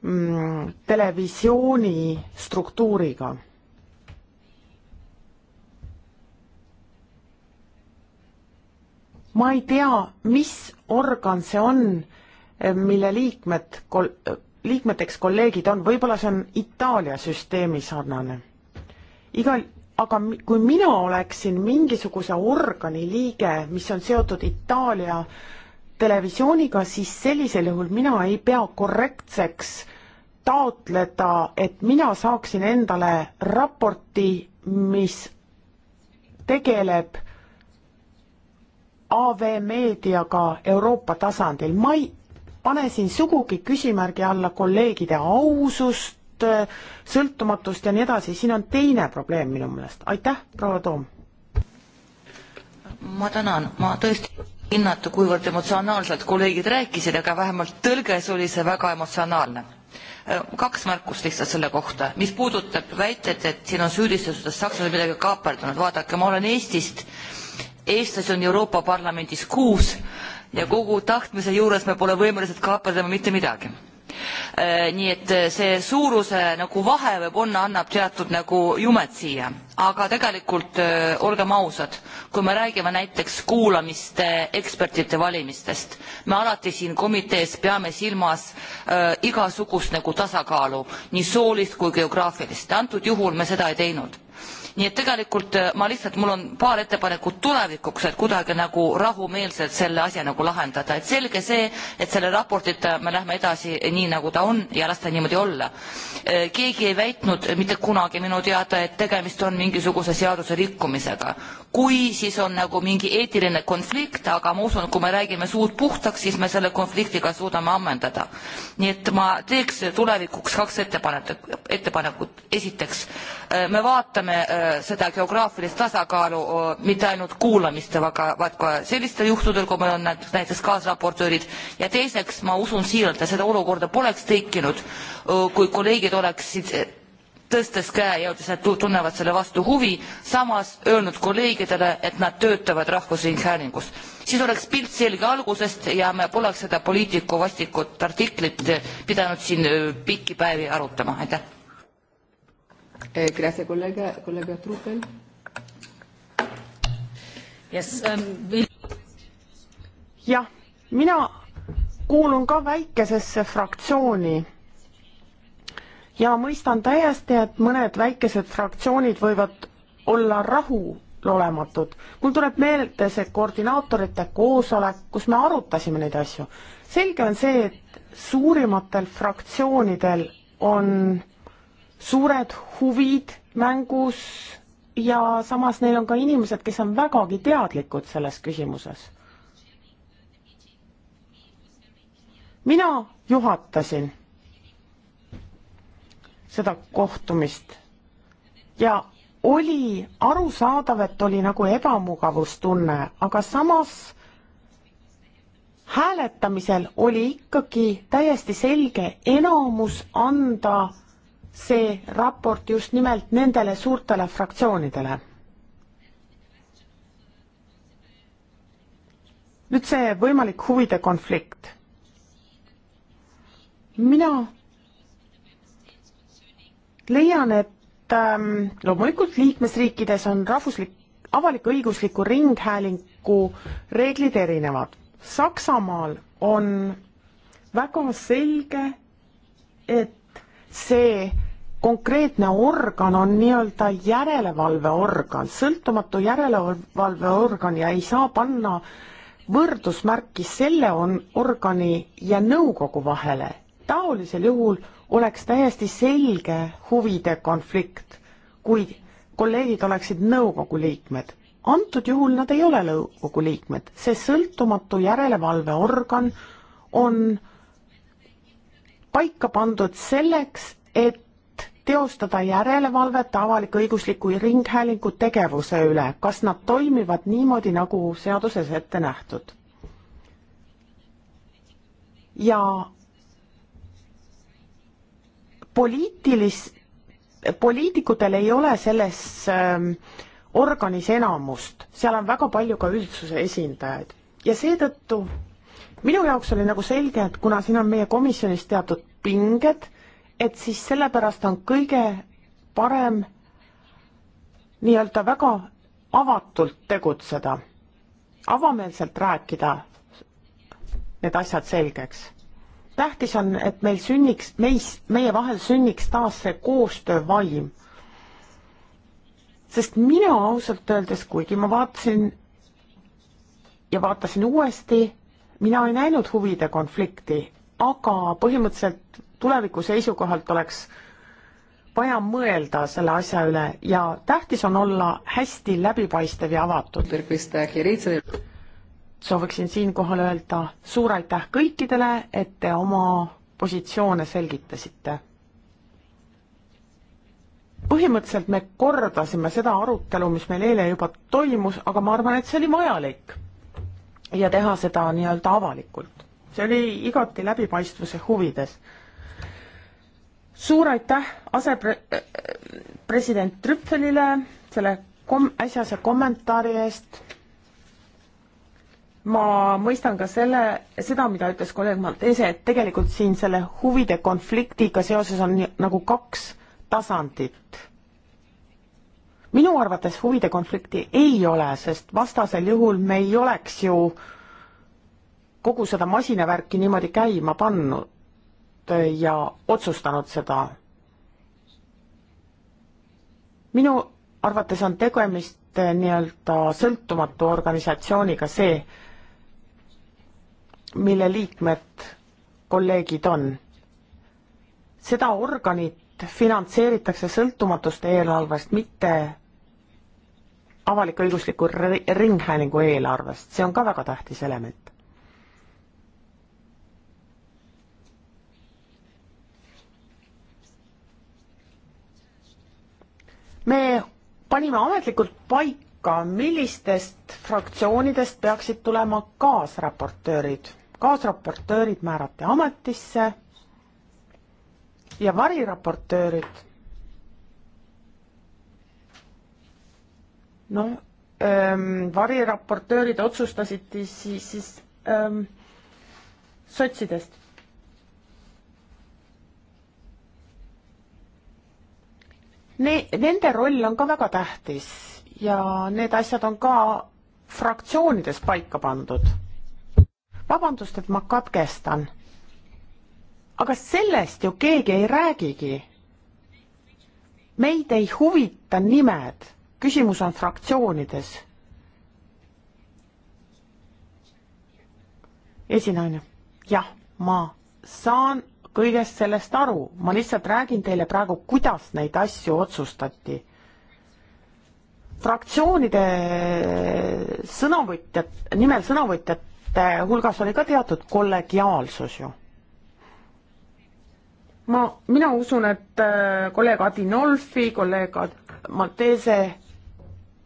mm, televisiooni struktuuriga. ma ei tea, mis organ see on, äh, mille liikmed kol-, äh, liikmeteks kolleegid on, võib-olla see on Itaalia süsteemi sarnane. igal, aga kui mina oleksin mingisuguse organi liige, mis on seotud Itaalia äh, televisiooniga, siis sellisel juhul mina ei pea korrektseks taotleda, et mina saaksin endale raporti, mis tegeleb AV-meediaga Euroopa tasandil, ma ei pane siin sugugi küsimärgi alla kolleegide ausust, sõltumatust ja nii edasi, siin on teine probleem minu meelest, aitäh, proua Toom! ma tänan, ma tõesti hinnata, kuivõrd emotsionaalselt kolleegid rääkisid, aga vähemalt tõlges oli see väga emotsionaalne. Äh, kaks märkust lihtsalt selle kohta, mis puudutab väitet, et siin on süüdistuses sakslased midagi kaaperdanud, vaadake, ma olen Eestist, eestlasi on Euroopa Parlamendis kuus ja kogu tahtmise juures me pole võimelised kaaperdama mitte midagi Äh, nii et äh, see suuruse nagu vahe võib-olla annab teatud nagu jumet siia, aga tegelikult äh, olgem ausad, kui me räägime näiteks kuulamiste ekspertide valimistest, me alati siin komitees peame silmas äh, igasugust nagu tasakaalu, nii soolist kui geograafilist, antud juhul me seda ei teinud nii et tegelikult äh, ma lihtsalt, mul on paar ettepanekut tulevikuks, et kuidagi nagu rahumeelselt selle asja nagu lahendada, et selge see, et selle raportita me lähme edasi nii, nagu ta on ja las ta niimoodi olla. Äh, keegi ei väitnud mitte kunagi minu teada, et tegemist on mingisuguse seaduse rikkumisega kui siis on nagu mingi eetiline konflikt, aga ma usun, kui me räägime suud puhtaks, siis me selle konfliktiga suudame ammendada. nii et ma teeks tulevikuks kaks ettepanekut, ettepanekut. esiteks, äh, me vaatame äh, seda geograafilist tasakaalu äh, mitte ainult kuulamiste, aga vaid ka sellistel juhtudel, kui meil on näiteks kaasraportöörid ja teiseks ma usun siiralt, et seda olukorda poleks tekkinud, kui kolleegid oleksid tõstes käe ja ütles, et tunnevad selle vastu huvi, samas öelnud kolleegidele, et nad töötavad Rahvusringhäälingus. siis oleks pilt selge algusest ja me poleks seda poliitiku vastikut artiklit pidanud siin pikki päevi arutama, aitäh. Eh, gracias, kolleeg, kolleeg Truupel. Um, jah, mina kuulun ka väikesesse fraktsiooni ja mõistan täiesti, et mõned väikesed fraktsioonid võivad olla rahulolematud. mul tuleb meelde see koordinaatorite koosolek, kus me arutasime neid asju. selge on see, et suurimatel fraktsioonidel on suured huvid mängus ja samas neil on ka inimesed, kes on vägagi teadlikud selles küsimuses. mina juhatasin seda kohtumist ja oli arusaadav, et oli nagu ebamugavustunne, aga samas hääletamisel oli ikkagi täiesti selge enamus anda see raport just nimelt nendele suurtele fraktsioonidele. nüüd see võimalik huvide konflikt. mina leian, et ähm, loomulikult liikmesriikides on rahvuslik, avalik-õigusliku ringhäälingu reeglid erinevad. Saksamaal on väga selge, et see konkreetne organ on nii-öelda järelevalveorgan, sõltumatu järelevalveorgan ja ei saa panna võrdusmärki selle on organi ja nõukogu vahele. taolisel juhul oleks täiesti selge huvide konflikt, kui kolleegid oleksid nõukogu liikmed. antud juhul nad ei ole nõukogu liikmed, see sõltumatu järelevalveorgan on paika pandud selleks, et teostada järelevalvet avalik-õigusliku ringhäälingu tegevuse üle, kas nad toimivad niimoodi, nagu seaduses ette nähtud. ja poliitilis-, poliitikutel ei ole selles ähm, organis enamust, seal on väga palju ka üldsuse esindajaid ja seetõttu minu jaoks oli nagu selge, et kuna siin on meie komisjonis teatud pinged, et siis sellepärast on kõige parem nii-öelda väga avatult tegutseda, avameelselt rääkida need asjad selgeks tähtis on, et meil sünniks, meis, meie vahel sünniks taas see koostöövaim. sest mina ausalt öeldes, kuigi ma vaatasin ja vaatasin uuesti, mina ei näinud huvide konflikti, aga põhimõtteliselt tuleviku seisukohalt oleks vaja mõelda selle asja üle ja tähtis on olla hästi läbipaistev ja avatud sooviksin siinkohal öelda suur aitäh kõikidele, et te oma positsioone selgitasite. põhimõtteliselt me kordasime seda arutelu, mis meil eile juba toimus, aga ma arvan, et see oli vajalik. ja teha seda nii-öelda avalikult. see oli igati läbipaistvuse huvides. suur aitäh asepresident äh, Trüpfelile selle kom-, äsjase kommentaari eest ma mõistan ka selle, seda, mida ütles kolleeg Maltese, et tegelikult siin selle huvide konfliktiga seoses on nagu kaks tasandit. minu arvates huvide konflikti ei ole, sest vastasel juhul me ei oleks ju kogu seda masinavärki niimoodi käima pannud ja otsustanud seda. minu arvates on tegemist eh, nii-öelda sõltumatu organisatsiooniga see, mille liikmed kolleegid on. seda organit finantseeritakse sõltumatust eelarvest, mitte avalik-õigusliku ringhäälingu eelarvest, see on ka väga tähtis element. me panime ametlikult paika, millistest fraktsioonidest peaksid tulema kaasraportöörid kaasraportöörid määrati ametisse ja variraportöörid noh, ähm, variraportöörid otsustasid siis, siis öö, ähm, sotsidest. Ne-, nende roll on ka väga tähtis ja need asjad on ka fraktsioonides paika pandud vabandust, et ma katkestan. aga sellest ju keegi ei räägigi. meid ei huvita nimed, küsimus on fraktsioonides. esinaine, jah, ma saan kõigest sellest aru, ma lihtsalt räägin teile praegu, kuidas neid asju otsustati. fraktsioonide sõnavõtjad, nimel sõnavõtjad liikmete hulgas oli ka teatud kollegiaalsus ju. ma, mina usun, et äh, kolleeg Adinolfi, kolleeg Maltese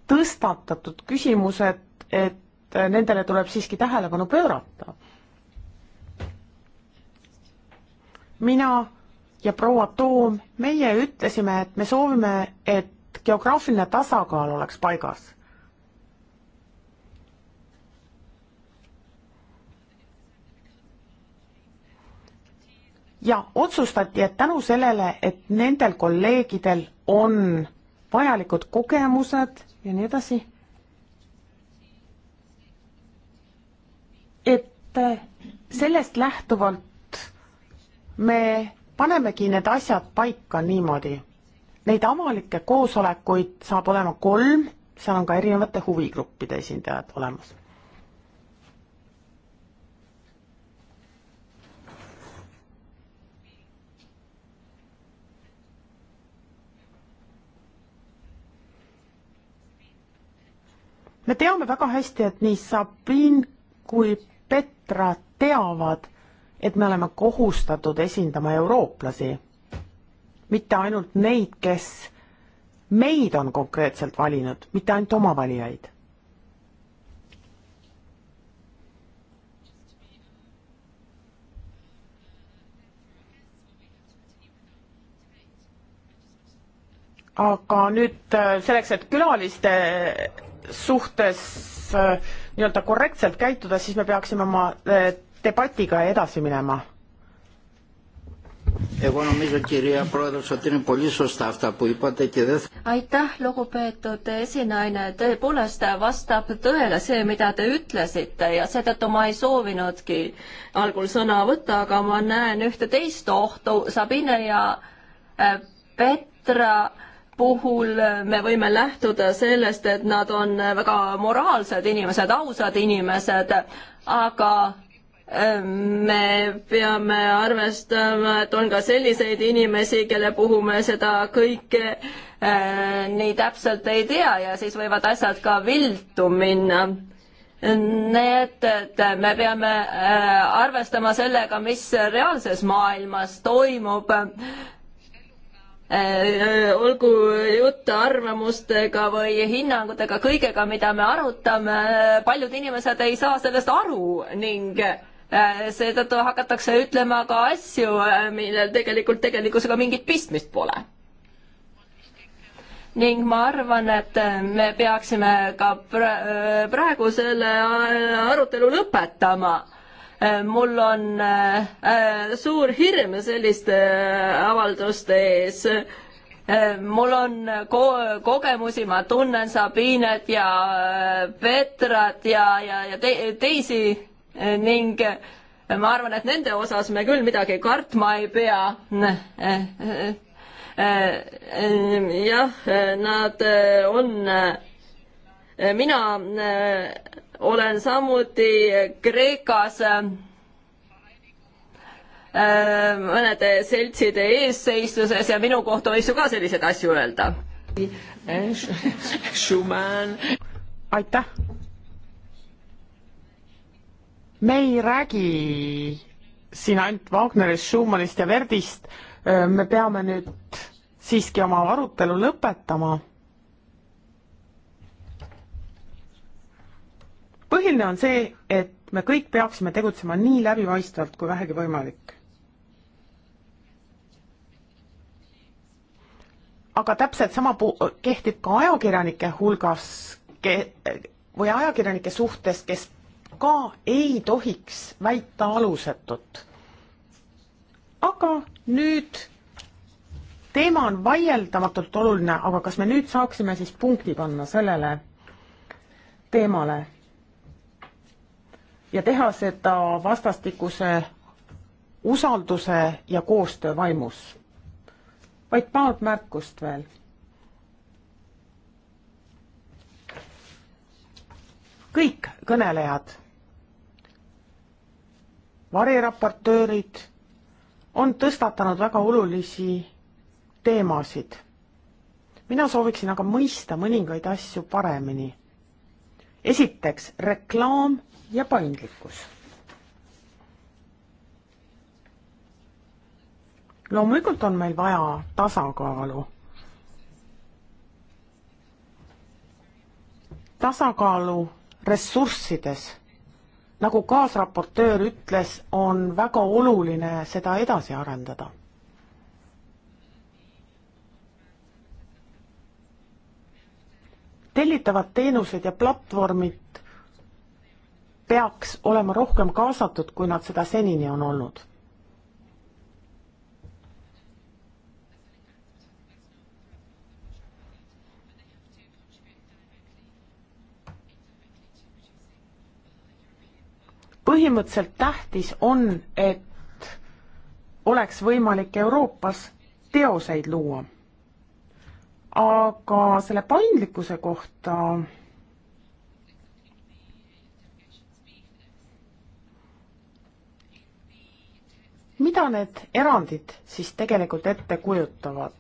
tõstatatud küsimused, et äh, nendele tuleb siiski tähelepanu pöörata. mina ja proua Toom, meie ütlesime, et me soovime, et geograafiline tasakaal oleks paigas ja otsustati, et tänu sellele, et nendel kolleegidel on vajalikud kogemused ja nii edasi, et sellest lähtuvalt me panemegi need asjad paika niimoodi. Neid avalikke koosolekuid saab olema kolm, seal on ka erinevate huvigruppide esindajad olemas me teame väga hästi, et nii Sabin kui Petra teavad, et me oleme kohustatud esindama eurooplasi. mitte ainult neid, kes meid on konkreetselt valinud, mitte ainult oma valijaid. aga nüüd äh, selleks, et külaliste suhtes äh, nii-öelda korrektselt käituda, siis me peaksime oma äh, debatiga edasi minema. aitäh, lugupeetud esinaine, tõepoolest vastab tõele see, mida te ütlesite ja seetõttu ma ei soovinudki algul sõna võtta, aga ma näen ühte teist ohtu, Sabine ja äh, Petra puhul me võime lähtuda sellest, et nad on väga moraalsed inimesed, ausad inimesed, aga ehm, me peame arvestama, et on ka selliseid inimesi, kelle puhul me seda kõike äh, nii täpselt ei tea ja siis võivad asjad ka viltu minna nii et, et me peame ehm, arvestama sellega, mis reaalses maailmas toimub Äh, äh, olgu jutt arvamustega või hinnangutega, kõigega, mida me arutame, paljud inimesed ei saa sellest aru ning äh, seetõttu hakatakse ütlema ka asju, millel tegelikult tegelikkusega mingit pistmist pole. ning ma arvan, et me peaksime ka praegu selle arutelu lõpetama Äh, mul on äh, äh, suur hirm selliste avalduste ees. mul on ko kogemusi, ma tunnen Sabinet ja Petrat ja, ja, ja te teisi ning ma arvan, et nende osas me küll midagi kartma ei pea. jah, nad on mina olen samuti Kreekas äh, mõnede seltside eesseisluses ja minu kohta võis ju ka selliseid asju öelda. Schumann. aitäh. me ei räägi siin ainult Wagnerist, Schumannist ja Verdist. Äh, me peame nüüd siiski oma arutelu lõpetama põhiline on see, et me kõik peaksime tegutsema nii läbipaistvalt kui vähegi võimalik. aga täpselt sama pu-, kehtib ka ajakirjanike hulgas ke-, või ajakirjanike suhtes, kes ka ei tohiks väita alusetut. aga nüüd teema on vaieldamatult oluline, aga kas me nüüd saaksime siis punkti panna sellele teemale? ja teha seda vastastikuse usalduse ja koostöö vaimus. vaid paar märkust veel. kõik kõnelejad, variraportöörid on tõstatanud väga olulisi teemasid. mina sooviksin aga mõista mõningaid asju paremini. esiteks, reklaam ja paindlikkus. loomulikult on meil vaja tasakaalu. tasakaalu ressurssides, nagu kaasraportöör ütles, on väga oluline seda edasi arendada tellitavad teenused ja platvormid peaks olema rohkem kaasatud, kui nad seda senini on olnud. põhimõtteliselt tähtis on, et oleks võimalik Euroopas teoseid luua. aga selle paindlikkuse kohta mida need erandid siis tegelikult ette kujutavad?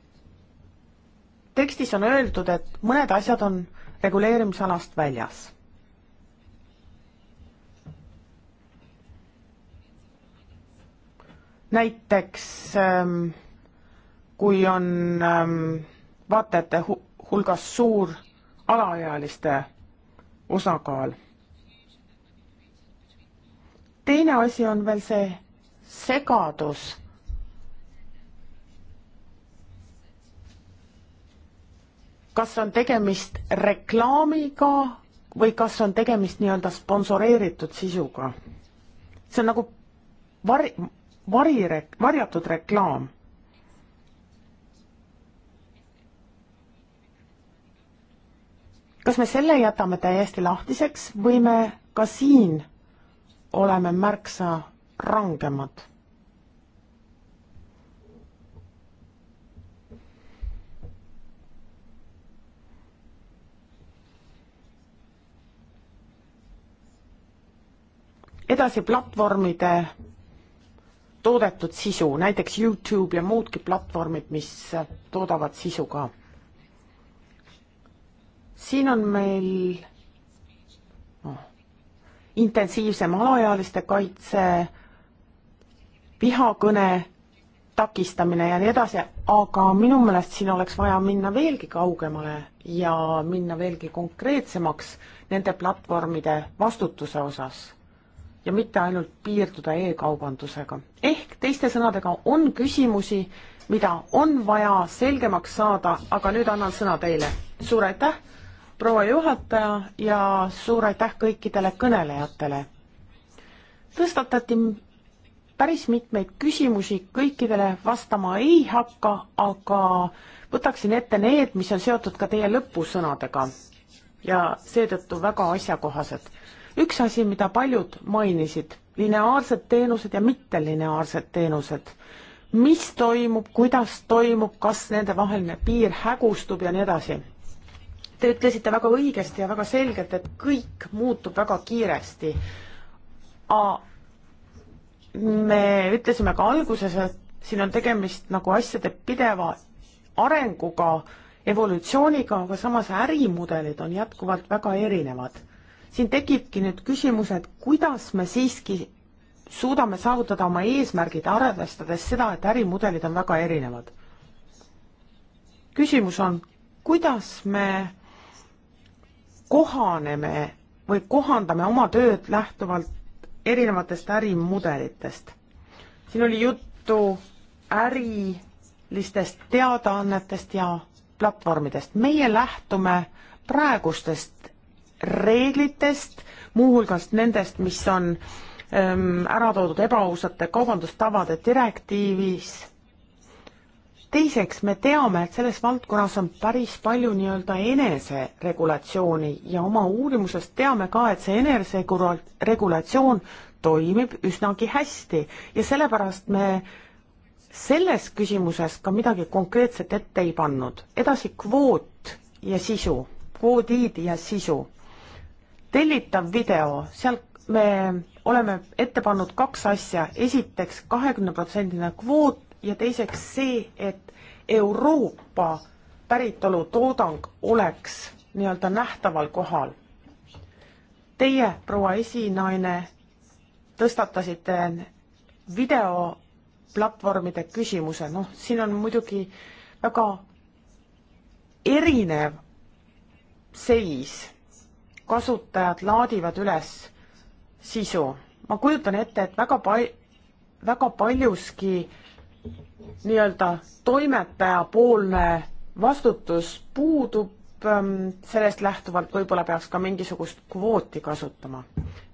tekstis on öeldud, et mõned asjad on reguleerimisalast väljas. näiteks ähm, kui on ähm, vaatajate hulgas suur alaealiste osakaal. teine asi on veel see segadus. kas on tegemist reklaamiga või kas on tegemist nii-öelda sponsoreeritud sisuga? see on nagu vari, vari, varjatud reklaam kas me selle jätame täiesti lahtiseks või me ka siin oleme märksa rangemad. edasi platvormide toodetud sisu, näiteks Youtube ja muudki platvormid, mis toodavad sisu ka. siin on meil noh, intensiivsem alaealiste kaitse vihakõne takistamine ja nii edasi, aga minu meelest siin oleks vaja minna veelgi kaugemale ja minna veelgi konkreetsemaks nende platvormide vastutuse osas ja mitte ainult piirduda e-kaubandusega. ehk teiste sõnadega on küsimusi, mida on vaja selgemaks saada, aga nüüd annan sõna teile. suur aitäh, proua juhataja ja suur aitäh kõikidele kõnelejatele. tõstatati päris mitmeid küsimusi, kõikidele vastama ei hakka, aga võtaksin ette need, mis on seotud ka teie lõpusõnadega ja seetõttu väga asjakohased. üks asi, mida paljud mainisid, lineaarsed teenused ja mittelineaarsed teenused. mis toimub, kuidas toimub, kas nende vaheline piir hägustub ja nii edasi. Te ütlesite väga õigesti ja väga selgelt, et kõik muutub väga kiiresti A me ütlesime ka alguses, et siin on tegemist nagu asjade pideva arenguga, evolutsiooniga, aga samas ärimudelid on jätkuvalt väga erinevad. siin tekibki nüüd küsimus, et kuidas me siiski suudame saavutada oma eesmärgid, arvestades seda, et ärimudelid on väga erinevad. küsimus on, kuidas me kohaneme või kohandame oma tööd lähtuvalt erinevatest ärimudelitest. siin oli juttu ärilistest teadaannetest ja platvormidest. meie lähtume praegustest reeglitest, muuhulgas nendest, mis on ähm, ära toodud ebaausate kaubandustavade direktiivis teiseks, me teame, et selles valdkonnas on päris palju nii-öelda eneseregulatsiooni ja oma uurimusest teame ka, et see eneseregulatsioon toimib üsnagi hästi ja sellepärast me selles küsimuses ka midagi konkreetset ette ei pannud. edasi kvoot ja sisu, kvoodid ja sisu. tellitav video, sealt me oleme ette pannud kaks asja esiteks, esiteks kahekümneprotsendine kvoot ja teiseks see, et Euroopa päritolu toodang oleks nii-öelda nähtaval kohal. Teie, proua esinaine, tõstatasite videoplatvormide küsimuse, noh, siin on muidugi väga erinev seis, kasutajad laadivad üles sisu. ma kujutan ette, et väga pal-, väga paljuski äh, nii-öelda toimetajapoolne vastutus puudub, ähm, sellest lähtuvalt võib-olla peaks ka mingisugust kvooti kasutama.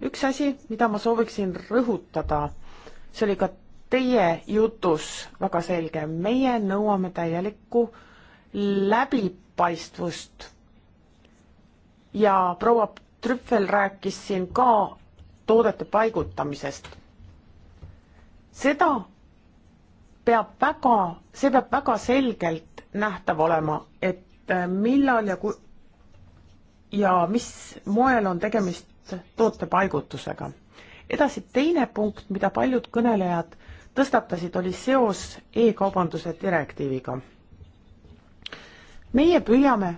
üks asi, mida ma sooviksin rõhutada, see oli ka teie jutus väga selge, meie nõuame täielikku läbipaistvust. ja proua Trüffel rääkis siin ka toodete paigutamisest. seda peab väga, see peab väga selgelt nähtav olema, et äh, millal ja ku- ja mis moel on tegemist tootepaigutusega. edasi teine punkt, mida paljud kõnelejad tõstatasid, oli seos e-kaubanduse direktiiviga. meie püüame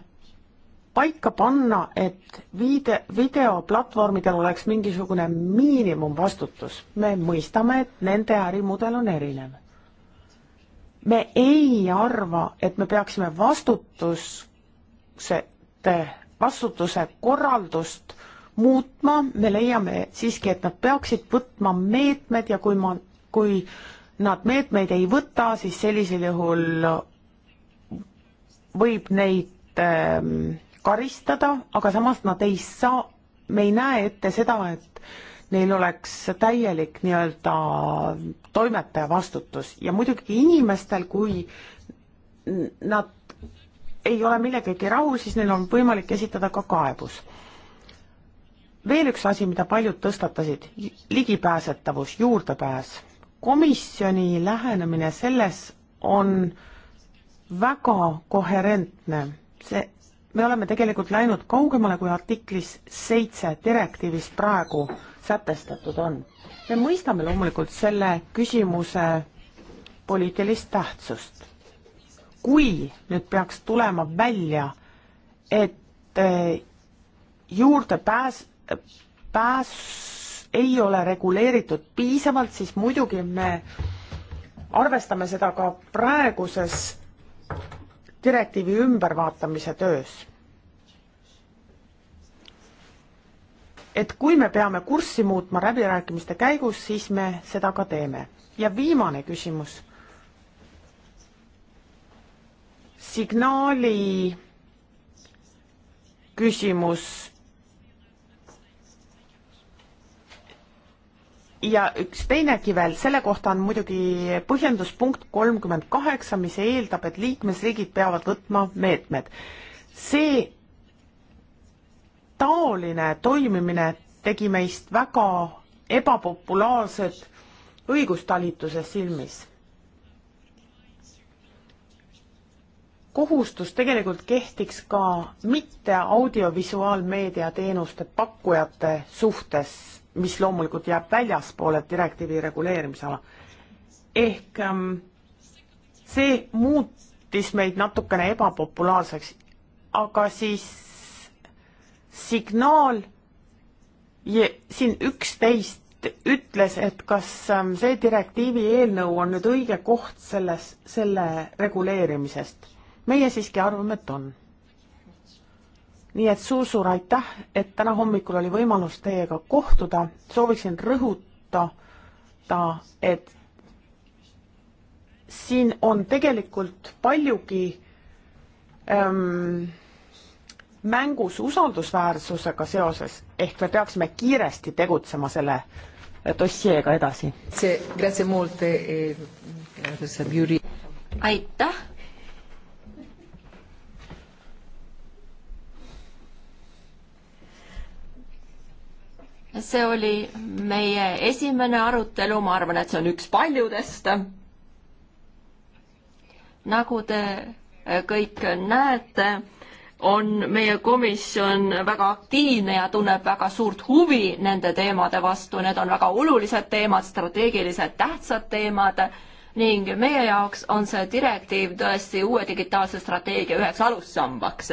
paika panna, et viide, videoplatvormidel oleks mingisugune miinimumvastutus. me mõistame, et nende ärimudel on erinev me ei arva, et me peaksime vastutuse, vastutuse korraldust muutma, me leiame siiski, et nad peaksid võtma meetmed ja kui ma, kui nad meetmeid ei võta, siis sellisel juhul võib neid ehm, karistada, aga samas nad ei saa, me ei näe ette seda, et neil oleks täielik nii-öelda toimetaja vastutus ja muidugi inimestel, kui nad ei ole millegagi rahul, siis neil on võimalik esitada ka kaebus. veel üks asi, mida paljud tõstatasid, ligipääsetavus, juurdepääs. komisjoni lähenemine selles on väga koherentne, see me oleme tegelikult läinud kaugemale kui artiklis seitse direktiivis praegu sätestatud on. me mõistame loomulikult selle küsimuse poliitilist tähtsust. kui nüüd peaks tulema välja, et eh, juurdepääs, pääs ei ole reguleeritud piisavalt, siis muidugi me arvestame seda ka praeguses direktiivi ümbervaatamise töös et kui me peame kurssi muutma läbirääkimiste käigus, siis me seda ka teeme. ja viimane küsimus. signaali küsimus. ja üks teinegi veel, selle kohta on muidugi põhjenduspunkt kolmkümmend kaheksa, mis eeldab, et liikmesriigid peavad võtma meetmed. see taoline toimimine tegi meist väga ebapopulaarsed õigustalituse silmis. kohustus tegelikult kehtiks ka mitte audiovisuaalmeedia teenuste pakkujate suhtes, mis loomulikult jääb väljaspoole direktiivi reguleerimisala. ehk ähm, see muutis meid natukene ebapopulaarseks, aga siis signaal ja siin üksteist ütles, et kas ähm, see direktiivi eelnõu on nüüd õige koht selles, selle reguleerimisest. meie siiski arvame, et on. nii et suur-suur aitäh, et täna hommikul oli võimalus teiega kohtuda, sooviksin rõhutada, et siin on tegelikult paljugi ähm, mängus usaldusväärsusega seoses, ehk me peaksime kiiresti tegutsema selle dossieega edasi. Eh, aitäh. see oli meie esimene arutelu, ma arvan, et see on üks paljudest. nagu te kõik näete on meie komisjon väga aktiivne ja tunneb väga suurt huvi nende teemade vastu, need on väga olulised teemad, strateegiliselt tähtsad teemad ning meie jaoks on see direktiiv tõesti uue digitaalse strateegia üheks alussambaks.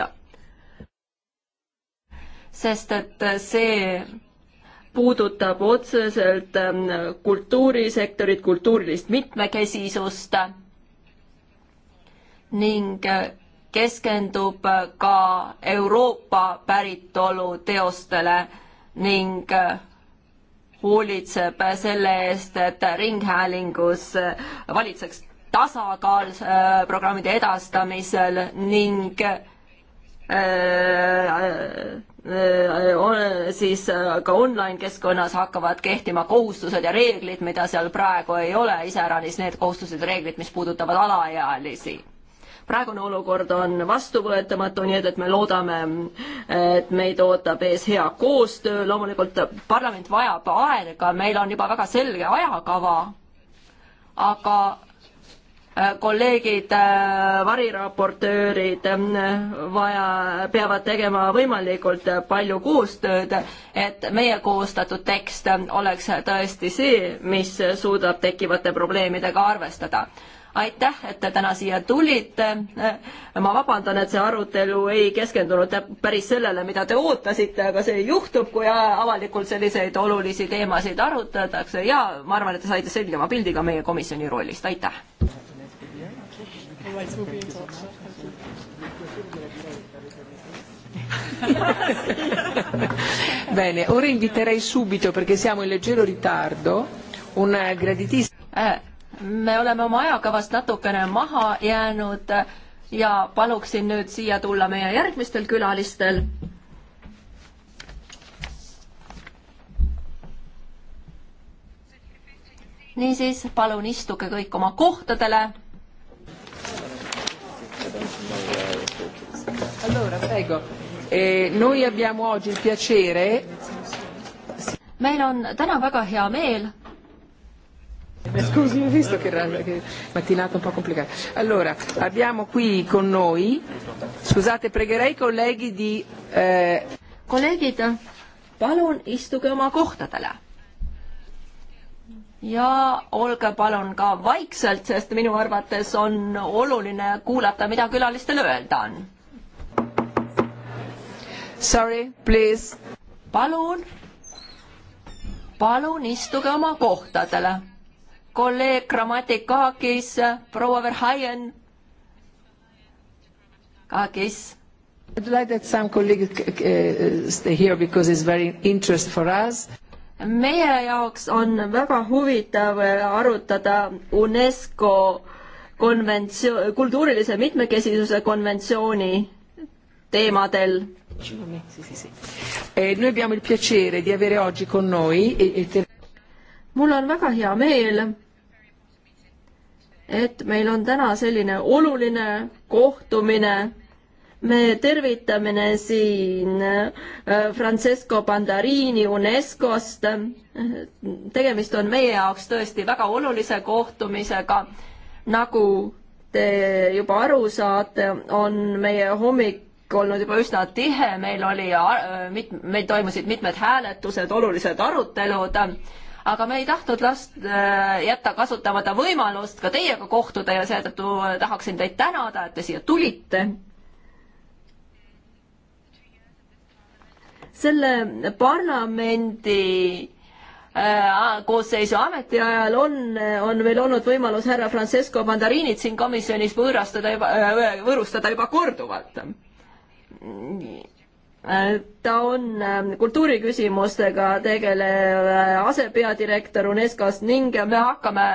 sest et see puudutab otseselt ähm, kultuurisektorit, kultuurilist mitmekesisust ning äh, keskendub ka Euroopa päritolu teostele ning hoolitseb selle eest, et ringhäälingus valitseks tasakaal äh, programmide edastamisel ning äh, äh, siis ka online-keskkonnas hakkavad kehtima kohustused ja reeglid, mida seal praegu ei ole, iseäranis need kohustused ja reeglid, mis puudutavad alaealisi praegune olukord on vastuvõetamatu, nii et, et me loodame, et meid ootab ees hea koostöö, loomulikult parlament vajab aega, meil on juba väga selge ajakava, aga äh, kolleegid, äh, variraportöörid äh, vaja, peavad tegema võimalikult palju koostööd, et meie koostatud tekst oleks tõesti see, mis suudab tekkivate probleemidega arvestada aitäh, et te täna siia tulite. ma vabandan, et see arutelu ei keskendunud päris sellele, mida te ootasite, aga see juhtub, kui avalikult selliseid olulisi teemasid arutatakse ja ma arvan, et te saite selgema pildi ka meie komisjoni rollist, aitäh. Bene, ora inviterei subito perché siamo in leggero ritardo un graditissimo eh me oleme oma ajakavast natukene maha jäänud ja paluksin nüüd siia tulla meie järgmistel külalistel. niisiis, palun istuge kõik oma kohtadele. Allora, prego. Eh, noi abbiamo oggi il piacere. meil on täna väga hea meel Eh, scusi, ho visto che è mattinata un po' complicata. Allora, abbiamo qui con noi, scusate, pregherei i colleghi di... Eh... Colleghi, palun istuge oma kohtadele. ja olge palun ka vaikselt, sest minu arvates on oluline kuulata, mida külalistele öelda on. Sorry, please. palun, palun istuge oma kohtadele kolleeg Grammatikakis, proua Verhaien. Kakis. I'd like that some colleagues eh, eh, stay here because it's very interest for us meie jaoks on väga huvitav eh, arutada UNESCO konventsioon, kultuurilise mitmekesisuse konventsiooni teemadel. Noi abbiamo il piacere di avere oggi con noi e, e mul on väga hea meel, et meil on täna selline oluline kohtumine. me tervitame siin äh, Francesco Pandariini UNESCO-st. tegemist on meie jaoks tõesti väga olulise kohtumisega. nagu te juba aru saate, on meie hommik olnud juba üsna tihe, meil oli, äh, mit-, meil toimusid mitmed hääletused, olulised arutelud aga me ei tahtnud last äh, jätta kasutamata võimalust ka teiega kohtuda ja seetõttu tahaksin teid tänada, et te siia tulite. selle parlamendi äh, koosseisu ametiajal on, on meil olnud võimalus härra Francesco Mandarinit siin komisjonis võõrastada juba äh,, võõrustada juba korduvalt Äh, ta on ähm, kultuuriküsimustega tegelev äh, asepeadirektor UNESCO-st ning me hakkame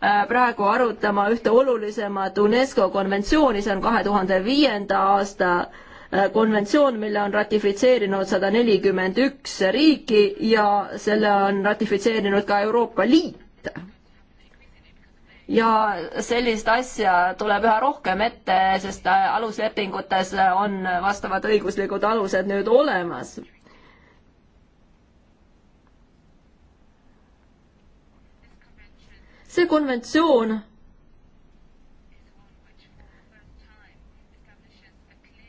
äh, praegu arutama ühte olulisemat UNESCO konventsiooni, see on kahe tuhande viienda aasta konventsioon, mille on ratifitseerinud sada nelikümmend üks riiki ja selle on ratifitseerinud ka Euroopa Liit ja sellist asja tuleb üha rohkem ette, sest äh, aluslepingutes on vastavad õiguslikud alused nüüd olemas. see konventsioon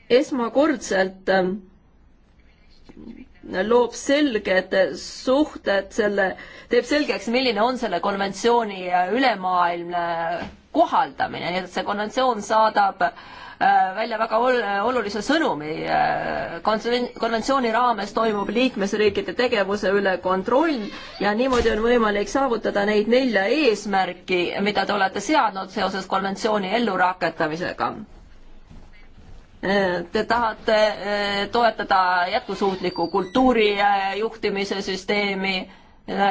esmakordselt ähm, loob selged suhted selle äh, teeb selgeks, milline on selle konventsiooni äh, ülemaailmne kohaldamine, nii et see konventsioon saadab äh, välja väga ol äh, olulise sõnumi. konventsiooni raames toimub liikmesriikide tegevuse üle kontroll ja niimoodi on võimalik saavutada neid nelja eesmärki, mida te olete seadnud seoses konventsiooni ellurakendamisega. Te tahate toetada jätkusuutliku kultuuri juhtimise süsteemi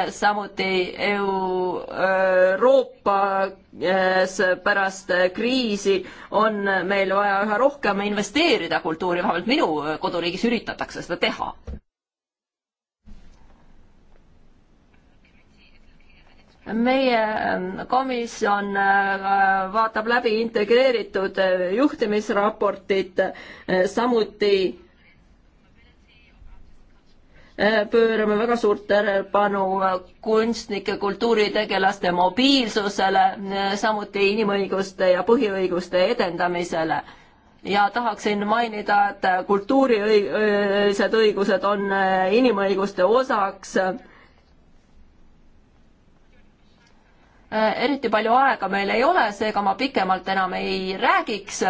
samuti Euroopas pärast kriisi on meil vaja üha rohkem investeerida kultuuri, vähemalt minu koduriigis üritatakse seda teha. meie komisjon vaatab läbi integreeritud juhtimisraportit, samuti Äh, pöörame väga suurt tähelepanu äh, kunstnike, kultuuritegelaste mobiilsusele, äh, samuti inimõiguste ja põhiõiguste edendamisele. ja tahaksin mainida, et kultuuriõigused õigused on inimõiguste osaks eriti palju aega meil ei ole, seega ma pikemalt enam ei räägiks,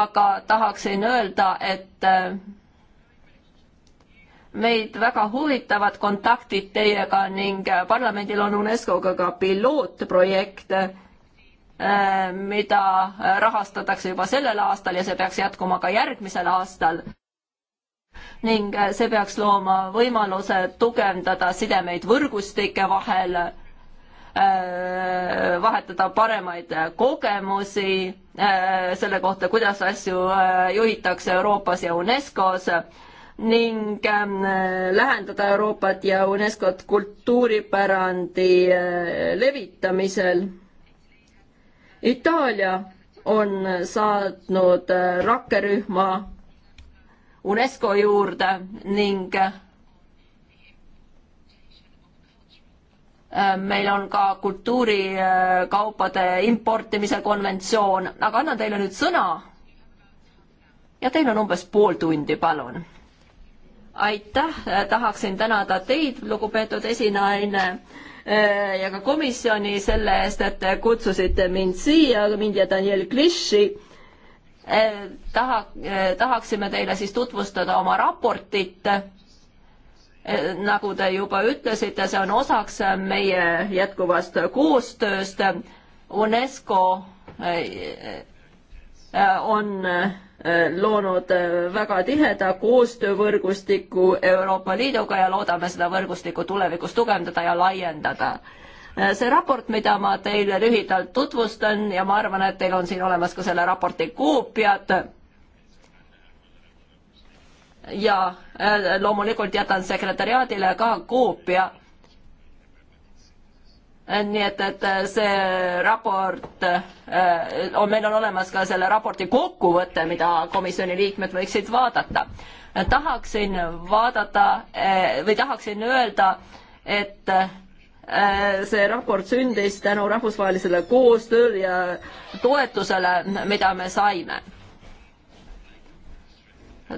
aga tahaksin öelda, et meid väga huvitavad kontaktid teiega ning parlamendil on UNESCO-ga ka pilootprojekt, äh, mida rahastatakse juba sellel aastal ja see peaks jätkuma ka järgmisel aastal. ning äh, see peaks looma võimaluse tugevdada sidemeid võrgustike vahel, äh, vahetada paremaid kogemusi selle kohta, kuidas asju juhitakse Euroopas ja UNESCO-s ning ähm, lähendada Euroopat ja UNESCO-t kultuuripärandi äh, levitamisel. Itaalia on saatnud äh, rakkerühma UNESCO juurde ning äh, meil on ka kultuurikaupade importimise konventsioon, aga annan teile nüüd sõna. ja teil on umbes pool tundi, palun aitäh, tahaksin tänada teid, lugupeetud esinaine eh, ja ka komisjoni selle eest, et te kutsusite mind siia, mind ja Daniel Kliši. Eh, taha, eh, tahaksime teile siis tutvustada oma raportit. nagu te juba ütlesite, see on osaks meie jätkuvast koostööst UNESCO Äh, on äh, loonud äh, väga tiheda koostöövõrgustiku Euroopa Liiduga ja loodame seda võrgustikku tulevikus tugevdada ja laiendada. see raport, mida ma teile lühidalt tutvustan ja ma arvan, et teil on siin olemas ka selle raporti koopiad, ja loomulikult jätan sekretäriaadile ka koopia nii et, et see raport, äh, on, meil on olemas ka selle raporti kokkuvõte, mida komisjoni liikmed võiksid vaadata. tahaksin vaadata äh, või tahaksin öelda, et äh, see raport sündis tänu rahvusvahelisele koostööle ja toetusele, mida me saime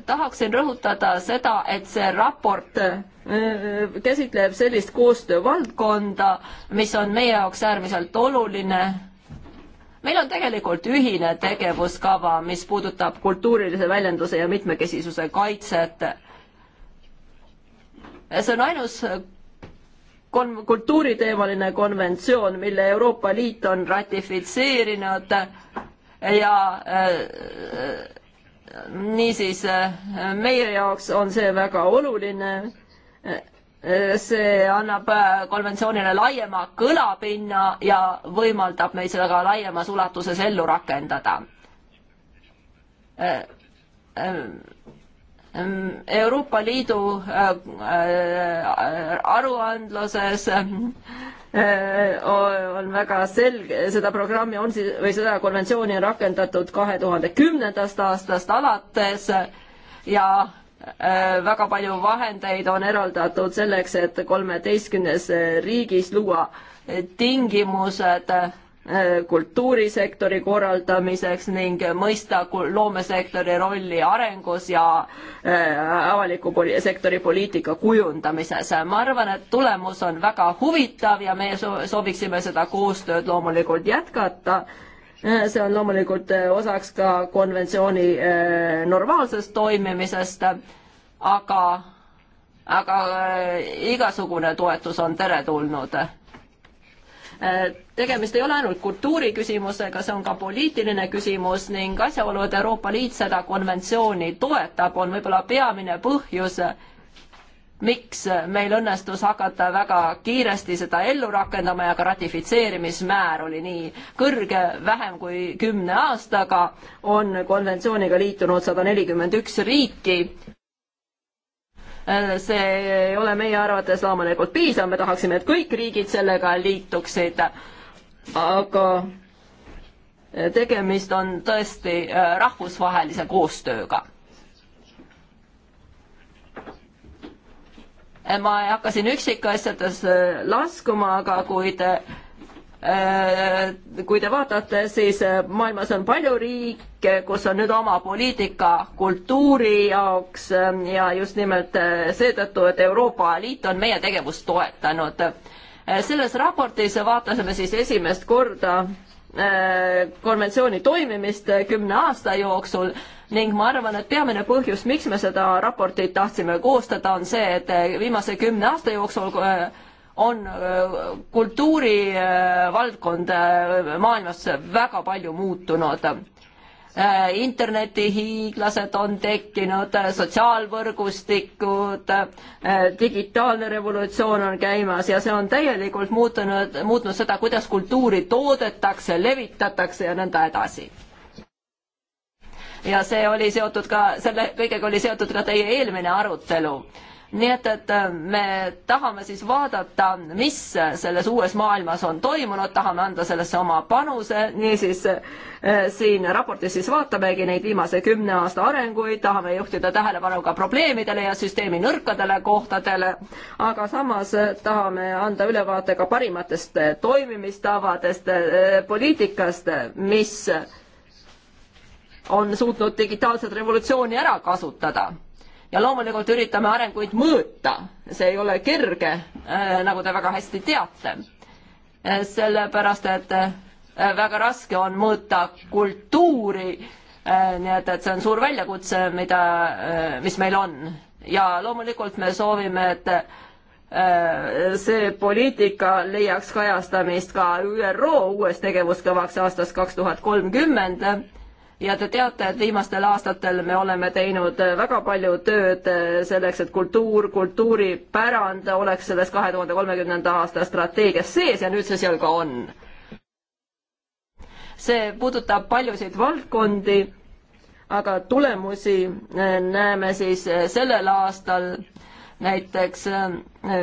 tahaksin rõhutada seda, et see raport äh, äh, käsitleb sellist koostöövaldkonda, mis on meie jaoks äärmiselt oluline. meil on tegelikult ühine tegevuskava, mis puudutab kultuurilise väljenduse ja mitmekesisuse kaitset. see on ainus äh, kon-, kultuuriteemaline konventsioon, mille Euroopa Liit on ratifitseerinud ja äh, niisiis äh, meie jaoks on see väga oluline. Äh, äh, see annab konventsioonile laiema kõlapinna ja võimaldab meil seda ka laiemas ulatuses ellu rakendada. Euroopa Liidu aruandluses Äh, on väga selge, seda programmi on siis, või seda konventsiooni on rakendatud kahe tuhande kümnendast aastast alates ja äh, väga palju vahendeid on eraldatud selleks, et kolmeteistkümnes riigis luua tingimused äh, Äh, kultuurisektori korraldamiseks ning mõista loomesektori rolli arengus ja äh, avaliku sektori poliitika kujundamises. ma arvan, et tulemus on väga huvitav ja meie sooviksime seda koostööd loomulikult jätkata äh, see on loomulikult osaks ka konventsiooni normaalsest toimimisest, aga, aga igasugune toetus on teretulnud tegemist ei ole ainult kultuuriküsimusega, see on ka poliitiline küsimus ning asjaolu, et Euroopa Liit seda konventsiooni toetab, on võib-olla peamine põhjus, miks meil õnnestus hakata väga kiiresti seda ellu rakendama ja ka ratifitseerimismäär oli nii kõrge, vähem kui kümne aastaga on konventsiooniga liitunud sada nelikümmend üks riiki see ei ole meie arvates loomulikult piisav, me tahaksime, et kõik riigid sellega liituksid aga e, tegemist on tõesti e, rahvusvahelise koostööga. E, ma ei hakka siin üksikasjades laskuma, aga kui te, kui te vaatate, siis maailmas on palju riike, kus on nüüd oma poliitika kultuuri jaoks ja just nimelt seetõttu, et Euroopa Liit on meie tegevust toetanud Äh, selles raportis vaatasime siis esimest korda äh, konventsiooni toimimist äh, kümne aasta jooksul ning ma arvan, et peamine põhjus, miks me seda raportit tahtsime koostada, on see, et viimase kümne aasta jooksul on kultuurivaldkond maailmas väga palju muutunud Äh, internetihiiglased on tekkinud, äh, sotsiaalvõrgustikud, äh, digitaalne revolutsioon on käimas ja see on täielikult muutunud, muutnud seda, kuidas kultuuri toodetakse, levitatakse ja nõnda edasi ja see oli seotud ka, selle kõigega oli seotud ka teie eelmine arutelu nii et, et äh, me tahame siis vaadata, mis selles uues maailmas on toimunud, tahame anda sellesse oma panuse, niisiis äh, siin raportis siis vaatamegi neid viimase kümne aasta arenguid, tahame juhtida tähelepanu ka probleemidele ja süsteemi nõrkadele kohtadele, aga samas äh, tahame anda ülevaate ka parimatest toimimistavadest, poliitikast, mis on suutnud digitaalset revolutsiooni ära kasutada ja loomulikult üritame arenguid mõõta, see ei ole kerge, äh, nagu te väga hästi teate. Äh, sellepärast, et äh, väga raske on mõõta kultuuri, nii et, et see on suur väljakutse, mida, mis meil on. ja loomulikult me soovime, et see poliitika leiaks kajastamist ka ÜRO uues tegevuskavaks aastast kaks tuhat kolmkümmend ja te teate, et viimastel aastatel me oleme teinud väga palju tööd selleks, et kultuur, kultuuripärand oleks selles kahe tuhande kolmekümnenda aasta strateegias sees ja nüüd see seal ka on. see puudutab paljusid valdkondi, aga tulemusi näeme siis sellel aastal näiteks äh,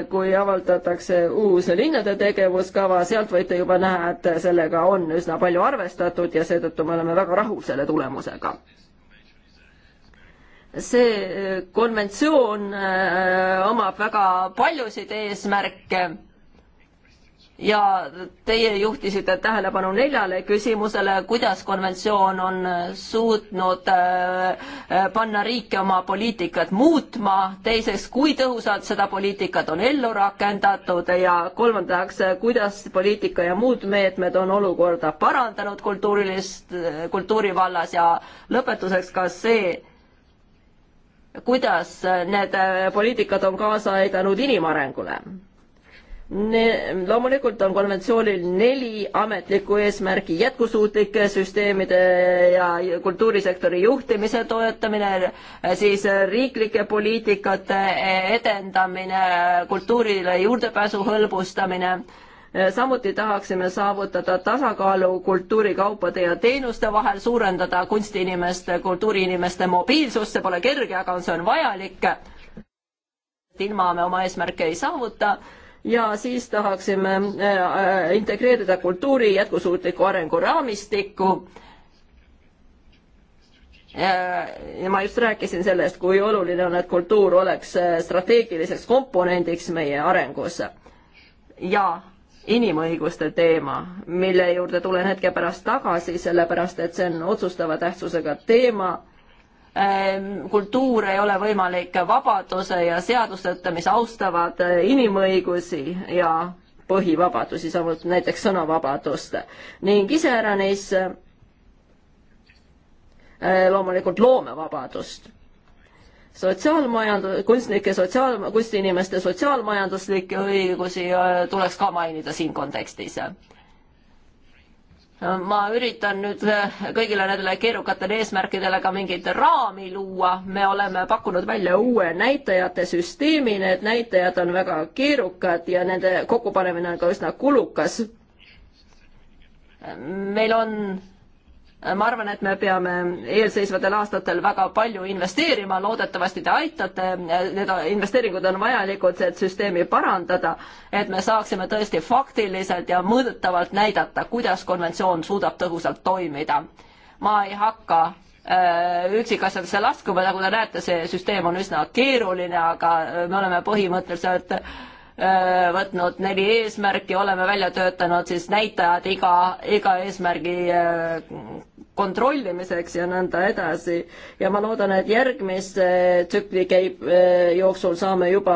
kui avaldatakse uus linnade tegevuskava, sealt võite juba näha, et sellega on üsna palju arvestatud ja seetõttu me oleme väga rahul selle tulemusega see äh, konventsioon äh, omab väga paljusid eesmärke ja teie juhtisite tähelepanu neljale küsimusele, kuidas konventsioon on suutnud äh, äh, panna riike oma poliitikat muutma, teiseks, kui tõhusalt seda poliitikat on ellu rakendatud ja kolmandaks, kuidas poliitika ja muud meetmed on olukorda parandanud kultuurilist, äh, kultuuri vallas ja lõpetuseks ka see, kuidas need poliitikad on kaasa aidanud inimarengule ne-, loomulikult on konventsioonil neli ametlikku eesmärki, jätkusuutlike süsteemide ja kultuurisektori juhtimise toetamine, siis riiklike poliitikate edendamine, kultuurile juurdepääsu hõlbustamine, samuti tahaksime saavutada tasakaalu kultuurikaupade ja teenuste vahel, suurendada kunstiinimeste, kultuuriinimeste mobiilsust, see pole kerge, aga see on vajalik. ilma me oma eesmärke ei saavuta ja siis tahaksime äh, integreerida kultuuri jätkusuutliku arengu raamistikku. Äh, ja ma just rääkisin sellest, kui oluline on, et kultuur oleks äh, strateegiliseks komponendiks meie arengus. ja inimõiguste teema, mille juurde tulen hetke pärast tagasi, sellepärast et see on otsustava tähtsusega teema Ähm, kultuur ei ole võimalik vabaduse ja seadusteta, mis austavad äh, inimõigusi ja põhivabadusi, samuti näiteks sõnavabadust ning iseäranis äh, loomulikult loomevabadust. sotsiaalmajandus, kunstnike sotsiaal, kunstiinimeste sotsiaalmajanduslikke õigusi äh, tuleks ka mainida siin kontekstis ma üritan nüüd äh, kõigile nendele keerukatele eesmärkidele ka mingit raami luua, me oleme pakkunud välja uue näitajate süsteemi, need näitajad on väga keerukad ja nende kokkupanemine on ka üsna kulukas. meil on ma arvan, et me peame eelseisvatel aastatel väga palju investeerima, loodetavasti te aitate, need investeeringud on vajalikud, et süsteemi parandada, et me saaksime tõesti faktiliselt ja mõõdetavalt näidata, kuidas konventsioon suudab tõhusalt toimida. ma ei hakka äh, üksikasjadesse laskuma, nagu te näete, see süsteem on üsna keeruline, aga me oleme põhimõtteliselt äh, Äh, võtnud neli eesmärki, oleme välja töötanud siis näitajad iga, iga eesmärgi äh, kontrollimiseks ja nõnda edasi. ja ma loodan, et järgmise tsükli käib, äh, jooksul saame juba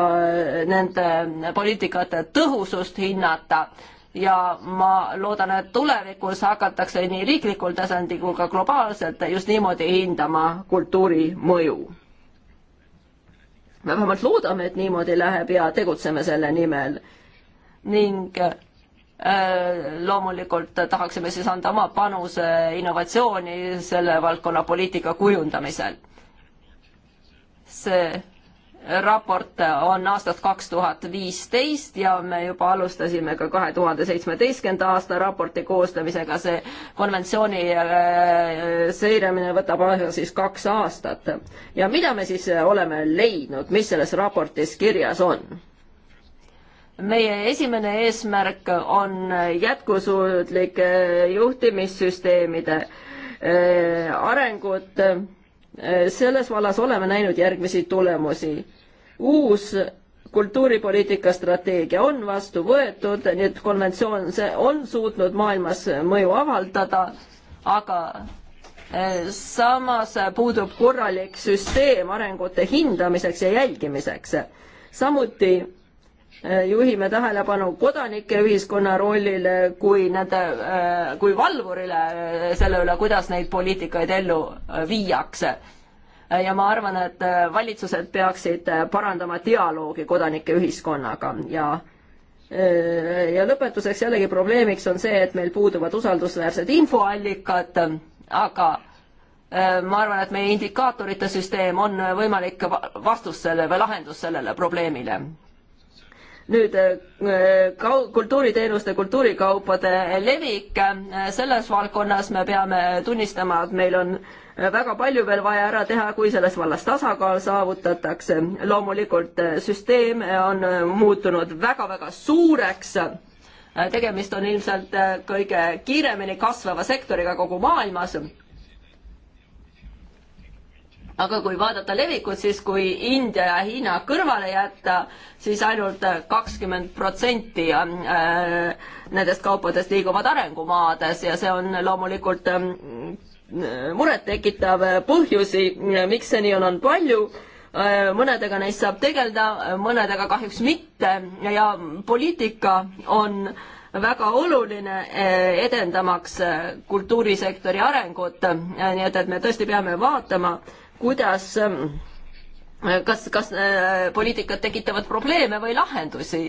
nende poliitikate tõhusust hinnata ja ma loodan, et tulevikus hakatakse nii riiklikul tasandil kui ka globaalselt just niimoodi hindama kultuuri mõju me vähemalt loodame, et niimoodi läheb ja tegutseme selle nimel. ning äh, loomulikult tahaksime siis anda oma panuse innovatsiooni selle valdkonna poliitika kujundamisel. see raport on aastast kaks tuhat viisteist ja me juba alustasime ka kahe tuhande seitsmeteistkümnenda aasta raporti koostamisega, see konventsiooni äh, seiramine võtab aega siis kaks aastat. ja mida me siis oleme leidnud, mis selles raportis kirjas on? meie esimene eesmärk on jätkusuutlike juhtimissüsteemide äh, arengut Äh, selles vallas oleme näinud järgmisi tulemusi. uus kultuuripoliitika strateegia on vastu võetud, nii et konventsioon, see on suutnud maailmas mõju avaldada, aga äh, samas puudub korralik süsteem arengute hindamiseks ja jälgimiseks. samuti Äh, juhime tähelepanu kodanike ühiskonna rollile kui nende, äh, kui valvurile äh, selle üle, kuidas neid poliitikaid ellu viiakse. ja ma arvan, et valitsused peaksid parandama dialoogi kodanike ühiskonnaga ja ja lõpetuseks jällegi probleemiks on see, et meil puuduvad usaldusväärsed infoallikad, aga ma arvan, et meie indikaatorite süsteem on võimalik vastus selle või lahendus sellele probleemile nüüd äh, kau-, kultuuriteenuste, kultuurikaupade levik, äh, selles valdkonnas me peame tunnistama, et meil on äh, väga palju veel vaja ära teha, kui selles vallas tasakaal saavutatakse. loomulikult süsteem on muutunud väga-väga suureks, tegemist on ilmselt kõige kiiremini kasvava sektoriga kogu maailmas aga kui vaadata levikut, siis kui India ja Hiina kõrvale jätta, siis ainult kakskümmend protsenti äh, nendest kaupadest liiguvad arengumaades ja see on loomulikult ähm, murettekitav põhjusi, miks see nii on, on palju äh, mõnedega neist saab tegeleda, mõnedega kahjuks mitte ja poliitika on väga oluline äh, edendamaks kultuurisektori arengut, nii et, et me tõesti peame vaatama, kuidas ähm, kas, kas äh, poliitikad tekitavad probleeme või lahendusi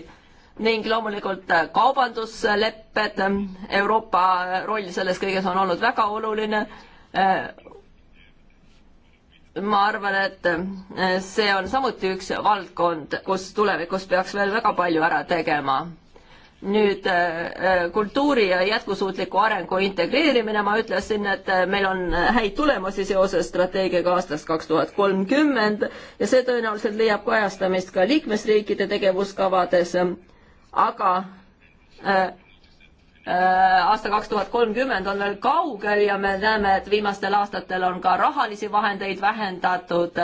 ning loomulikult äh, kaubanduslepped, ähm, Euroopa äh, roll selles kõiges on olnud väga oluline. ma arvan, et see on samuti üks valdkond, kus tulevikus peaks veel väga palju ära tegema nüüd äh, äh, kultuuri ja jätkusuutliku arengu integreerimine, ma ütlesin, et äh, meil on häid tulemusi seoses strateegiaga aastast kaks tuhat kolmkümmend ja see tõenäoliselt leiab kajastamist ka liikmesriikide tegevuskavades, aga aasta kaks tuhat kolmkümmend on veel kaugel ja me näeme, et viimastel aastatel on ka rahalisi vahendeid vähendatud,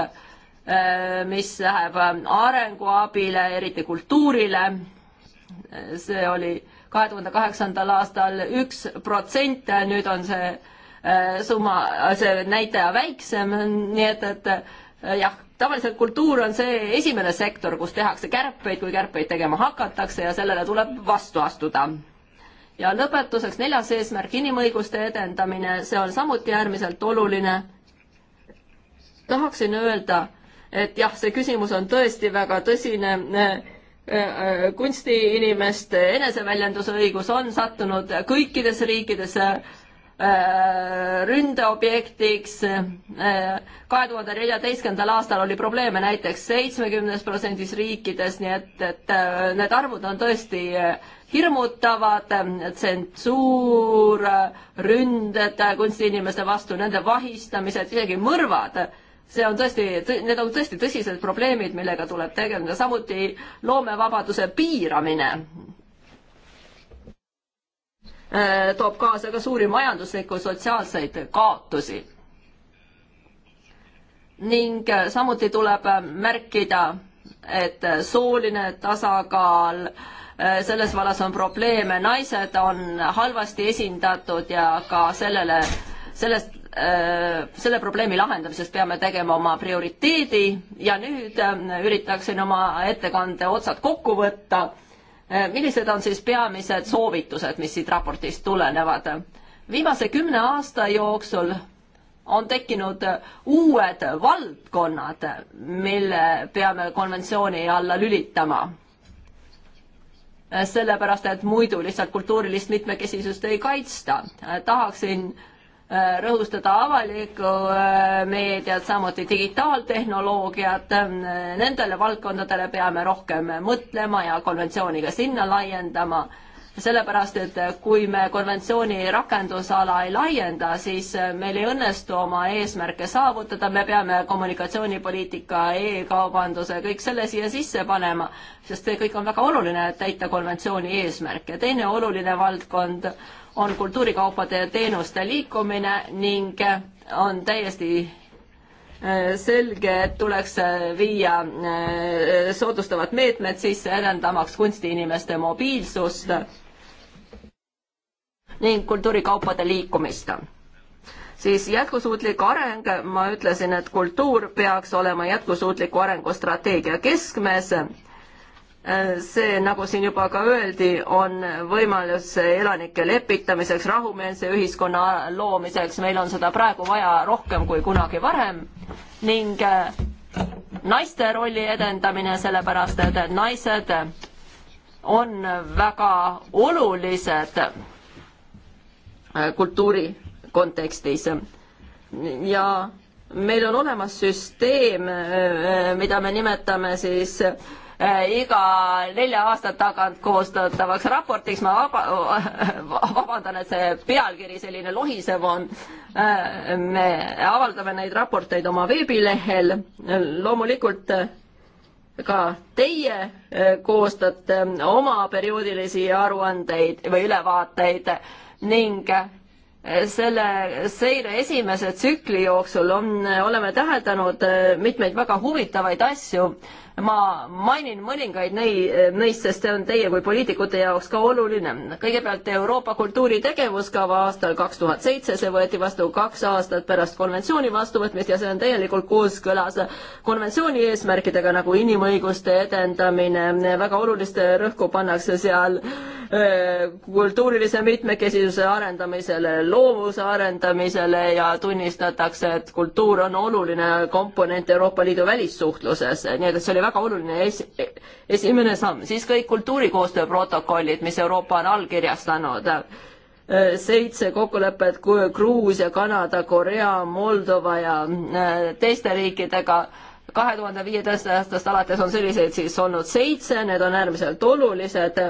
mis läheb arenguabile, eriti kultuurile see oli kahe tuhande kaheksandal aastal üks protsent, nüüd on see äh, summa, see näitaja väiksem, nii et, et äh, jah, tavaliselt kultuur on see esimene sektor, kus tehakse kärpeid, kui kärpeid tegema hakatakse ja sellele tuleb vastu astuda. ja lõpetuseks neljas eesmärk, inimõiguste edendamine, see on samuti äärmiselt oluline. tahaksin öelda, et jah, see küsimus on tõesti väga tõsine kunstiinimeste eneseväljendusõigus on sattunud kõikides riikides äh, ründeobjektiks. kahe tuhande neljateistkümnendal aastal oli probleeme näiteks seitsmekümnes protsendis riikides, nii et, et äh, need arvud on tõesti äh, hirmutavad, tsensuur, ründed kunstiinimeste vastu, nende vahistamised, isegi mõrvad see on tõesti, need on tõesti tõsised probleemid, millega tuleb tegeleda, samuti loomevabaduse piiramine äh, toob kaasa ka suuri majanduslikku, sotsiaalseid kaotusi. ning äh, samuti tuleb äh, märkida, et sooline tasakaal selles vallas on probleeme, naised on halvasti esindatud ja ka sellele, sellest Äh, selle probleemi lahendamisest peame tegema oma prioriteedi ja nüüd äh, üritaksin oma ettekande otsad kokku võtta. Äh, millised on siis peamised soovitused, mis siit raportist tulenevad? viimase kümne aasta jooksul on tekkinud uued valdkonnad, mille peame konventsiooni alla lülitama. sellepärast, et muidu lihtsalt kultuurilist mitmekesisust ei kaitsta. tahaksin Äh, rõhustada avalikku äh, meediat, samuti digitaaltehnoloogiat, äh, nendele valdkondadele peame rohkem mõtlema ja konventsiooni ka sinna laiendama, sellepärast et kui me konventsiooni rakendusala ei laienda, siis meil ei õnnestu oma eesmärke saavutada, me peame kommunikatsioonipoliitika e, e-kaubanduse, kõik selle siia sisse panema, sest see kõik on väga oluline, et täita konventsiooni eesmärke. teine oluline valdkond on kultuurikaupade ja teenuste liikumine ning on täiesti äh, selge, et tuleks äh, viia äh, soodustavad meetmed sisse, edendamaks kunstiinimeste mobiilsust ning kultuurikaupade liikumist. siis jätkusuutlik areng, ma ütlesin, et kultuur peaks olema jätkusuutliku arengu strateegia keskmes see, nagu siin juba ka öeldi, on võimalus elanike lepitamiseks, rahumeelse ühiskonna loomiseks, meil on seda praegu vaja rohkem kui kunagi varem ning äh, naiste rolli edendamine, sellepärast et naised on väga olulised äh, kultuuri kontekstis ja meil on olemas süsteem, äh, mida me nimetame siis äh, Äh, iga nelja aasta tagant koostatavaks raportiks, ma vaba, vabandan, et see pealkiri selline lohisev on. Äh, me avaldame neid raporteid oma veebilehel, loomulikult äh, ka teie koostate oma perioodilisi aruandeid või ülevaateid ning selle seire esimese tsükli jooksul on, oleme täheldanud äh, mitmeid väga huvitavaid asju. ma mainin mõningaid nei, neist, sest see on teie kui poliitikute jaoks ka oluline. kõigepealt Euroopa kultuuritegevuskava aastal kaks tuhat seitse, see võeti vastu kaks aastat pärast konventsiooni vastuvõtmist ja see on täielikult kooskõlas konventsiooni eesmärkidega nagu inimõiguste edendamine, väga olulist rõhku pannakse seal äh, kultuurilise mitmekesisuse arendamisele loovuse arendamisele ja tunnistatakse, et kultuur on oluline komponent Euroopa Liidu välissuhtluses, nii et see oli väga oluline es esimene samm. siis kõik kultuurikoostöö protokollid, mis Euroopa on allkirjastanud, seitse kokkulepet Gruusia, Kanada, Korea, Moldova ja äh, teiste riikidega kahe tuhande viieteist aastast alates on selliseid siis olnud seitse, need on äärmiselt olulised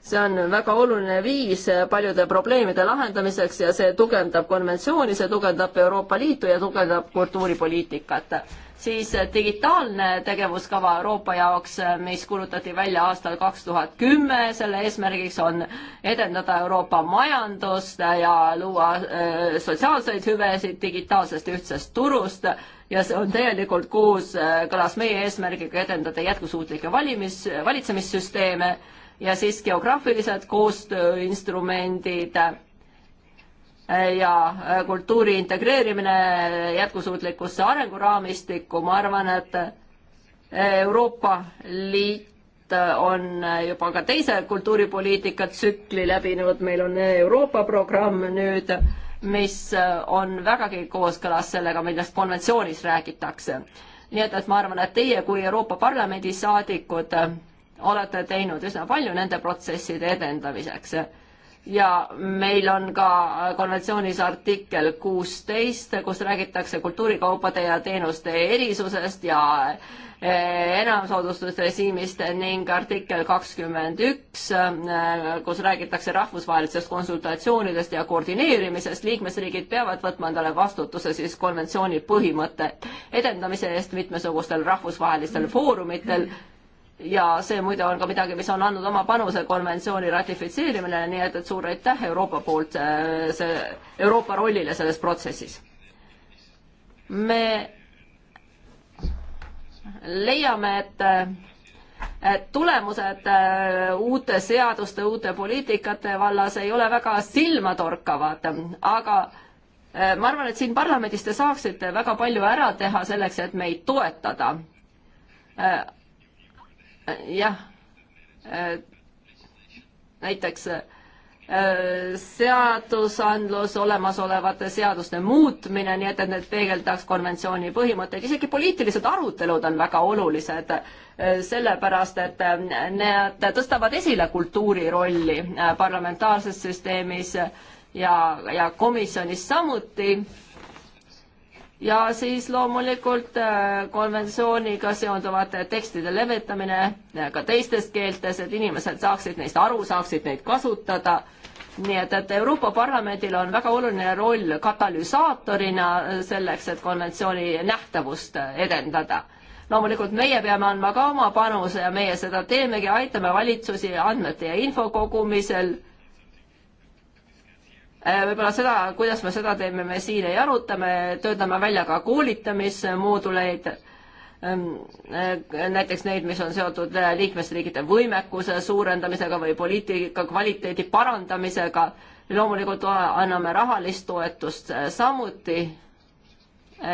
see on väga oluline viis paljude probleemide lahendamiseks ja see tugevdab konventsiooni, see tugevdab Euroopa Liitu ja tugevdab kultuuripoliitikat. siis digitaalne tegevuskava Euroopa jaoks, mis kuulutati välja aastal kaks tuhat kümme, selle eesmärgiks on edendada Euroopa majandust ja luua äh, sotsiaalseid hüvesid digitaalsest ühtsest turust ja see on täielikult koos äh, kõlas meie eesmärgiga edendada jätkusuutlikke valimis, valitsemissüsteeme ja siis geograafilised koostööinstrumendid ja kultuuri integreerimine jätkusuutlikusse arenguraamistikku, ma arvan, et Euroopa Liit on juba ka teise kultuuripoliitika tsükli läbinud, meil on Euroopa programm nüüd, mis on vägagi kooskõlas sellega, millest konventsioonis räägitakse. nii et, et ma arvan, et teie kui Euroopa Parlamendi saadikud olete teinud üsna palju nende protsesside edendamiseks. ja meil on ka konventsioonis artikkel kuusteist, kus räägitakse kultuurikaupade ja teenuste erisusest ja e, enamsoodustusrežiimist ning artikkel kakskümmend üks, e, kus räägitakse rahvusvahelistest konsultatsioonidest ja koordineerimisest. liikmesriigid peavad võtma endale vastutuse siis konventsiooni põhimõtte edendamise eest mitmesugustel rahvusvahelistel foorumitel ja see muide on ka midagi, mis on andnud oma panuse konventsiooni ratifitseerimine, nii et, et suur aitäh Euroopa poolt äh, see, Euroopa rollile selles protsessis. me leiame, et tulemused äh, uute seaduste, uute poliitikate vallas ei ole väga silmatorkavad, aga äh, ma arvan, et siin parlamendis te saaksite väga palju ära teha selleks, et meid toetada jah, näiteks äh, seadusandlus, olemasolevate seaduste muutmine, nii et, et need peegeldaks konventsiooni põhimõtteid, isegi poliitilised arutelud on väga olulised, äh, sellepärast et äh, need tõstavad esile kultuuri rolli parlamentaarses süsteemis ja, ja komisjonis samuti ja siis loomulikult äh, konventsiooniga seonduvate tekstide levitamine äh, ka teistes keeltes, et inimesed saaksid neist aru, saaksid neid kasutada. nii et, et Euroopa Parlamendil on väga oluline roll katalüsaatorina äh, selleks, et konventsiooni nähtavust edendada loomulikult meie peame andma ka oma panuse ja meie seda teemegi, aitame valitsusi andmete ja info kogumisel Äh, võib-olla seda, kuidas me seda teeme, me siin ei aruta, me töötame välja ka koolitamismooduleid, ähm, äh, näiteks neid, mis on seotud äh, liikmesriikide võimekuse suurendamisega või poliitika kvaliteedi parandamisega. loomulikult anname rahalist toetust samuti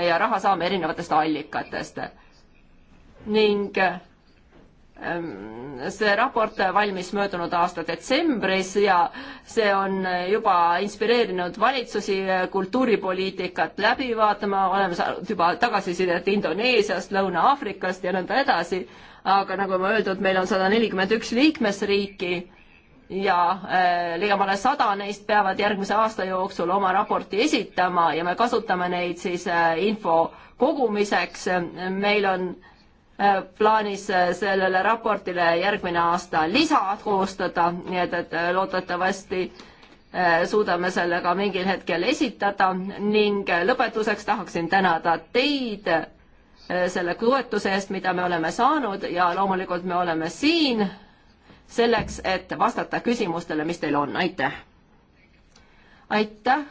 ja raha saame erinevatest allikatest ning Ehm, see raport valmis möödunud aasta detsembris ja see on juba inspireerinud valitsusi kultuuripoliitikat läbi vaatama, oleme saanud juba tagasisidet Indoneesiast, Lõuna-Aafrikast ja nõnda edasi, aga nagu ma öeldud, meil on sada nelikümmend üks liikmesriiki ja eh, ligemale sada neist peavad järgmise aasta jooksul oma raporti esitama ja me kasutame neid siis eh, info kogumiseks, meil on äh, Äh, plaanis äh, sellele raportile järgmine aasta lisa koostada, nii et, et äh, loodetavasti suudame selle ka mingil hetkel esitada ning lõpetuseks tahaksin tänada teid selle toetuse eest, mida me oleme saanud ja loomulikult me oleme siin selleks, et vastata küsimustele, mis teil on, aitäh! aitäh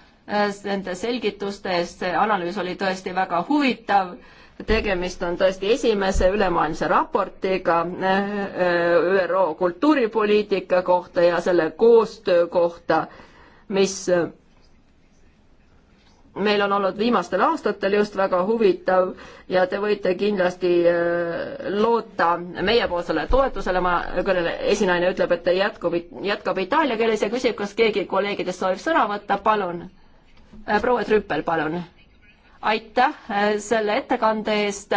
nende selgituste eest, see analüüs oli tõesti väga huvitav tegemist on tõesti esimese ülemaailmse raportiga eh, eh, ÜRO kultuuripoliitika kohta ja selle koostöö kohta, mis eh, meil on olnud viimastel aastatel just väga huvitav ja te võite kindlasti loota meiepoolsele toetusele, ma, kõnele, esinaine ütleb, et jätkub, jätkab itaalia keeles ja küsib, kas keegi kolleegidest soovib sõna võtta, palun. proua Trüppel, palun aitäh äh, selle ettekande eest.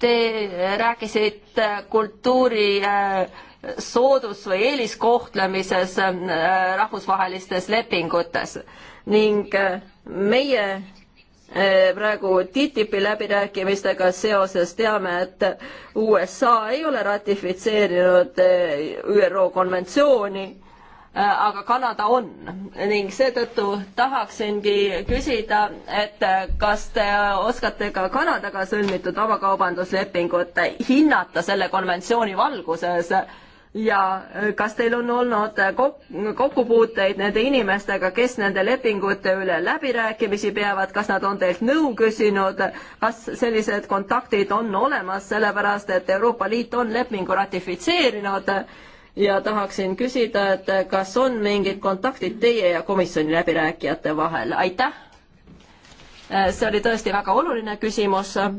Te äh, rääkisite äh, kultuuri soodus- või eeliskohtlemises rahvusvahelistes lepingutes ning meie praegu TTIP-i läbirääkimistega seoses teame, et USA ei ole ratifitseerinud ÜRO konventsiooni Äh, aga Kanada on ning seetõttu tahaksingi küsida, et äh, kas te oskate ka Kanadaga sõlmitud vabakaubanduslepingut hinnata selle konventsiooni valguses ja äh, kas teil on olnud kokkupuuteid nende inimestega, kes nende lepingute üle läbirääkimisi peavad, kas nad on teilt nõu küsinud, kas sellised kontaktid on olemas, sellepärast et Euroopa Liit on lepingu ratifitseerinud ja tahaksin küsida, et kas on mingid kontaktid teie ja komisjoni läbirääkijate vahel, aitäh! Äh, see oli tõesti väga oluline küsimus. Äh,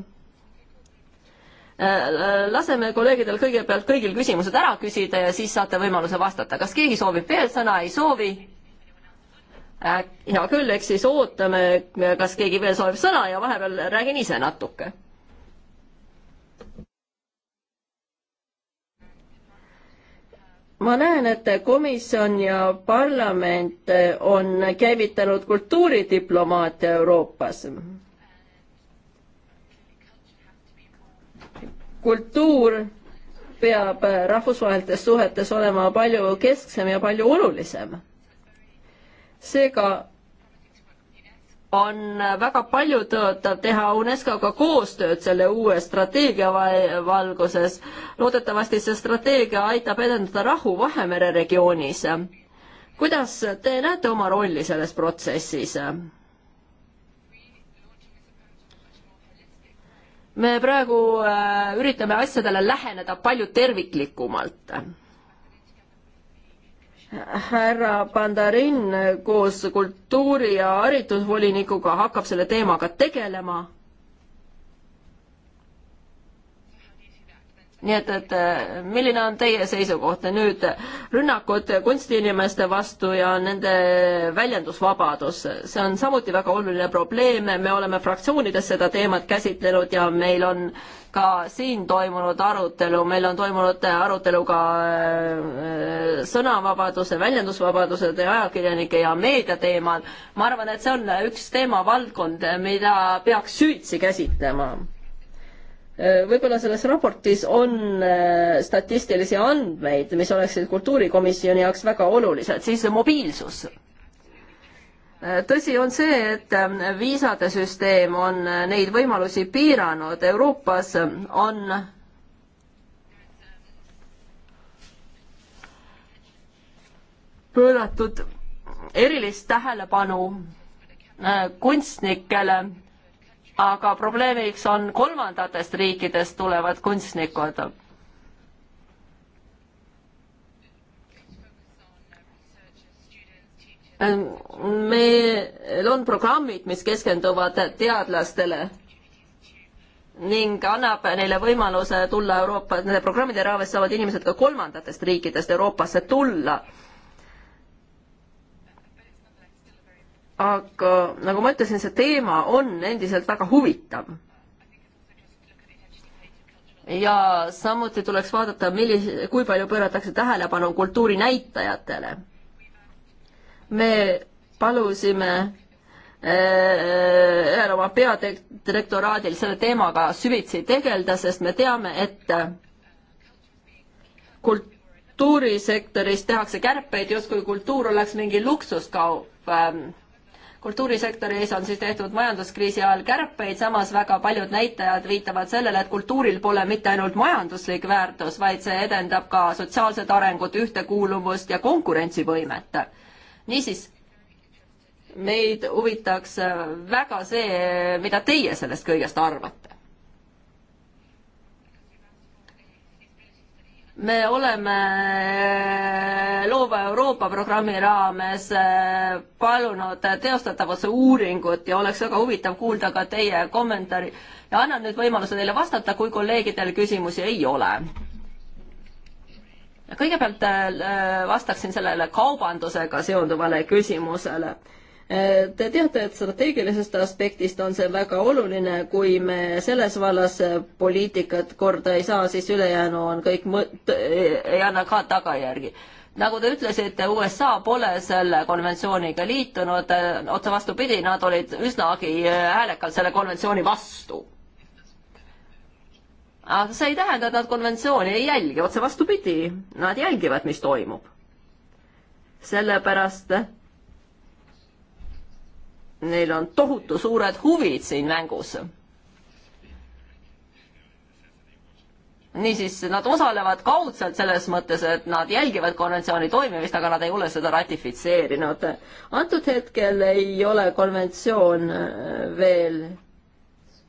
laseme kolleegidel kõigepealt kõigil küsimused ära küsida ja siis saate võimaluse vastata, kas keegi soovib veel sõna, ei soovi? Äh, hea küll, eks siis ootame, kas keegi veel soovib sõna ja vahepeal räägin ise natuke ma näen, et komisjon ja parlament on käivitanud kultuuridiplomaatia Euroopas. kultuur peab rahvusvahelistes suhetes olema palju kesksem ja palju olulisem. seega on väga palju tõotav teha UNESCO-ga koostööd selle uue strateegia valguses. loodetavasti see strateegia aitab edendada rahu Vahemere regioonis. kuidas te näete oma rolli selles protsessis? me praegu äh, üritame asjadele läheneda palju terviklikumalt härra Pandarin koos kultuuri- ja haridusvolinikuga hakkab selle teemaga tegelema nii et, et äh, milline on teie seisukoht nüüd rünnakud kunstiinimeste vastu ja nende väljendusvabadus, see on samuti väga oluline probleem, me oleme fraktsioonides seda teemat käsitlenud ja meil on ka siin toimunud arutelu, meil on toimunud arutelu ka äh, sõnavabaduse, väljendusvabaduse, ajakirjanike ja meedia teemal. ma arvan, et see on üks teemavaldkond, mida peaks süvitsi käsitlema Äh, võib-olla selles raportis on äh, statistilisi andmeid, mis oleksid kultuurikomisjoni jaoks väga olulised, siis mobiilsus. Äh, tõsi on see, et viisade süsteem on neid võimalusi piiranud, Euroopas on pööratud erilist tähelepanu kunstnikele aga probleemiks on kolmandatest riikidest tulevad kunstnikud. meil on programmid, mis keskenduvad teadlastele ning annab neile võimaluse tulla Euroopa, nende programmide raames saavad inimesed ka kolmandatest riikidest Euroopasse tulla aga nagu ma ütlesin, see teema on endiselt väga huvitav. ja samuti tuleks vaadata, millise, kui palju pööratakse tähelepanu kultuurinäitajatele. me palusime äh, ühel oma peadirektoraadil selle teemaga süvitsi tegeleda, sest me teame, et kultuurisektoris tehakse kärpeid, justkui kultuur oleks mingi luksuskaup ähm, kultuurisektori ees on siis tehtud majanduskriisi ajal kärpeid, samas väga paljud näitajad viitavad sellele, et kultuuril pole mitte ainult majanduslik väärtus, vaid see edendab ka sotsiaalset arengut, ühtekuuluvust ja konkurentsivõimet. niisiis, meid huvitaks väga see, mida teie sellest kõigest arvate. me oleme äh, loova Euroopa programmi raames äh, palunud teostatavuse uuringut ja oleks väga huvitav kuulda ka teie kommentaari. ja annan nüüd võimaluse teile vastata, kui kolleegidel küsimusi ei ole. kõigepealt äh, vastaksin sellele kaubandusega seonduvale küsimusele Te teate, et strateegilisest aspektist on see väga oluline, kui me selles vallas poliitikat korda ei saa, siis ülejäänu on kõik mõt-, ei anna ka tagajärgi. nagu te ütlesite, USA pole selle konventsiooniga liitunud, otse vastupidi, nad olid üsnagi äh, häälekalt selle konventsiooni vastu. aga see ei tähenda, et nad konventsiooni ei jälgi, otse vastupidi, nad jälgivad, mis toimub. sellepärast neil on tohutu suured huvid siin mängus. niisiis, nad osalevad kaudselt selles mõttes, et nad jälgivad konventsiooni toimimist, aga nad ei ole seda ratifitseerinud. antud hetkel ei ole konventsioon äh, veel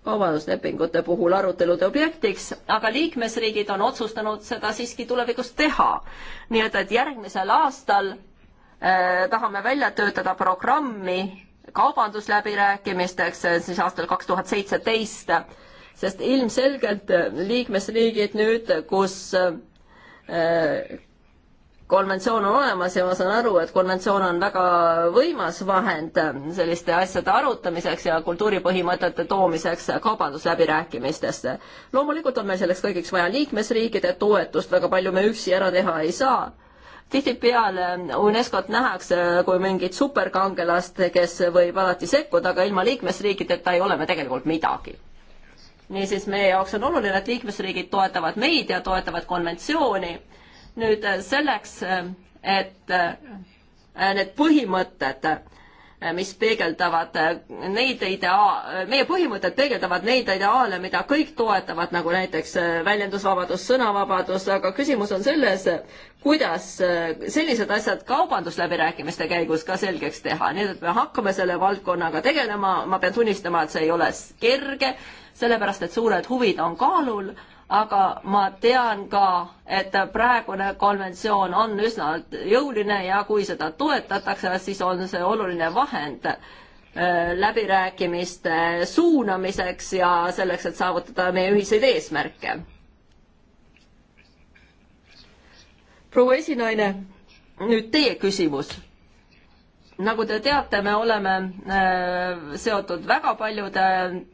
kaubanduslepingute puhul arutelude objektiks, aga liikmesriigid on otsustanud seda siiski tulevikus teha. nii et, et järgmisel aastal äh, tahame välja töötada programmi kaubandusläbirääkimisteks siis aastal kaks tuhat seitseteist, sest ilmselgelt äh, liikmesriigid nüüd, kus äh, konventsioon on olemas ja ma saan aru, et konventsioon on väga võimas vahend äh, selliste asjade arutamiseks ja kultuuripõhimõtete toomiseks kaubandusläbirääkimistesse. loomulikult on meil selleks kõigiks vaja liikmesriikide toetust, väga palju me üksi ära teha ei saa tihtipeale UNESCO-t nähakse kui mingit superkangelast, kes võib alati sekkuda, aga ilma liikmesriikideta ei ole me tegelikult midagi. niisiis, meie jaoks on oluline, et liikmesriigid toetavad meid ja toetavad konventsiooni. nüüd selleks, et need põhimõtted Äh, mis peegeldavad äh, neid idea-, äh, meie põhimõtted peegeldavad neid ideaale, mida kõik toetavad, nagu näiteks väljendusvabadus, sõnavabadus, aga küsimus on selles, kuidas sellised asjad kaubandusläbirääkimiste käigus ka selgeks teha, nii et me hakkame selle valdkonnaga tegelema, ma pean tunnistama, et see ei ole kerge, sellepärast et suured huvid on kaalul aga ma tean ka, et praegune konventsioon on üsna jõuline ja kui seda toetatakse, siis on see oluline vahend äh, läbirääkimiste suunamiseks ja selleks, et saavutada meie ühiseid eesmärke. proua esinaine, nüüd teie küsimus nagu te teate, me oleme äh, seotud väga paljude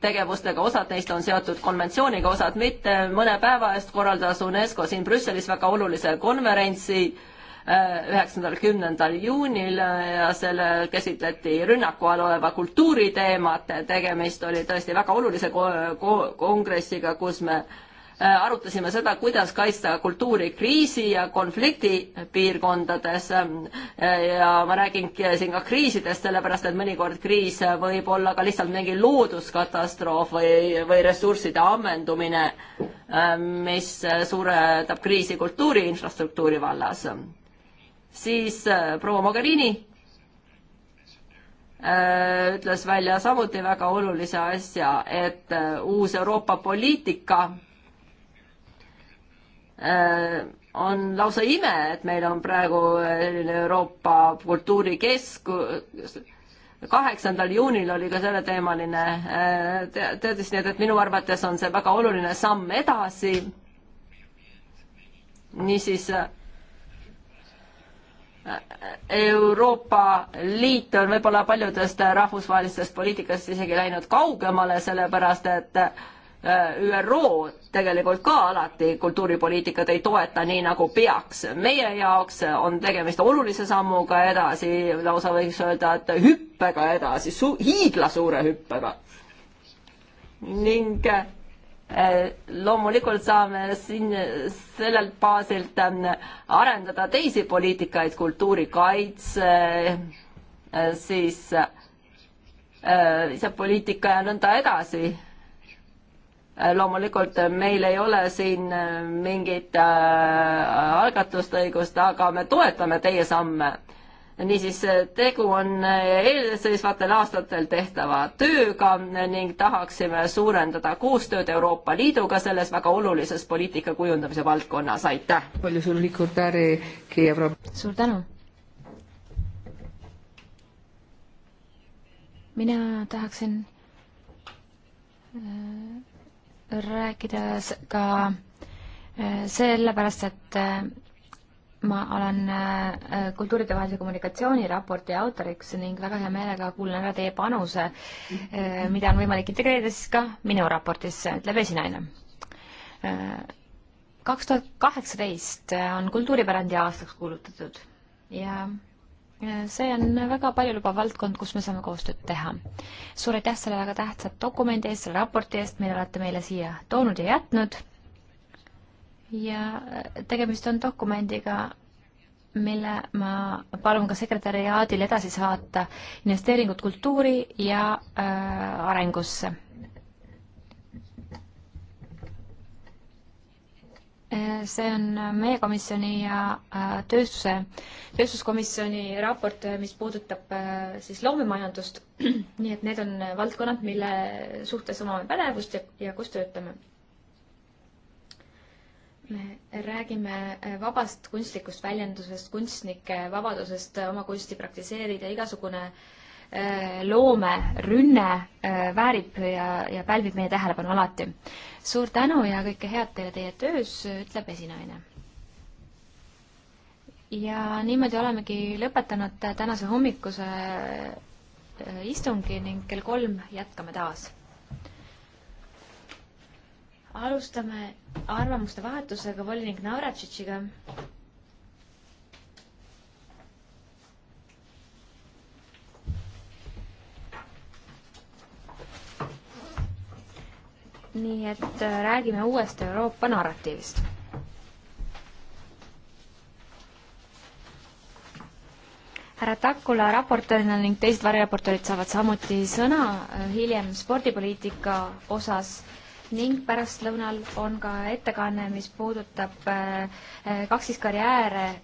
tegevustega, osad neist on seotud konventsiooniga, osad mitte. mõne päeva eest korraldas UNESCO siin Brüsselis väga olulise konverentsi äh, üheksandal, kümnendal juunil äh, ja selle käsitleti rünnaku all oleva kultuuri teemat. tegemist oli tõesti väga olulise ko ko kongressiga, kus me äh, Äh, arutasime seda, kuidas kaitsta kultuuri kriisi ja konflikti piirkondades. Äh, ja ma räägin siin ka kriisidest, sellepärast et mõnikord kriis võib olla ka lihtsalt mingi looduskatastroof või, või ressursside ammendumine, äh, mis suurendab kriisi kultuuri infrastruktuuri vallas. siis proua Mogherini ütles välja samuti väga olulise asja, et uus Euroopa poliitika Äh, on lausa ime, et meil on praegu äh, selline Euroopa kultuurikeskus, kaheksandal juunil oli ka selleteemaline äh, te teadis, nii et, et minu arvates on see väga oluline samm edasi. niisiis Euroopa Liit on võib-olla paljudest rahvusvahelistest poliitikast isegi läinud kaugemale, sellepärast et äh, Äh, ÜRO tegelikult ka alati kultuuripoliitikat ei toeta nii, nagu peaks. meie jaoks on tegemist olulise sammuga edasi, lausa võiks öelda, et hüppega edasi, hiiglasuure hüppega. ning äh, loomulikult saame siin sellelt baasilt ähm, arendada teisi poliitikaid, kultuurikaitse, äh, siis see poliitika ja nõnda edasi loomulikult meil ei ole siin äh, mingit äh, algatust õigust, aga me toetame teie samme. niisiis, tegu on äh, eelseisvatel aastatel tehtava tööga ning tahaksime suurendada koostööd Euroopa Liiduga selles väga olulises poliitika kujundamise valdkonnas, aitäh! suur tänu! mina tahaksin äh rääkides ka äh, sellepärast, et äh, ma olen äh, kultuuridevahelise kommunikatsiooni raporti autoriks ning väga hea meelega kuulan ära teie panuse, mida on võimalik integreerida siis ka minu raportisse, ütleb esinaine. kaks tuhat kaheksateist on kultuuripärandi aastaks kuulutatud ja see on väga paljulubav valdkond, kus me saame koostööd teha. suur aitäh selle väga tähtsa dokumendi eest, selle raporti eest, mille olete meile siia toonud ja jätnud. ja tegemist on dokumendiga, mille ma palun ka sekretäriaadil edasi saata, investeeringud kultuuri ja äh, arengusse Eh, see on meie komisjoni ja eh, tööstuse, tööstuskomisjoni raport, eh, mis puudutab siis loomemajandust. nii et need on valdkonnad, mille suhtes omame pädevust ja, ja kus töötame. me räägime vabast kunstlikust väljendusest, kunstnike vabadusest oma kunsti praktiseerida, igasugune äh, Äh, loomerünne äh, väärib ja, ja pälvib meie tähelepanu alati. suur tänu ja kõike head teile teie töös, ütleb esinaine. ja niimoodi olemegi lõpetanud tänase hommikuse äh, istungi ning kell kolm jätkame taas. alustame arvamuste vahetusega volinik Navratšitšiga. nii et äh, räägime uuest Euroopa narratiivist. härra Takula raportöörina ning teised variraportöörid saavad samuti sõna äh, hiljem spordipoliitika osas ning pärastlõunal on ka ettekanne, mis puudutab äh, kaksis karjääre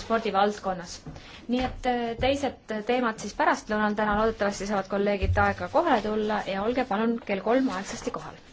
spordivaldkonnas. nii et teised teemad siis pärastlõunal täna loodetavasti saavad kolleegid aega kohale tulla ja olge palun kell kolm aegsasti kohal